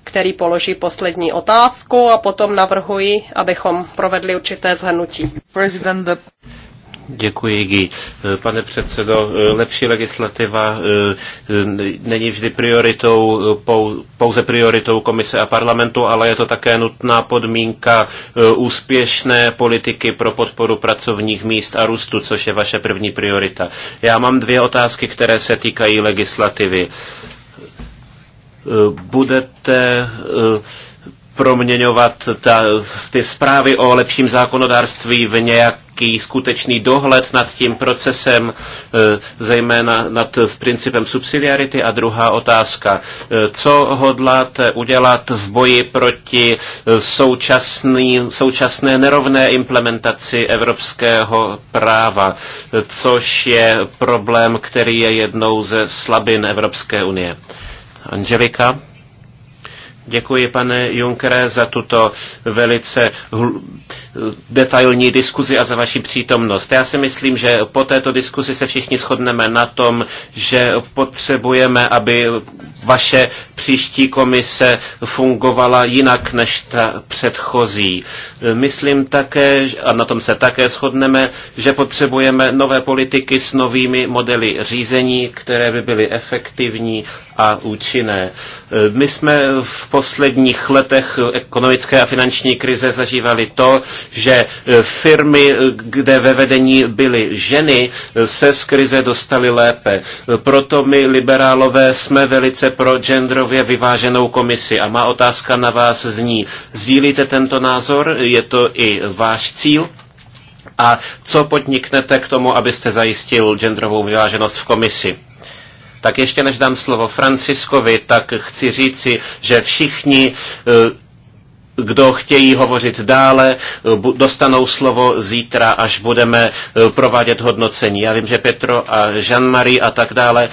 který položí poslední otázku a potom navrhuji, abychom provedli určité zhrnutí. Děkuji, Gý. Pane předsedo, lepší legislativa eh, není vždy prioritou, pouze prioritou komise a parlamentu, ale je to také nutná podmínka eh, úspěšné politiky pro podporu pracovních míst a růstu, což je vaše první priorita. Já mám dvě otázky, které se týkají legislativy. Eh, budete eh, proměňovat ta, ty zprávy o lepším zákonodárství v nějaký skutečný dohled nad tím procesem, eh, zejména nad s principem subsidiarity. A druhá otázka, co hodláte udělat v boji proti současný, současné nerovné implementaci evropského práva, což je problém, který je jednou ze slabin Evropské unie? Angelika. Děkuji, pane Junkere, za tuto velice detailní diskuzi a za vaši přítomnost. Já si myslím, že po této diskuzi se všichni shodneme na tom, že potřebujeme, aby vaše příští komise fungovala jinak než ta předchozí. Myslím také, a na tom se také shodneme, že potřebujeme nové politiky s novými modely řízení, které by byly efektivní a účinné. My jsme v posledních letech ekonomické a finanční krize zažívali to, že e, firmy, e, kde ve vedení byly ženy, e, se z krize dostaly lépe. Proto my, liberálové, jsme velice pro genderově vyváženou komisi. A má otázka na vás zní. Sdílíte tento názor? Je to i váš cíl? A co podniknete k tomu, abyste zajistil genderovou vyváženost v komisi? Tak ještě než dám slovo Franciskovi, tak chci říci, že všichni eh, kdo chtějí hovořit dále, eh, dostanou slovo zítra, až budeme eh, provádět hodnocení. Já vím, že Petro a Jean-Marie a tak dále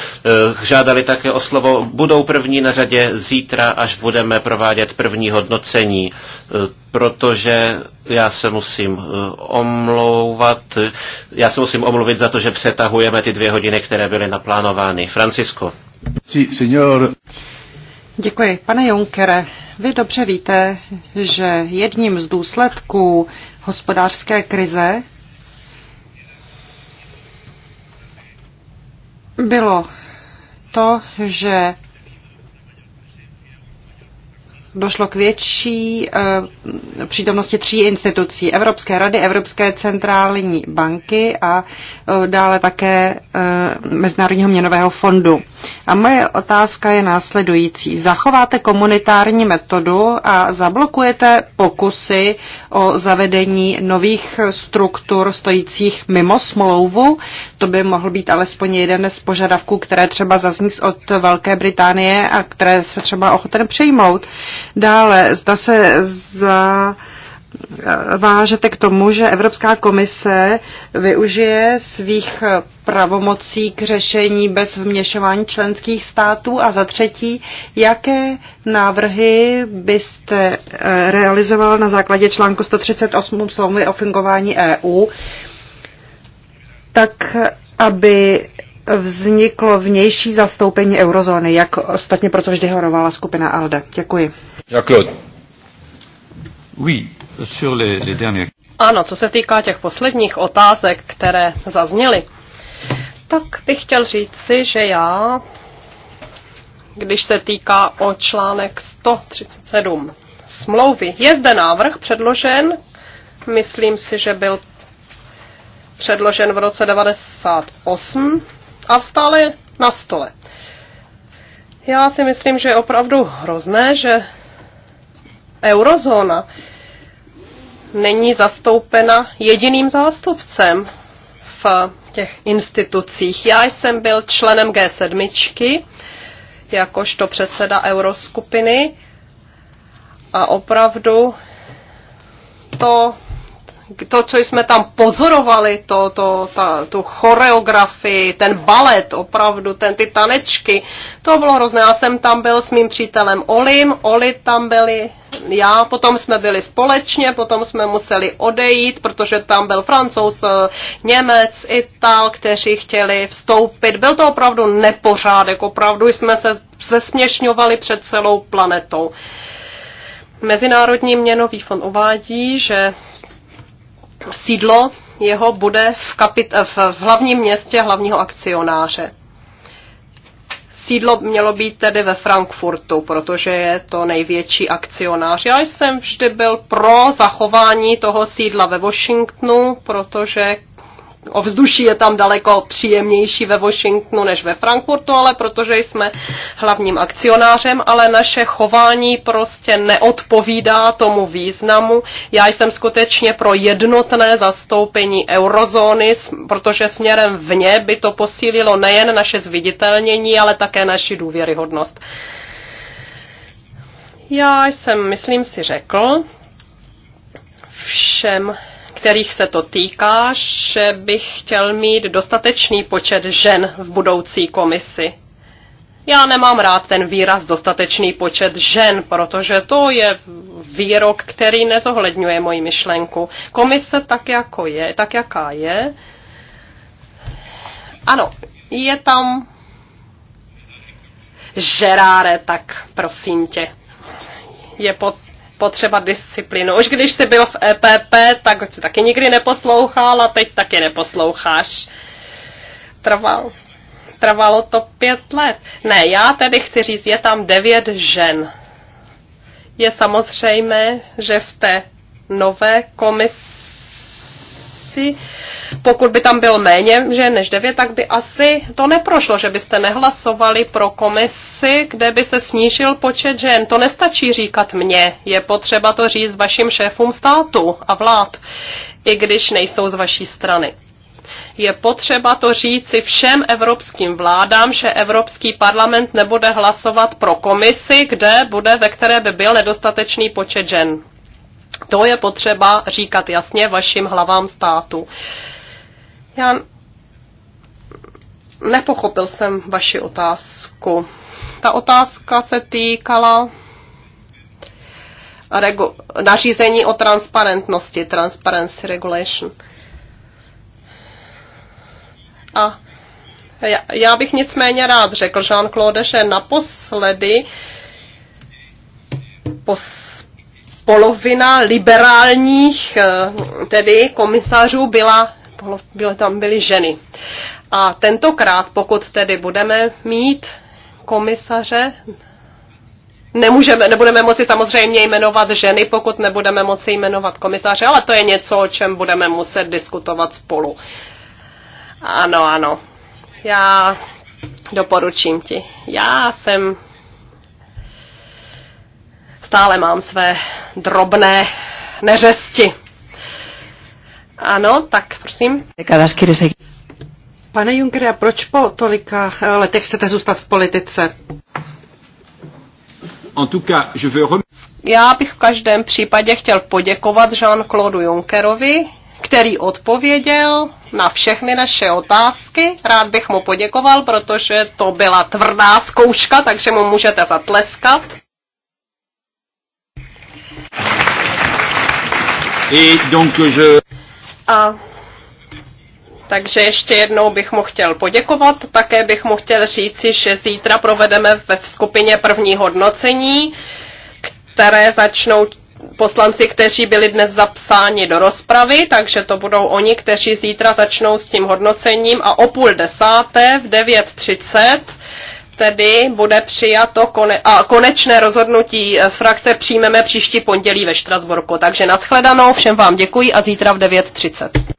eh, žádali také o slovo, budou první na řadě zítra, až budeme provádět první hodnocení, protože já se musím omlouvat, já se musím omluvit za to, že přetahujeme ty dvě hodiny, které byly naplánovány. Francisco. Sí, señor. Děkuji. Pane Junkere, vy dobře víte, že jedním z důsledků hospodářské krize bylo to, že došlo k větší eh, přítomnosti tří institucí Evropské rady, Evropské centrální banky a eh, dále také eh, Mezinárodního měnového fondu. A moje otázka je následující. Zachováte komunitární metodu a zablokujete pokusy o zavedení nových struktur stojících mimo smlouvu. To by mohl být alespoň jeden z požadavků, které třeba zazní od Velké Británie a které se třeba ochoten přejmout. Dále, zda se za vážete k tomu, že Evropská komise využije svých pravomocí k řešení bez vměšování členských států? A za třetí, jaké návrhy byste eh, realizoval na základě článku 138 smlouvy o fungování EU, tak aby vzniklo vnější zastoupení eurozóny, jak ostatně proto vždy horovala skupina ALDE. Děkuji. Jean-Claude. Oui, sur les, les Ano, co se týká těch posledních otázek, které zazněly, tak bych chtěl říct si, že já, když se týká o článek 137 smlouvy, je zde návrh předložen, myslím si, že byl předložen v roce 98 a stále na stole. Já si myslím, že je opravdu hrozné, že eurozóna není zastoupena jediným zástupcem v těch institucích. Já jsem byl členem G7, jakožto předseda euroskupiny a opravdu to to, co jsme tam pozorovali, to, to, ta, tu choreografii, ten balet, opravdu, ten, ty tanečky, to bylo hrozné. Já jsem tam byl s mým přítelem Olim, Oli tam byli, já, potom jsme byli společně, potom jsme museli odejít, protože tam byl francouz, eh, Němec, Ital, kteří chtěli vstoupit. Byl to opravdu nepořádek, opravdu jsme se zesměšňovali před celou planetou. Mezinárodní měnový fond uvádí, že sídlo jeho bude v, kapit- v, v hlavním městě hlavního akcionáře. Sídlo mělo být tedy ve Frankfurtu, protože je to největší akcionář. Já jsem vždy byl pro zachování toho sídla ve Washingtonu, protože ovzduší je tam daleko příjemnější ve Washingtonu než ve Frankfurtu, ale protože jsme hlavním akcionářem, ale naše chování prostě neodpovídá tomu významu. Já jsem skutečně pro jednotné zastoupení eurozóny, protože směrem vně by to posílilo nejen naše zviditelnění, ale také naši důvěryhodnost. Já jsem, myslím si, řekl všem kterých se to týká, že bych chtěl mít dostatečný počet žen v budoucí komisi. Já nemám rád ten výraz dostatečný počet žen, protože to je výrok, který nezohledňuje moji myšlenku. Komise tak, jako je, tak jaká je. Ano, je tam Žeráre, tak prosím tě. Je pod potřeba disciplínu. Už když jsi byl v EPP, tak jsi taky nikdy neposlouchal a teď taky neposloucháš. Trval. Trvalo to pět let. Ne, já tedy chci říct, je tam devět žen. Je samozřejmé, že v té nové komisi asi, pokud by tam byl méně že než 9, tak by asi to neprošlo, že byste nehlasovali pro komisi, kde by se snížil počet žen. To nestačí říkat mně, je potřeba to říct vašim šéfům státu a vlád, i když nejsou z vaší strany. Je potřeba to říci všem evropským vládám, že Evropský parlament nebude hlasovat pro komisi, kde bude, ve které by byl nedostatečný počet žen. To je potřeba říkat jasně vašim hlavám státu. Já nepochopil jsem vaši otázku. Ta otázka se týkala regu- nařízení o transparentnosti, Transparency Regulation. A já bych nicméně rád řekl Jean-Claude, že naposledy pos- polovina liberálních eh, tedy komisařů byla, byly tam byly ženy. A tentokrát, pokud tedy budeme mít komisaře, Nemůžeme, nebudeme moci samozřejmě jmenovat ženy, pokud nebudeme moci jmenovat komisaře, ale to je něco, o čem budeme muset diskutovat spolu. Ano, ano. Já doporučím ti. Já jsem Stále mám své drobné neřesti. Ano, tak prosím. Pane a proč po tolika eh, letech chcete zůstat v politice? Já bych v každém případě chtěl poděkovat Jean-Claude Junckerovi, který odpověděl na všechny naše otázky. Rád bych mu poděkoval, protože to byla tvrdá zkouška, takže mu můžete zatleskat. Et donc je... A takže ještě jednou bych mu chtěl poděkovat. Také bych mu chtěl říci, že zítra provedeme ve skupině první hodnocení, které začnou poslanci, kteří byli dnes zapsáni do rozpravy, takže to budou oni, kteří zítra začnou s tím hodnocením a o půl desáté v 9.30 tedy bude přijato kone, a konečné rozhodnutí e, frakce přijmeme příští pondělí ve Štrasburku. Takže nashledanou, všem vám děkuji a zítra v 9.30.